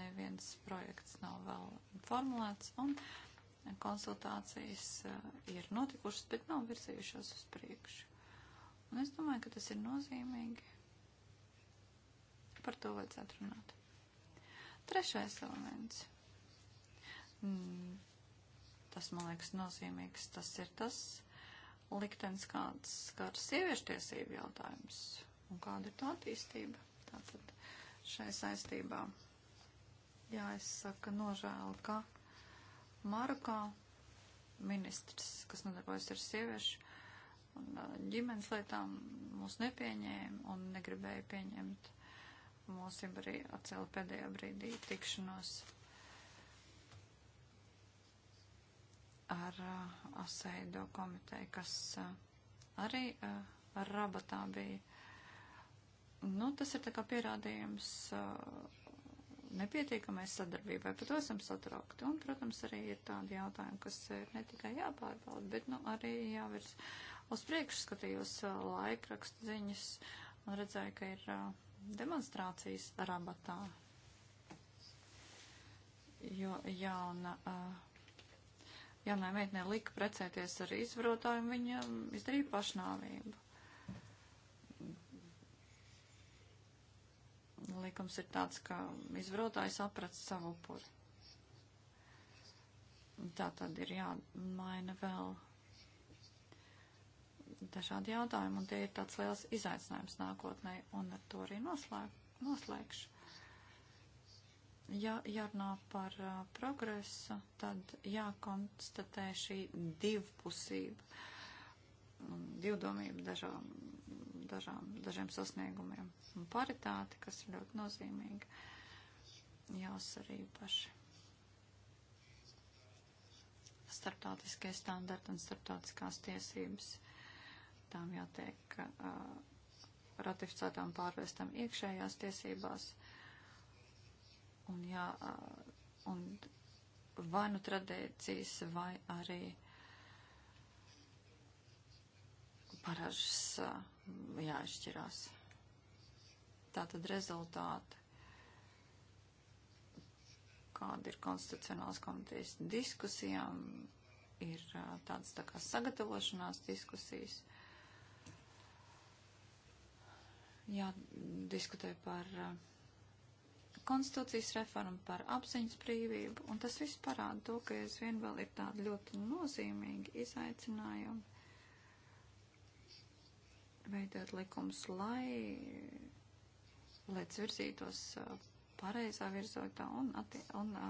neviens projekts nav vēl formulēts. Un konsultācijas eh, ir notikušas, bet nav virzējušās uz priekšu. Un es domāju, ka tas ir nozīmīgi. Par to vajadzētu runāt. Trešais elements. Mm, tas, man liekas, nozīmīgs. Tas ir tas liktenis, kāds skar sieviešu tiesību jautājums un kāda ir tā attīstība. Tātad šai saistībā jāizsaka nožēla, ka Marokā ministrs, kas nodarbojas ar sieviešu un uh, ģimenes lietām, mūs nepieņēma un negribēja pieņemt. Mūs jau arī atcēla pēdējā brīdī tikšanos ar uh, Aseido komiteju, kas uh, arī uh, rabatā bija. Nu, tas ir tā kā pierādījums. Uh, nepietiekamai sadarbībai. Par to esam satraukti. Un, protams, arī ir tādi jautājumi, kas ir ne tikai jāpārbauda, bet nu, arī jāvirs uz priekšu skatījos laikrakstu ziņas un redzēju, ka ir demonstrācijas rabatā. Jo jauna. Uh, jaunai meitenei lika precēties ar izvarotāju, viņa izdarīja pašnāvību. likums ir tāds, ka izvarotājs aprat savu upuri. Tā tad ir jāmaina vēl dažādi jautājumi, un tie ir tāds liels izaicinājums nākotnē, un ar to arī noslēg, noslēgšu. Ja jārunā par uh, progresu, tad jākonstatē šī divpusība un divdomība dažām dažām, dažiem sasniegumiem un paritāti, kas ir ļoti nozīmīga, jāsver īpaši. Startautiskie standarti un startautiskās tiesības, tām jātiek uh, ratificētām pārvēstām iekšējās tiesībās un, jā, uh, un vai nu tradīcijas, vai arī paražas. Uh, jāizšķirās. Tātad rezultāti, kāda ir konstitucionālas komitejas diskusijām, ir tādas tā kā sagatavošanās diskusijas. Jādiskutē par konstitūcijas reformu, par apziņas brīvību, un tas viss parāda to, ka aizvien vēl ir tādi ļoti nozīmīgi izaicinājumi veidot likums, lai lietas virzītos uh, pareizā virzotā un, atti, un uh,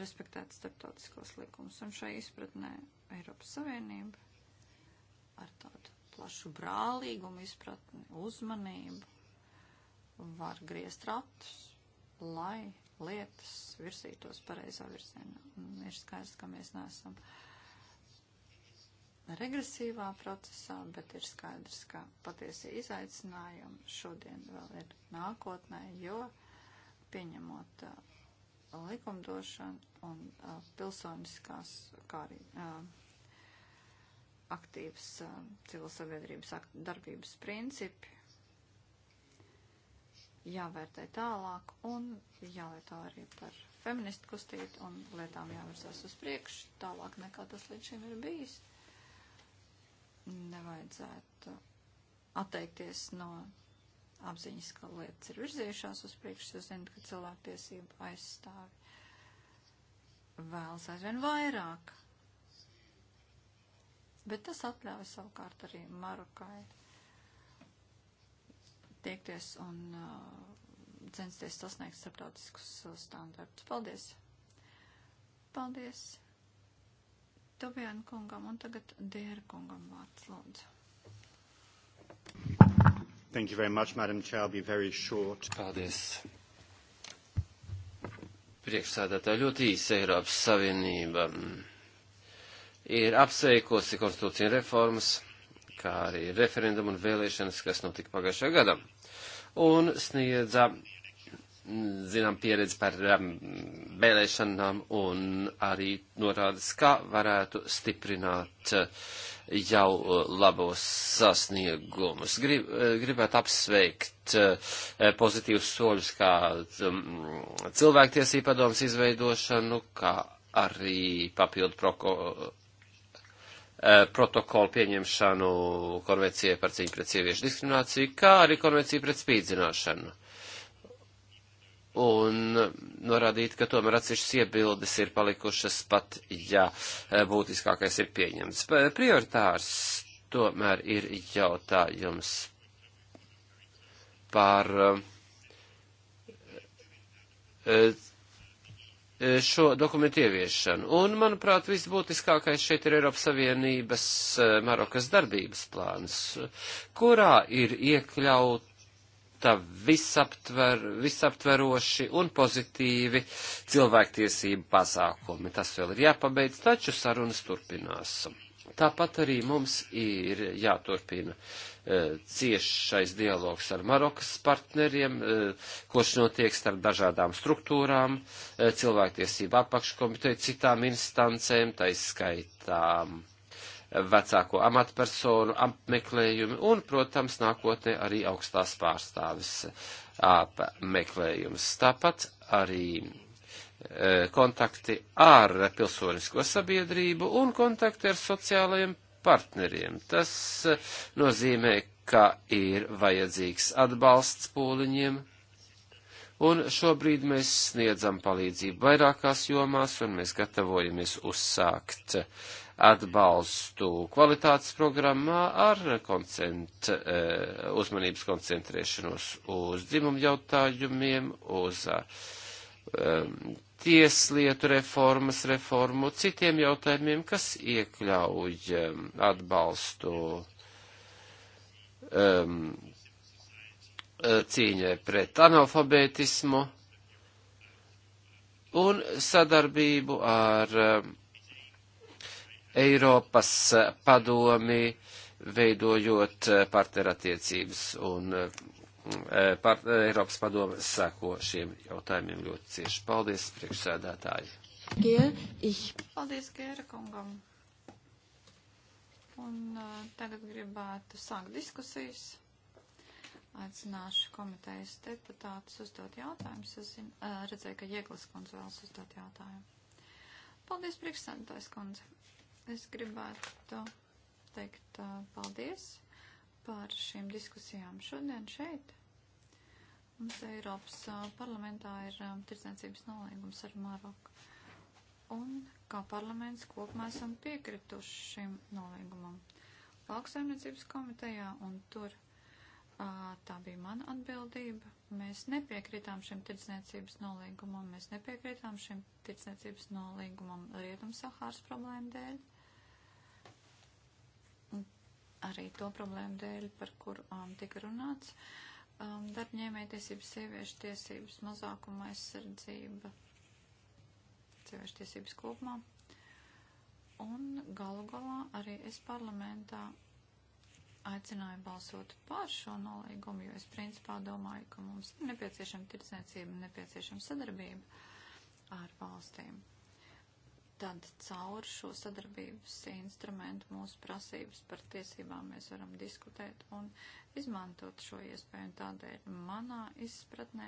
respektēt starptautiskos likumus. Un šai izpratnē Eiropas Savienība ar tādu plašu brālīgumu izpratni, uzmanību var griezt ratus, lai lietas virzītos pareizā virzienā. Un ir skaidrs, ka mēs neesam. Uh, regresīvā procesā, bet ir skaidrs, ka patiesie izaicinājumi šodien vēl ir nākotnē, jo pieņemot uh, likumdošanu un uh, pilsoniskās, kā arī uh, aktīvas uh, civilsabiedrības akt darbības principi jāvērtē tālāk un jālietā arī par feministu kustību un lietām jāvirzās uz priekšu tālāk nekā tas līdz šim ir bijis. Uh, nevajadzētu atteikties no apziņas, ka lietas ir virzījušās uz priekšu, jo zinu, ka cilvēktiesība aizstāvi vēlas aizvien vairāk. Bet tas atļauj savukārt arī Marokai tiekties un uh, censties sasniegt starptautiskus standartus. Paldies! Paldies! Tobjāna kungam un tagad Dēra kungam vārds lūdzu. Thank you very much, Madam Chair. I'll be very short. Paldies. Priekšsēdētāji ļoti īsa Eiropas Savienība ir apsveikusi konstitūcija reformas, kā arī referendumu un vēlēšanas, kas notika pagājušajā gadā, un sniedza zinām pieredzi par um, vēlēšanām un arī norādes, kā varētu stiprināt uh, jau uh, labos sasniegumus. Grib, uh, gribētu apsveikt pozitīvus soļus, kā um, cilvēktiesība padomas izveidošanu, kā arī papildu proko, protokolu pieņemšanu konvencijai par cīņu pret sieviešu diskrimināciju, kā arī konvenciju pret spīdzināšanu un norādīt, ka tomēr atsevišķas iebildes ir palikušas pat, ja e, būtiskākais ir pieņemts. Prioritārs tomēr ir jautājums par e, e, šo dokumentu ieviešanu. Un, manuprāt, visbūtiskākais šeit ir Eiropas Savienības Marokas darbības plāns, kurā ir iekļaut tā visaptver, visaptveroši un pozitīvi cilvēktiesību pasākumi. Tas vēl ir jāpabeidz, taču sarunas turpinās. Tāpat arī mums ir jāturpina e, ciešais dialogs ar Marokas partneriem, e, kurš notiek starp dažādām struktūrām, e, cilvēktiesību apakškomiteju, citām instancēm, taiskaitām. Tā vecāko amatpersonu apmeklējumi un, protams, nākotnē arī augstās pārstāvis apmeklējums. Tāpat arī e, kontakti ar pilsonisko sabiedrību un kontakti ar sociālajiem partneriem. Tas e, nozīmē, ka ir vajadzīgs atbalsts pūliņiem, un šobrīd mēs sniedzam palīdzību vairākās jomās, un mēs gatavojamies uzsākt uh, atbalstu kvalitātes programmā ar koncent, eh, uzmanības koncentrēšanos uz dzimumu jautājumiem, uz eh, um, tieslietu reformas reformu, citiem jautājumiem, kas iekļauj um, atbalstu um, eh, cīņai pret analfabētismu un sadarbību ar um, Eiropas padomi, veidojot eh, partnerattiecības un eh, eh, par, Eiropas padomi sako šiem jautājumiem ļoti cieši. Paldies, priekšsēdētāji. Gier, Paldies, Gēra kungam. Un uh, tagad gribētu sākt diskusijas. Aicināšu komitejas deputātus uzdot jautājumus. Es zinu, uh, redzēju, ka Jēglas kundze vēlas uzdot jautājumu. Paldies, priekšsēdētājs kundze. Es gribētu teikt paldies par šīm diskusijām šodien šeit. Mums Eiropas parlamentā ir tirdzniecības nolīgums ar Maroku. Un kā parlaments kopumā esam piekrituši šim nolīgumam. Lauksaimniecības komitejā un tur a, tā bija mana atbildība. Mēs nepiekritām šim tirdzniecības nolīgumam, mēs nepiekritām šim tirdzniecības nolīgumam Rietum Sahāras problēmu dēļ arī to problēmu dēļ, par kurām um, tika runāts. Um, Darbņēmēja tiesības, sieviešu tiesības, mazākuma aizsardzība, sieviešu tiesības kopumā. Un galu galā arī es parlamentā aicināju balsot par šo nolīgumu, jo es principā domāju, ka mums ir nepieciešama tirdzniecība, nepieciešama sadarbība ar valstīm tad caur šo sadarbības instrumentu mūsu prasības par tiesībām mēs varam diskutēt un izmantot šo iespēju. Un tādēļ manā izpratnē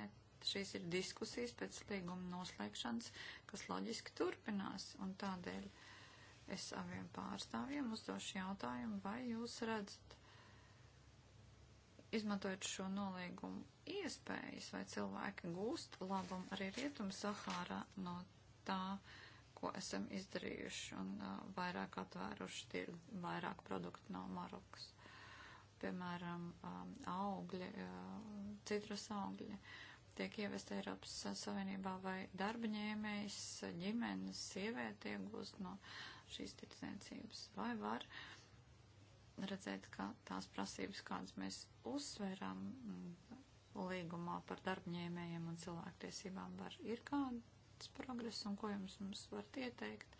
šīs ir diskusijas pēc līguma noslēgšanas, kas loģiski turpinās. Un tādēļ es saviem pārstāvjiem uzdošu jautājumu, vai jūs redzat, izmantojot šo nolīgumu iespējas, vai cilvēki gūst labumu arī Rietumu Sahārā no tā, uh, ko esam izdarījuši un uh, vairāk atvēruši tirgu, vairāk produktu no Marokas. Piemēram, um, augļi, uh, citrus augļi tiek ievest Eiropas Savienībā vai darbaņēmējs, ģimenes, sieviete iegūst no šīs tirdzniecības. Vai var redzēt, ka tās prasības, kādas mēs uzsveram līgumā par darbaņēmējiem un cilvēktiesībām, var ir kāda panākts progress un ko jums mums varat ieteikt,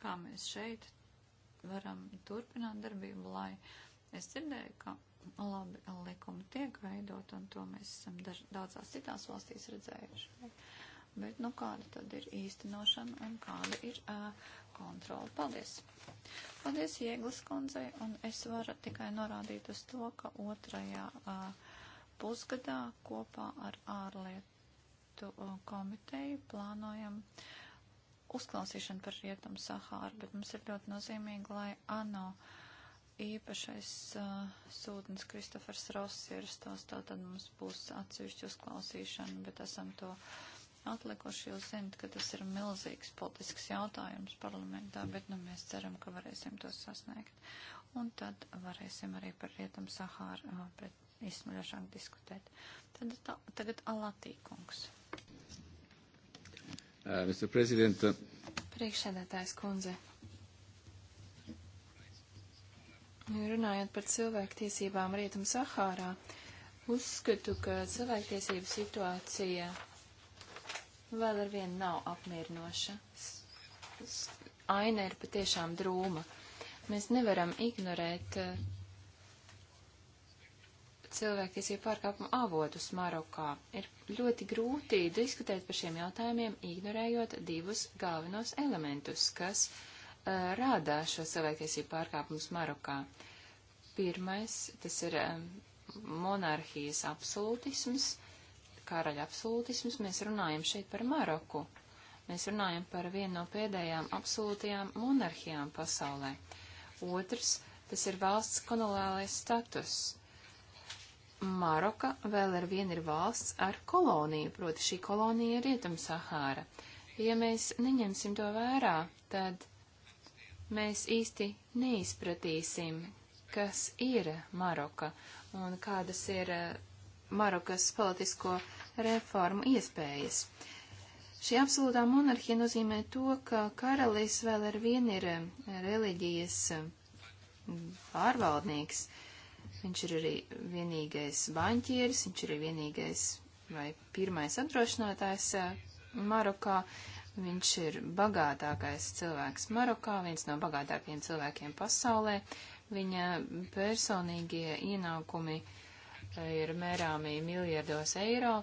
kā mēs šeit varam turpināt darbību, lai es dzirdēju, ka labi likumi tiek veidot, un to mēs esam daž, daudzās citās valstīs redzējuši. Bet, nu, kāda tad ir īstenošana un kāda ir uh, kontrola? Paldies! Paldies Ieglas kundzei, un es varu tikai norādīt uz to, ka otrajā uh, pusgadā kopā ar ārlietu citu uh, komiteju plānojam uzklausīšanu par Rietumu Sahāru, bet mums ir ļoti nozīmīgi, lai ANO īpašais uh, sūtnis Kristofers Ross ir stāsts, tātad mums būs atsevišķi uzklausīšana, bet esam to atlikuši, jūs zinat, ka tas ir milzīgs politisks jautājums parlamentā, bet nu mēs ceram, ka varēsim to sasniegt. Un tad varēsim arī par Rietumu Sahāru uh, pret izsmaļošāk diskutēt. Tad tā, tagad Alatīkungs. kungs. Uh, Mr. President. Uh, Priekšsēdētājs kundze. Runājot par cilvēktiesībām Rietum Sahārā, uzskatu, ka cilvēktiesību situācija vēl ar vienu nav apmierinoša. Aina ir patiešām drūma. Mēs nevaram ignorēt uh, cilvēktiesību pārkāpumu avotus Marokā. Ir ļoti grūti diskutēt par šiem jautājumiem, ignorējot divus galvenos elementus, kas uh, rādā šo cilvēktiesību pārkāpumus Marokā. Pirmais, tas ir um, monarhijas absolūtisms, karaļa absolūtisms. Mēs runājam šeit par Maroku. Mēs runājam par vienu no pēdējām absolūtajām monarhijām pasaulē. Otrs, tas ir valsts koloniālais status Maroka vēl ar vienu ir valsts ar koloniju, proti šī kolonija ir Rietumsahāra. Ja mēs neņemsim to vērā, tad mēs īsti neizpratīsim, kas ir Maroka un kādas ir eh, Marokas politisko reformu iespējas. Šī absolūtā monarhija nozīmē to, ka karalis vēl ar vienu ir eh, reliģijas mm, pārvaldnieks. Uh, Viņš ir arī vienīgais baņķieris, viņš ir arī vienīgais vai pirmais apdrošinātājs eh, Marokā. Viņš ir bagātākais cilvēks Marokā, viens no bagātākajiem cilvēkiem pasaulē. Viņa personīgie ienākumi eh, ir mērāmi miljardos eiro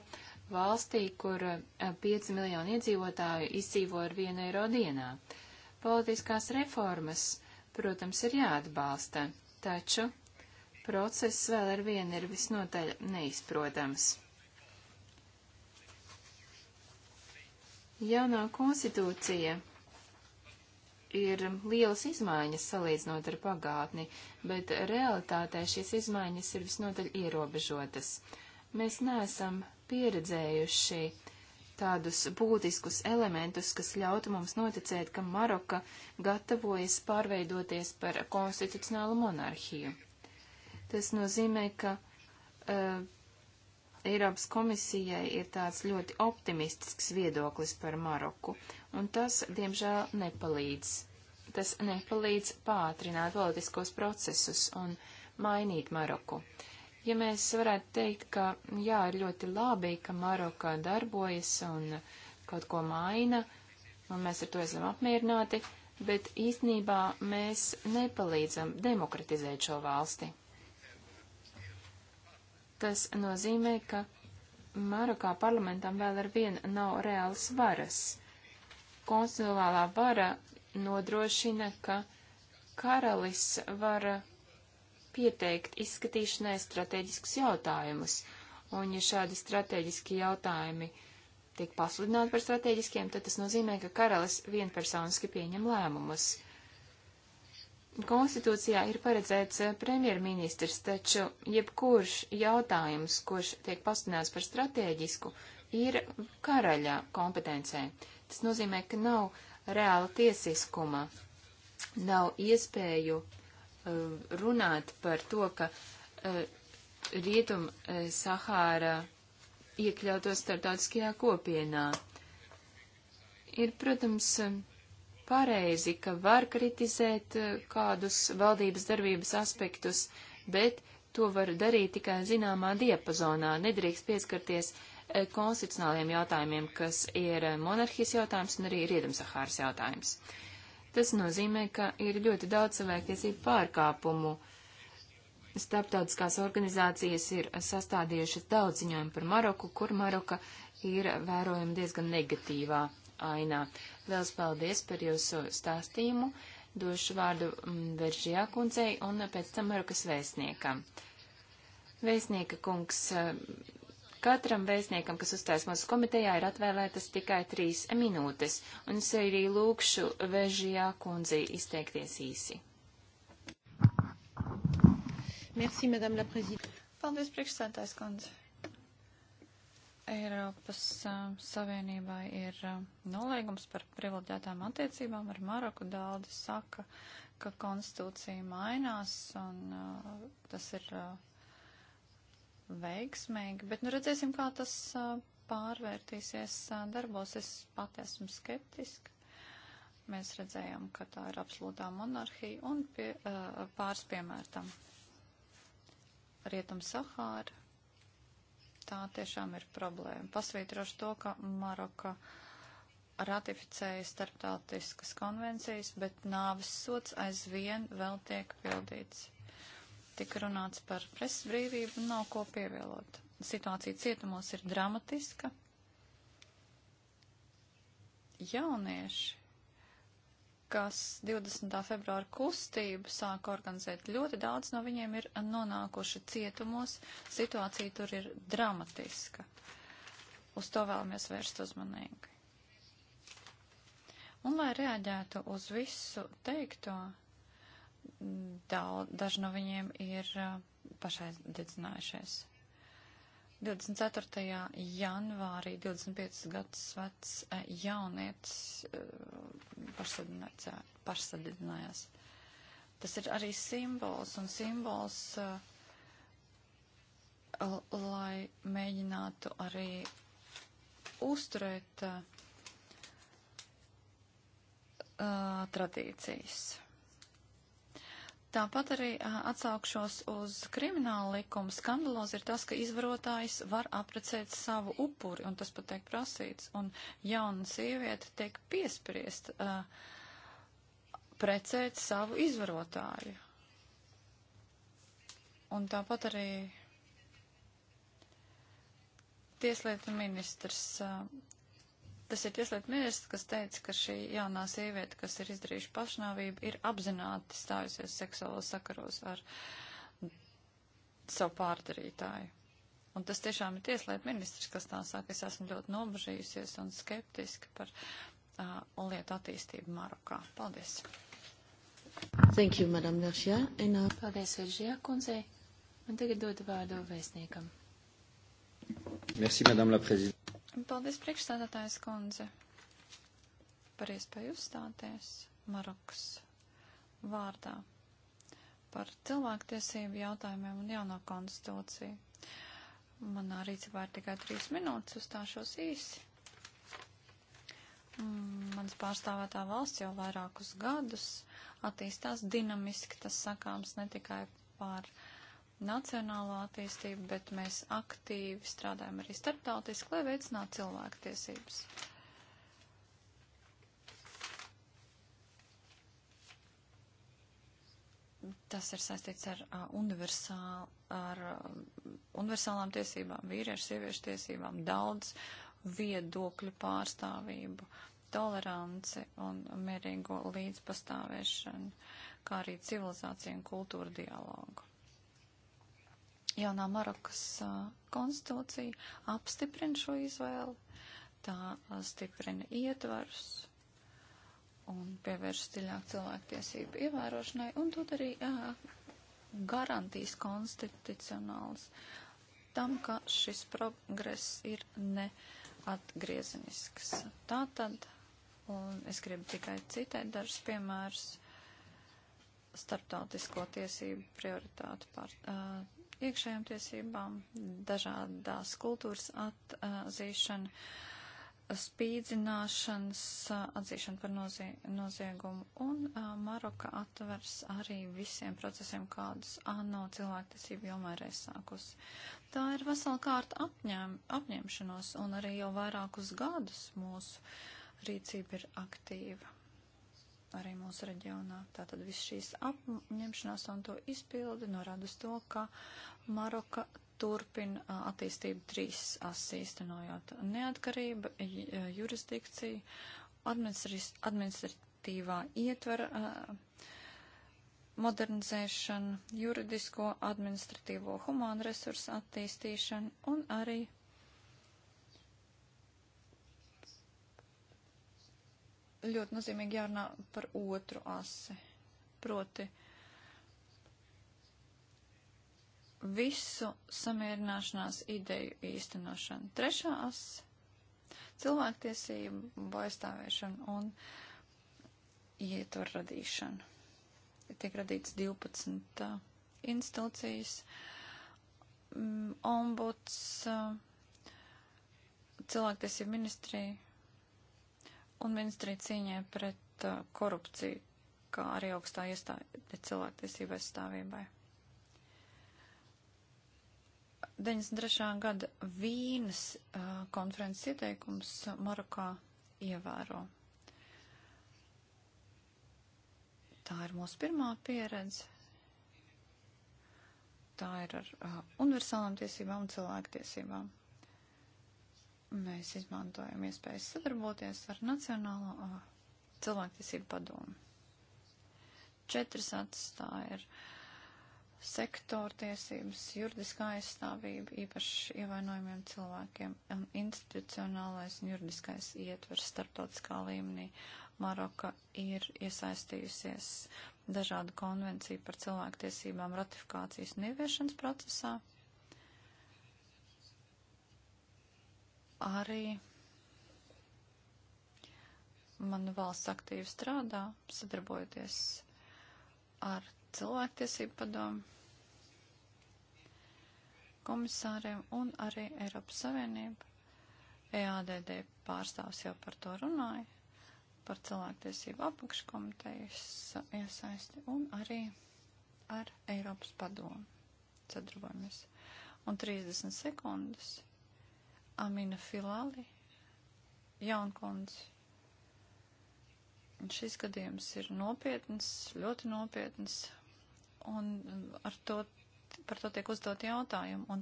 valstī, kur 5 eh, miljoni iedzīvotāju izdzīvo ar 1 eiro dienā. Politiskās reformas, protams, ir jāatbalsta, taču Process vēl ar vienu ir visnotaļ neizprotams. Jaunā konstitūcija ir lielas izmaiņas salīdzinot ar pagātni, bet realitātē šīs izmaiņas ir visnotaļ ierobežotas. Mēs neesam pieredzējuši tādus būtiskus elementus, kas ļautu mums noticēt, ka Maroka gatavojas pārveidoties par konstitucionālu monarhiju. Tas nozīmē, ka uh, Eiropas komisijai ir tāds ļoti optimistisks viedoklis par Maroku, un tas, diemžēl, nepalīdz. Tas nepalīdz pātrināt politiskos procesus un mainīt Maroku. Ja mēs varētu teikt, ka jā, ir ļoti labi, ka Maroka darbojas un kaut ko maina, un mēs ar to esam apmierināti, bet īstenībā mēs nepalīdzam demokratizēt šo valsti. Tas nozīmē, ka Marokā parlamentam vēl ar vienu nav reāls varas. Konstitucionālā vara nodrošina, ka karalis var pieteikt izskatīšanai strateģiskus jautājumus, un ja šādi strateģiski jautājumi tiek pasludināti par strateģiskiem, tad tas nozīmē, ka karalis vienpersoniski pieņem lēmumus. Konstitūcijā ir paredzēts eh, premjerministrs, taču jebkurš jautājums, kurš tiek pasludināts par stratēģisku, ir karaļa kompetencē. Tas nozīmē, ka nav reāla tiesiskuma, nav iespēju uh, runāt par to, ka uh, Rietum uh, Sahāra iekļautos starptautiskajā kopienā. Ir, protams, uh, pareizi, ka var kritizēt eh, kādus valdības darbības aspektus, bet to var darīt tikai zināmā diapazonā. Nedrīkst pieskarties eh, konstitucionāliem jautājumiem, kas ir eh, monarhijas jautājums un arī Rietumsahāras jautājums. Tas nozīmē, ka ir ļoti daudz cilvēktiesību pārkāpumu. Starptautiskās organizācijas ir sastādījušas daudz ziņojumu par Maroku, kur Maroka ir vērojama diezgan negatīvā ainā. Liels paldies par jūsu stāstījumu. Došu vārdu mm, Veržijā kundzei un pēc tam Marukas vēstniekam. Vēstnieka kungs, eh, katram vēstniekam, kas uzstājas mūsu komitejā, ir atvēlētas tikai trīs minūtes, un es arī lūkšu Veržijā kundzei izteikties īsi. Merci, Madame la Présidente. Paldies, priekšsētājs kundze. Eiropas uh, Savienībai ir uh, nolīgums par privileģētām attiecībām ar Maroku. Daudzi saka, ka konstitūcija mainās un uh, tas ir veiksmīgi, bet nu redzēsim, kā tas pārvērtīsies darbos. Es pati esmu skeptiska. Mēs redzējām, ka tā ir absolūtā monarhija un pie, pāris piemērtam. Rietum Sahāra tā tiešām ir problēma. Pasvītrošu to, ka Maroka ratificēja starptautiskas konvencijas, bet nāves sots aizvien vēl tiek pildīts. Tik runāts par presas brīvību, nav ko pievielot. Situācija cietumos ir dramatiska. Jaunieši kas 20. februāra kustību sāka organizēt. Ļoti daudz no viņiem ir nonākuši cietumos. Situācija tur ir dramatiska. Uz to vēlamies vērst uzmanīgi. Un, lai reaģētu uz visu teikto, daudz, daži no viņiem ir eh, pašai dedzinājušies. 24. janvārī 25 gadus vecs e, jaunietis e, pašsadidinājās. Tas ir arī simbols un simbols, e, lai mēģinātu arī uzturēt uh, tradīcijas. Tāpat arī atsaukšos uz kriminālu likumu. Skandalozi ir tas, ka izvarotājs var aprecēt savu upuri, un tas pat tiek prasīts, un jauna sieviete tiek piespiest uh, precēt savu izvarotāju. Un tāpat arī tieslietu ministrs uh, Tas ir tieslietu ministrs, kas teica, ka šī jaunā sieviete, kas ir izdarījuši pašnāvību, ir apzināti stājusies seksuālos sakaros ar savu pārdarītāju. Un tas tiešām ir tieslietu ministrs, kas tā saka. Es esmu ļoti nobežījusies un skeptiski par uh, lietu attīstību Marokā. Paldies! Thank you, Madam Veršjā. Uh... Paldies, Veršjā kundzei. Un tagad dodu vārdu vēstniekam. Merci, Madam la Prezidente. Paldies priekšstādātājs kundze par iespēju uzstāties Marokas vārdā par cilvēktiesību jautājumiem un jauno konstitūciju. Manā rīcībā ir tikai trīs minūtes, uzstāšos īsi. Mm, mans pārstāvētā valsts jau vairākus gadus attīstās dinamiski, tas sakāms ne tikai par uh, nacionālā attīstība, bet mēs aktīvi strādājam arī starptautiski, lai veicinātu cilvēku tiesības. Tas ir saistīts ar, uh, universāl, ar uh, universālām tiesībām, vīriešu, sieviešu tiesībām, daudz viedokļu pārstāvību, toleranci un mierīgo līdzpastāvēšanu, kā arī civilizāciju un kultūru dialogu jaunā Marokas konstitūcija apstiprina šo izvēli, tā stiprina ietvarus un pievērš dziļāk cilvēktiesību ievērošanai un dod arī jā, garantijas konstitucionāls tam, ka šis progress ir neatgriezenisks. Tātad, un es gribu tikai citēt dažus piemērus, starptautisko tiesību prioritātu par. Uh, iekšējām tiesībām, dažādās kultūras atzīšana, spīdzināšanas atzīšana par nozie, noziegumu, un uh, Maroka atvers arī visiem procesiem, kādus ANO cilvēktiesību jomā ir aizsākusi. Tā ir vesela kārta apņēm, apņemšanos, un arī jau vairākus gadus mūsu rīcība ir aktīva arī mūsu reģionā. Tātad viss šīs apņemšanās un to izpildi norāda uz to, ka Maroka turpina attīstību trīs asi īstenojot - neatkarība, jurisdikcija, administratīvā ietvara modernizēšana, juridisko, administratīvo humānu resursu attīstīšana un arī ļoti nozīmīgi jārunā par otru asi. Proti visu samierināšanās ideju īstenošanu. Trešā asa - cilvēktiesību aizstāvēšana un ietvaru radīšana. Tiek radīts 12 uh, institūcijas, um, ombuds, uh, cilvēktiesību ministrija, un ministrija cīņai pret uh, korupciju, kā arī augstā iestāde cilvēktiesība aizstāvībai. 93. gada Vīnas uh, konferences ieteikums Marokā ievēro. Tā ir mūsu pirmā pieredze. Tā ir ar uh, universālām tiesībām un cilvēktiesībām mēs izmantojam iespējas sadarboties ar Nacionālo uh, cilvēktiesību padomu. Četras atstāja ir sektora tiesības, juridiskā aizstāvība īpaši ievainojumiem cilvēkiem un institucionālais un juridiskais ietvers starptautiskā līmenī. Maroka ir iesaistījusies dažādu konvenciju par cilvēktiesībām ratifikācijas un ieviešanas procesā. arī mana valsts aktīvi strādā, sadarbojoties ar cilvēktiesību padomu komisāriem un arī Eiropas Savienību. EADD pārstāvs jau par to runāja, par cilvēktiesību apakškomitejas iesaisti un arī ar Eiropas padomu sadarbojamies. Un 30 sekundes Amina Filāli, Jaunkundz. Un šis gadījums ir nopietns, ļoti nopietns, un ar to, par to tiek uzdot jautājumu, un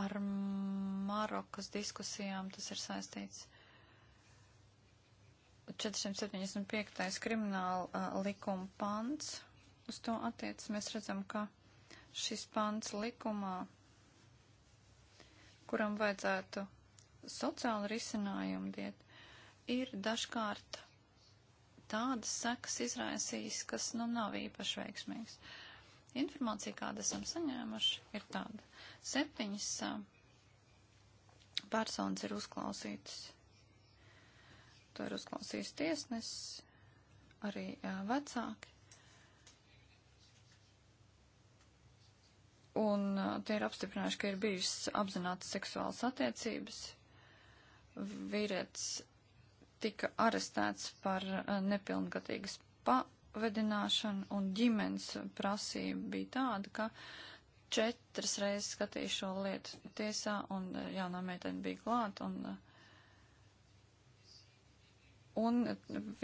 ar Marokas diskusijām tas ir saistīts. 475. krimināla uh, likuma pants uz to attiecas. Mēs redzam, ka šis pants likumā, kuram vajadzētu sociāli risinājumi diet, ir dažkārt tādas sekas izraisījis, kas nu nav īpaši veiksmīgs. Informācija, kādu esam saņēmuši, ir tāda. Septiņas personas ir uzklausītas. To ir uzklausījis tiesnesis, arī jā, vecāki. Un tie ir apstiprinājuši, ka ir bijušas apzinātas seksuālas attiecības, vīrietis tika arestēts par eh, nepilngadīgas pavedināšanu, un ģimenes prasība bija tāda, ka četras reizes skatīju šo lietu tiesā, un eh, jaunā meitene bija klāta, un, eh, un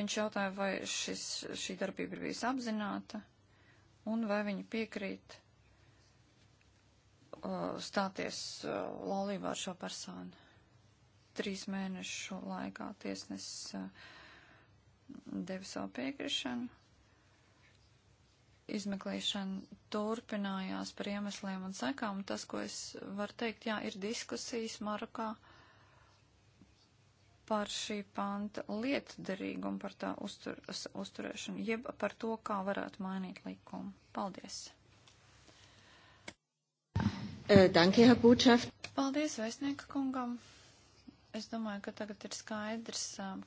viņš jautāja, vai šis, šī darbība ir bijusi apzināta, un vai viņa piekrīt uh, stāties uh, laulībā ar šo personu trīs mēnešu laikā tiesnesis eh, deva savu piekrišanu. Izmeklēšana turpinājās par iemesliem un sekām. Tas, ko es varu teikt, jā, ir diskusijas Marokā par šī panta lietderīgumu, par tā uztur, uzturēšanu, jeb par to, kā varētu mainīt likumu. Paldies! Äh, danke, Herr Botschaft. Paldies, vēstnieka kungam! Es domāju, ka tagad ir skaidrs,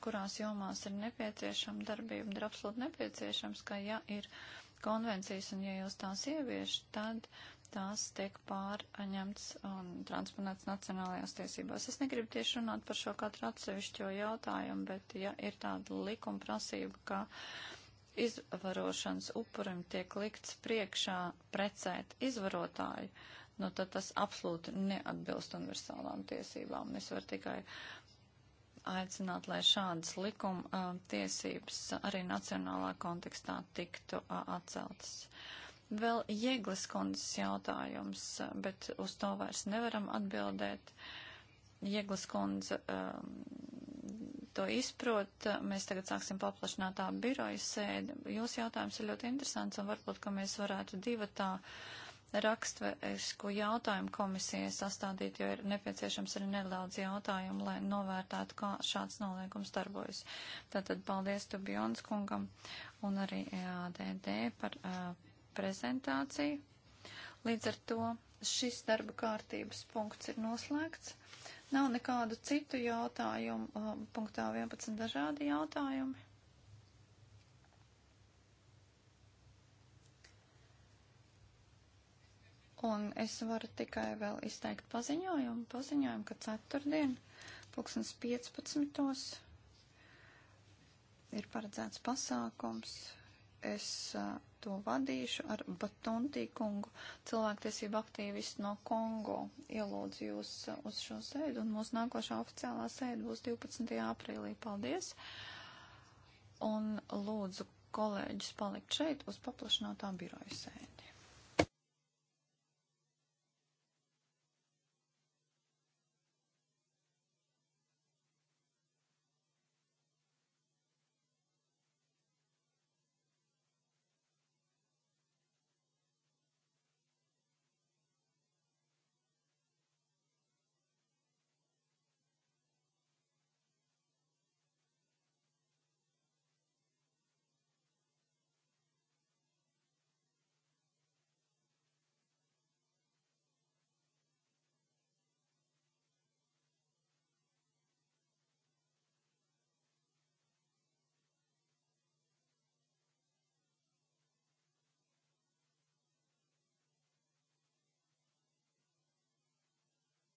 kurās jomās ir nepieciešama darbība, ir absolūti nepieciešams, ka ja ir konvencijas un ja jūs tās ievieš, tad tās tiek pārņemts un transponēts nacionālajās tiesībās. Es negribu tieši runāt par šo katru atsevišķo jautājumu, bet ja ir tāda likuma prasība, ka izvarošanas upurim tiek likts priekšā precēt izvarotāju, uh, nu tad tas absolūti neatbilst universālām tiesībām. Es varu tikai aicināt, lai šādas likuma uh, tiesības arī nacionālā kontekstā tiktu uh, atceltas. Vēl jēglas kundzes jautājums, bet uz to vairs nevaram atbildēt. Jēglas kundze um, to izprot, mēs tagad sāksim paplašinātā biroja sēdi. Jūsu jautājums ir ļoti interesants un varbūt, ka mēs varētu divatā uh, rakstverisku jautājumu komisijai sastādīt, jo ir nepieciešams arī nedaudz jautājumu, lai novērtētu, kā šāds noliegums darbojas. Tātad paldies Tubjons kungam un arī e ADD par uh, prezentāciju. Līdz ar to šis darba kārtības punkts ir noslēgts. Nav nekādu citu jautājumu, uh, punktā 11 dažādi jautājumi. Un es varu tikai vēl izteikt paziņojumu, paziņojumu, ka ceturtdien, pulkstens 15. ir paredzēts pasākums. Es uh, to vadīšu ar Batuntī kungu, cilvēktiesību aktīvistu no Kongo. Ielūdzu jūs uz šo sēdu, un mūsu nākošā oficiālā sēda būs 12. aprīlī. Paldies! Un lūdzu kolēģis palikt šeit uz paplašinātā biroja sēdi.